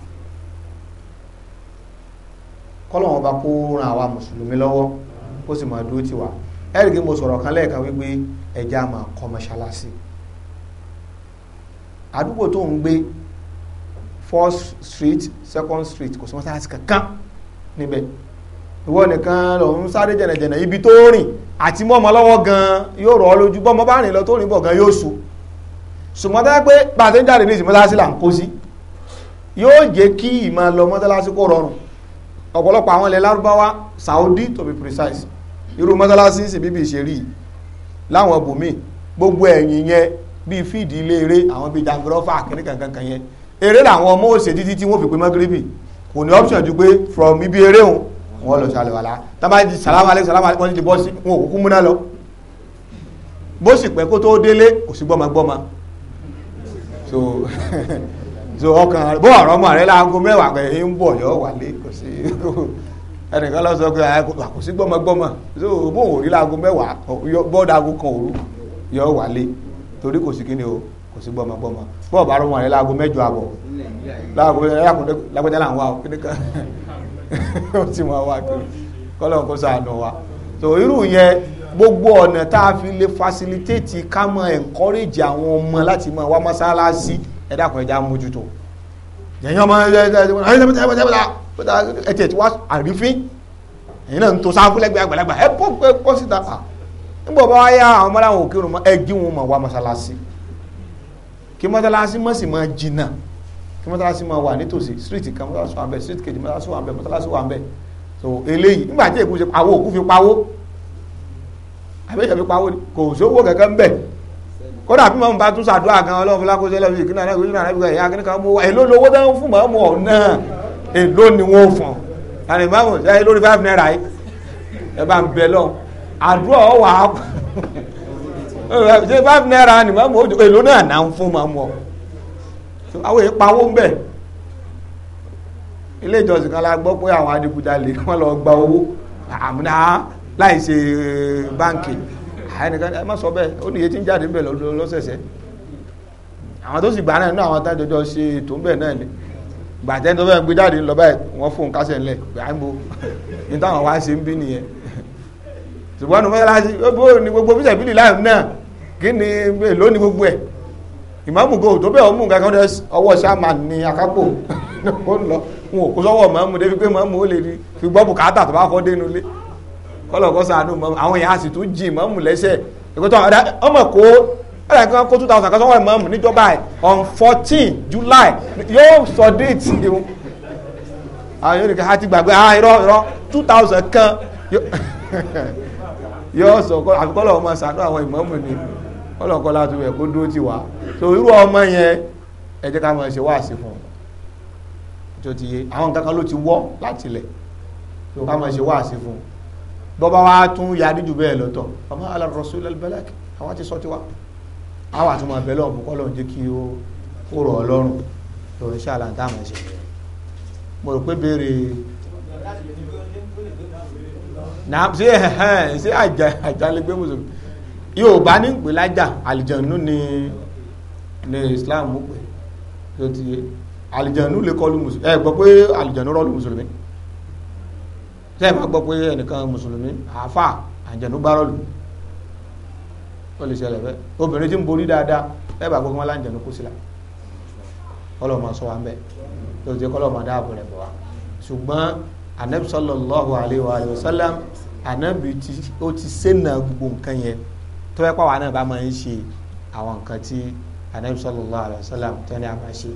kọ́lọ́wọ́n bá kó ran àwa mùsùlùmí lọ́wọ́ ó sì máa dúró tiwa ẹ̀rìgì mo sọ̀rọ̀ kan lẹ́ẹ̀kan wípé ẹja máa kọ́ mọ́ṣáláṣí àdúgbò tó ń gbé first street second street kò sí mọ́ṣáláṣí kankan níbẹ̀ ìwọ nìkan lọ ń sáré jẹ̀nẹ̀jẹ̀nẹ̀ ibi tó rìn àti mọ́mọ́ lọ́wọ́ gan yóò rọ̀ ọ́ lójú bọ́mọ bá rìn lọ tó rìn bọ̀ gan yóò so sùmọ́tà pé bàtẹ́jáde ní ìsìnmọ́ṣáláṣí là ń kó sí. Si yóò jẹ́ kí ìmọ̀ lọ mọ́sálásí kó rọrùn ọ̀pọ̀lọpọ̀ àwọn ilẹ̀ lárúbáwá Saudi to be precise irú mọ́sálásí sì bíbí ìṣerí láwọn bùnmí gbogbo ẹ̀yìn yẹn bíi fíìdì ilé eré àwọn bíi jangirọ́fà kìnnìkankan yẹn eré làwọn ọmọ òsè títí tí wọ́n fi pé mọ́gírìbì kò ní option ju pé from ibi eré òun wọ́n lọ sàlẹ̀ wàlá tábà ti sàlámà alẹ́ sàlámà alẹ́ wọ́n ti bọ́ọ̀sì wọn ò kúkú múná lọ bó sì pẹ́ kó tó délé kò sí gbọ́mọgbọ́mọ so so ọkàn bó ọ̀rọ̀ ọmọ rẹ láago mẹ́wàá pé ń bọ̀ yọ wálé kò sí ẹnìkan lọ sọ pé kò sí gbọ́mọgbọ́mọ so bó òun rí láago mẹ́wàá bọ́ọ̀dàgò kan òru yọ wálé torí kò sí kí ni o kò sí gbọ́mọgbọ́mọ bó ọ̀bá ọmọ rẹ láago mẹ́jọ àbọ̀ láago lágbẹ́jà là ń wá o kí ni kan ó ti mọ wá kiri kọ́lọ̀ kó sàánú wa so irú yẹn gbogbo ọ̀nà tá a fi lè facilitate ká mọ encourage àwọn ọmọ láti mọ wá mọ́sálásí. Si ẹ dákun ẹ já mójútó ẹ̀yin ọmọ ẹ̀tẹ̀ tí wá àrífín ẹ̀yin náà ń to sáfù lẹ́gbẹ̀ẹ́ àgbàlagbà ẹ bọ́ pé kọ́ síta à nígbà bá wá yá àwọn ọmọ láwọn òkè òrùn ẹ jí wọn mọ̀ wá mọ́sálásí kí mọ́sálásí mọ́ sì máa jìnnà kí mọ́sálásí máa wà nítòsí street kan mọ́sálásí wà ń bẹ̀ street kejì mọ́sálásí wà ń bẹ̀ mọ́sálásí wà ń bẹ̀ so eléyìí nígbà tí èkú ṣe àwọn òkú fi pawó àbẹ́yẹ̀ fi pawó kò sówó kankan bẹ́ẹ̀ kódà bí màmú bá tún sàdúrà gan ọlọ́run fúlákóso ẹlẹ́wọ̀n ìkíni àná ìwé ìrìnàjò ìgbà ìyá akínníkan mú èló lówó tó ń fún màmú ọ̀ náà èló ni wọ́n fún àní màmú ṣe lórí five naira yìí ẹ bá ń bẹ lọ àdúrà ọ̀ wà á ṣe five naira ni màmú èló náà náà ń fún màmú ọ̀ àwọn ìpawó ń bẹ ilé ìjọsìn kan la gbọ́ pé àwọn adigunjalè wọ́n lọ gba owó àmúná láì ṣe báńkì àyẹnìkan ẹ má sọ bẹ́ẹ̀ ó nìyẹn tí ń jáde bẹ́ẹ̀ lọ́sẹ̀sẹ̀ àwọn tó sì gbà náà nínú àwọn tájọjọ ṣe ètò ń bẹ̀ náà ni gbàtẹ́ni tó fẹ́ gbé jáde lọ báyìí wọ́n fún kásẹ̀ ńlẹ̀ gbàǹbo ní táwọn wá ṣe ń bí nìyẹn ṣùgbọ́n ní fẹ́ láti bó ni gbogbo bíṣẹ̀ bílì láàmú náà kí ni èló ni gbogbo ẹ̀ ìmáàmù go tó bẹ́ẹ̀ ọmú nǹkan kan ọwọ́ sáàmà ni akápò ó lọ wọn ò kó sọ́wọ́ màmú débi pé màmú ó lè fi gbọ́ bùkátà tó bá fọ́ dénú lé kọ́lọ̀kọ́ sànú mọ́mù àwọn èèyàn àsìtú jì mọ́mù lẹ́sẹ̀ ìkótọ́ ọmọ kó ọ̀rẹ́ kan kó two thousand kan sọ́wọ́ mọ́mù níjọba on fourteen July yóò sọ déètì ìhun àwọn yóò ní ká ti gbàgbé ah irọ́ irọ́ two thousand kan yóò sọ kọ́ àfikọ́lọ̀ ọmọ sànú àwọn ìmọ̀mù ni kọ́lọ̀kọ́ láti rẹ̀ kó dúró ti wà so irú ọmọ yẹn ẹ jẹ́ ká máa ṣe wáàsí fún un tó ti yé àwọn kankan ló ti wọ́ látilẹ̀ so ká máa ṣe wáàsí fún un bọ́bá wa tún yarí jù bẹ́ẹ̀ lọ́tọ̀ ọmọ alárọ̀sọ ìlàlùbẹ́lẹ́kì àwọn ti sọ tiwa àwọn àti máa bẹ̀lẹ̀ ọ̀bùn kọ́lọ̀ jẹ́ kí ó rọ̀ ọlọ́run tó ń ṣàlà tá àmọ́ ṣe mo rò pé béèrè ṣé ṣé àjàlégbé mùsùlùmí yóò bá ní ìpè lájà àlìjànú ni ní Islam pè àlìjànú lè kọlu mùsùlùmí ẹ gbọ́ pé àlìjànú rọ́ọ̀lù mùsùlùmí tẹ́ ẹ̀ bá gbọ́ pé ẹnìkan mùsùlùmí àáfà àjẹnú gbárọ́lù ó lè ṣẹlẹ̀ bẹ́ẹ̀ obìnrin tí ń borí dáadáa ẹ̀ bá gbogbo wọn láǹjẹ̀nú kú sílá ọlọ́mọ sọ wa ń bẹ́ lóò jẹ́ kọ́lọ́mọ dáàbò rẹ̀ bọ̀ wá ṣùgbọ́n anabi sallallahu alayhi wa sallam anabi ó ti sẹ́nà gbogbo nǹkan yẹn tó yẹ pàwọn náà bá máa ń ṣe àwọn nǹkan tí anabi sallallahu alayhi wa sallam tẹ́ni àbáṣe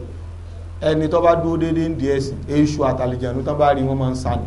ẹni tó bá dúró déédéé ń di ẹ̀sìn èṣù àtàlìjànú tó bá rí wọn máa ń sànù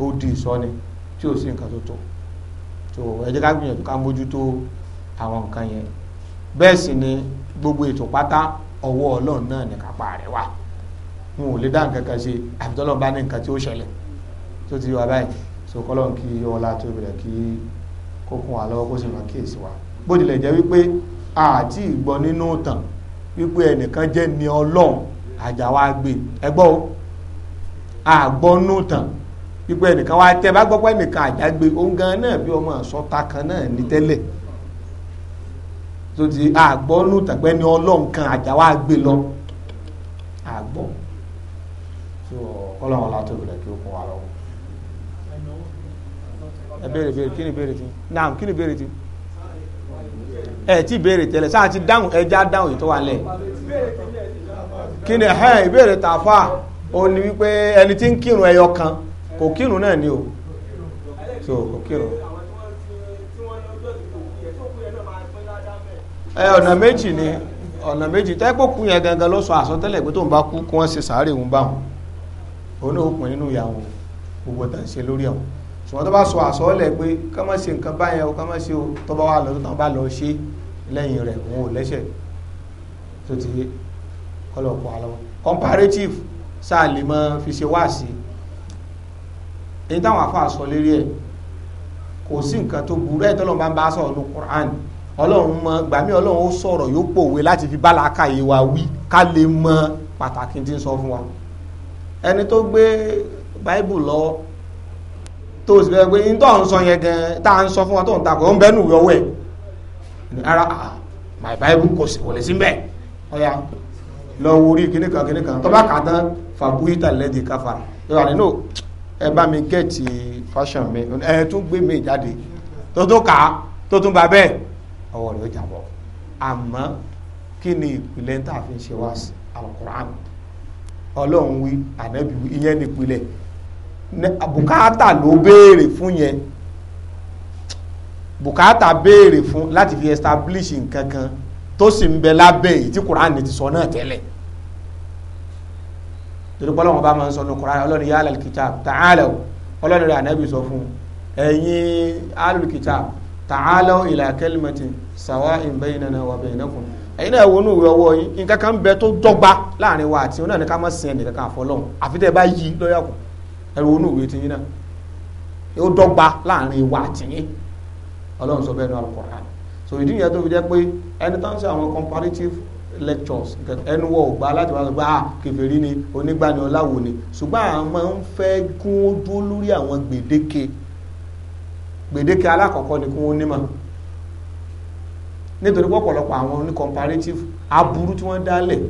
ó di ìsọ́ni tí ò sí nǹkan tó tó tó ẹ jẹ́ ká gbìyànjú ká mójútó àwọn nǹkan yẹn bẹ́ẹ̀ sì ni gbogbo ètò pátá ọwọ́ ọlọ́run náà ní kápá rẹ̀ wà wọn ò lè dá nǹkan kan ṣe àfi tọ́lọ́run bá ní nǹkan tí ó ṣẹlẹ̀ tó ti wà báyìí so kọ́lọ́run kí ọlá tó bẹ̀rẹ̀ kí kó wa lọ́wọ́ kó sì máa kíyèsí wa bó tilẹ̀ jẹ́ wípé àti ìgbọ́ nínú tàn wípé ẹnìkan jẹ́ ni ọlọ́run àjà wa gbé ẹgbọ́ o àgbọ́nú tàn pípẹ́ ẹnìkan wá tẹ́ bá gbọ́pẹ́ ẹnìkan àjágbe òun gan náà bí ọmọ àsọta kan náà ní tẹ́lẹ̀ tó ti àgbọ́nú tàgbẹ́ ni ọlọ́run kan àjà wá gbé lọ àgbọ̀ tó ọlọ́run ọlá tóbi rẹ̀ kí ó kún wa lọ́wọ́ ẹ béèrè béèrè kí ni béèrè ti naam kí ni béèrè ti ẹ ti béèrè tẹ́lẹ̀ sáà ti dáhùn ẹja dáhùn yìí tó wà lẹ̀ kí ni ẹ ìbéèrè tàfà òun ni wípé ẹni tí ń kírun ẹyọ kan kò kírun náà ni o so kò kírun ẹ ọ̀nà méjì ni ọ̀nà méjì tẹ́pọ̀ kú yẹn gangan ló sọ àsọtẹ́lẹ̀ pé tó ń bá kú kí wọ́n ṣe sàárè òun bá wọn òun náà pín nínú ìyàwó gbogbo tàn ṣe lórí àwọn ṣùgbọ́n tó bá sọ àsọlẹ̀ pé ká má ṣe nǹkan báyẹn o ká má o tó bá wà lọ tó bá lọ ṣe lẹ́yìn rẹ̀ òun ò lẹ́ṣẹ̀ tó ti kọ́lọ̀ pọ̀ àlọ́ comparative sáà lè mọ fi ṣe wáàsí èyí táwọn afáà sọ lérí ẹ̀ kò sí nǹkan tó burú ẹ̀ tọ́lọ́run bá ń bá sọ̀rọ̀ ní Qur'an ọlọ́run mọ gbàmí ọlọ́run ó sọ̀rọ̀ yóò pòwe láti fi bálàkà yìí wá wí ká lè mọ pàtàkì tí ń sọ fún wa ẹni tó gbé báíbù lọ́wọ́ tó sì bẹ́ẹ̀ pé ní tó ń sọ yẹn gan tá à ń sọ fún wa tó ń takò ó ń bẹ́nu ìwé ọwọ́ ẹ̀ ara my bible kò sí wọlé sí bẹ́ẹ̀ ọ̀ya lọ wo orí kíníkan kíníkan tó bá kà á tán fàbúyítà lẹ́dí káfà yóò wà nínú ẹ bá mi gẹ̀ẹ́tì fashion mi ẹ tún gbé mi jáde tó tún kà á tó tún bá bẹ́ẹ̀ ọwọ́ rẹ̀ ó jàbọ̀ àmọ́ kí ni ìpìlẹ̀ tá a fi ń ṣe wá sí alukur'an ọlọ́run wí ànábì wí ìyẹn ni ìpìlẹ̀ bùkátà ló béèrè fún yẹn bùkátà béèrè fún láti fi establish nǹkan kan tó sì ń bẹ lábẹ́ èyí tí kùránì ti sọ náà tẹ́lẹ̀ torí pé Ọlọ́run bá máa ń sọ ní Kùránì Ọlọ́run yá alal kitab ta'alaw Ọlọ́run rẹ̀ ànábì sọ fún ẹ̀yin alal kitab ta'alaw ila kalimatin sawa'in baynana wa baynakum ẹ̀yin náà wọnú ìwé ọwọ́ yín nǹkan kan bẹ tó dọ́gba láàrin wa àti náà ní ká má sin ẹnì kankan àfọlọ́hún àfi tẹ́ ẹ bá yí lọ́yàkùn ẹ̀rù wọnú ìwé tiyín náà lectures ẹnu wọ ọgbà láti wá sọ pé ah kèfèrí ni onígbàni ọláwo ni ṣùgbọ́n àwọn máa ń fẹ́ kún ó dúró lórí àwọn gbèdéke gbèdéke alákọ̀ọ́kọ́ ni kún ó nímọ̀ nítorí pọ̀pọ̀lọpọ̀ àwọn oní comparative aburú tí wọ́n dálẹ̀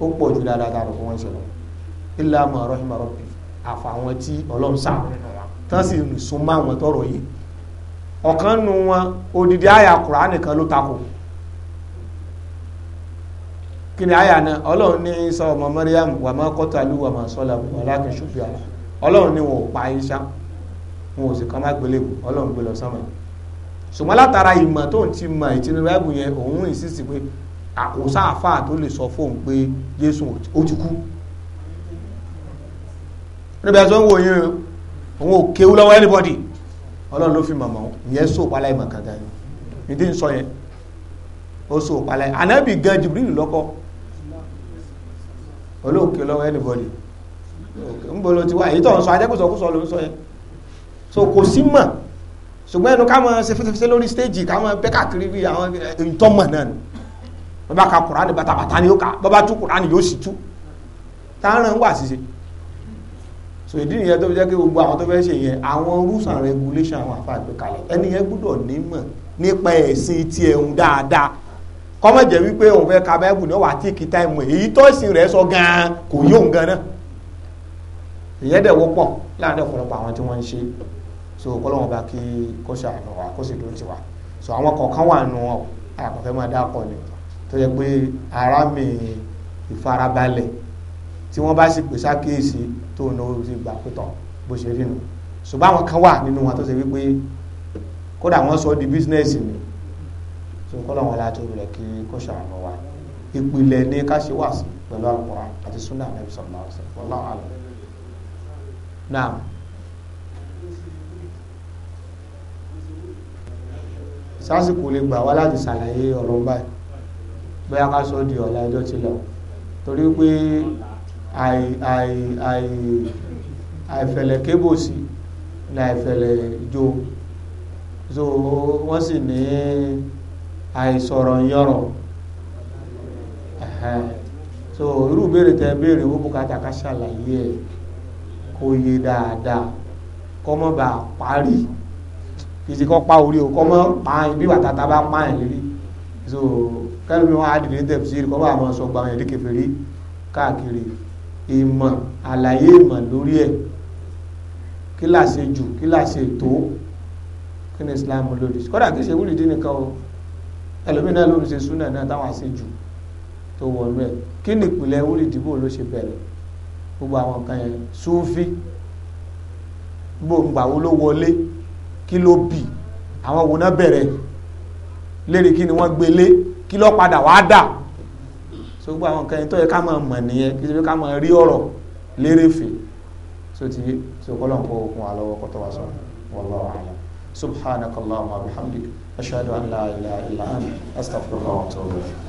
ó pọ̀ ju dáadáa tá a rò fún wọn ṣe lọ ilá ma rahima rabbi àfàwọn tí ọlọ́run tán sì sún mọ́ àwọn tọrọ yìí ọ̀kan nu wọn odidi àyà kùránì kan ló takò kí ni na náà ni ní sọ ọmọ Maryam wà má kọ́tàlú wà má sọ́là wàlákin ṣùgbọ́n àlà ọlọ́run ní wọn ò pa iṣá wọn ò sì kàn má gbélé bù ọlọ́run gbé lọ sánmà ṣùgbọ́n látara ìmọ̀ tó ń ti mọ̀ ìtinú báìbù yẹn òun ń sísì pé àkóso àfà tó lè sọ fóun pé Jésù ó ti kú níbi ẹ̀sọ́ ń wo yín òun ò kéwú lọ́wọ́ anybody ọlọ́run ló fi mọ̀mọ́ ìyẹn sóòpá láì mọ̀ kàdá yìí ní tí ń sọ yẹn ó sóòpá láì ànábì gan Jibril lọ́kọ́ olóòkè lọ́wọ́ anybody ń bolo ti wá èyí tó ń sọ ajẹ́kùsọkùsọ ló ń sọ yẹn so kò sí mọ̀ ṣùgbọ́n ẹnu ká mọ ṣe fẹ́fẹ́fẹ́ lórí stéèjì ká mọ bẹ́ káàkiri bí àwọn ìtọ́mọ̀ náà ni bàbá ka kùránì bàtàbàtà ni yóò kà bàbá tú kùránì yóò sì tú táwọn ń wà ṣiṣe so ìdí nìyẹn tó fi jẹ́ kí gbogbo àwọn tó fẹ́ ṣe yẹn àwọn rules and regulations àwọn àfa àgbékalẹ̀ ẹni yẹn gbúdọ̀ nímọ̀ nípa ẹ̀sìn tiẹ̀ ń dáadáa kọ́mọ̀ jẹ́ wípé òun fẹ́ ka báíbù ní wàá tíì táìmù èyí tó sì rẹ̀ sọ gan-an kò yóò gan-an ìyẹn dẹ̀ wọ́pọ̀ láàrin ọ̀pọ̀lọpọ̀ àwọn tí wọ́n ń ṣe so kọ́lọ́wọ́n bá kí kó ṣàánú wa kó sì dúró tiwa so àwọn kọ̀ọ̀kan wà nù ọ́ àkọ́fẹ́ máa dá ọkọ̀ ni tó yẹ pé ara mi ìfarabalẹ̀ tí wọ́n bá sì pè sákèésí tó ń náwó sí gbà pé tán bó ṣe rí nù ṣùgbọ́n àwọn kan wà nínú wọn tó ṣe wípé kódà wọ́n sọ di bísínẹ́sì ni so kọ́lọ̀ wọn láti orí rẹ̀ kí kò ṣàánú wa ìpìlẹ̀ ní ká ṣe wà sí pẹ̀lú al àti sunna Ànábì sallallahu alaihi wasallam wallahu a'lam naam. sásìkò lè gbà wá láti ṣàlàyé ọ̀rọ̀ báyìí bóyá ká sọ di ọ̀la ẹjọ́ ti lọ torí pé àì àì àì àìfẹ̀lẹ̀ kébò sí ní àìfẹ̀lẹ̀ ìjó so wọ́n sì ní àìsọ̀rọ̀ yọrọ̀ so irú béèrè tẹ béèrè owó bùkátà ká ṣàlàyé ẹ kó yé dáadáa kọ́mọ́ bá parí kìsì kọ́ pa orí o kọ́mọ́ pa ibi wàtàtà bá pa ẹ̀ lérí so kẹ́lùmí wọn á dìde tẹ̀ sí kọ́ bá àwọn sọgbà àwọn ẹ̀dínkẹfẹ́ rí káàkiri ìmọ̀ àlàyé ìmọ̀ lórí ẹ̀ kí la ṣe jù kí la ṣe tó kí ni Islam lòdì kọ́dà kí ṣe wúlìdí nìkan o ẹlòmínà ló ń ṣe súnà náà táwọn àṣejù tó wọnú ẹ kí ni ìpìlẹ̀ wúlì dìbò ló ṣe bẹ̀rẹ̀ gbogbo àwọn nǹkan yẹn súnfí gbòǹgbà wo ló wọlé kí ló bì àwọn wo náà bẹ̀rẹ̀ lérí kí ni wọ́n gbélé kí ló padà wá dà so gbogbo àwọn nǹkan yẹn tó yẹ ká máa mọ̀ nìyẹn kí ló ká máa rí ọ̀rọ̀ lérèfé so ti so kọ́lọ́n kó okun àlọ́wọ́ kọ́tọ́ wa sọ wallahu a'lam subhanakallahumma wa bihamdika. أشهد أن لا إله إلا أنت أستغفر الله وأتوب إليك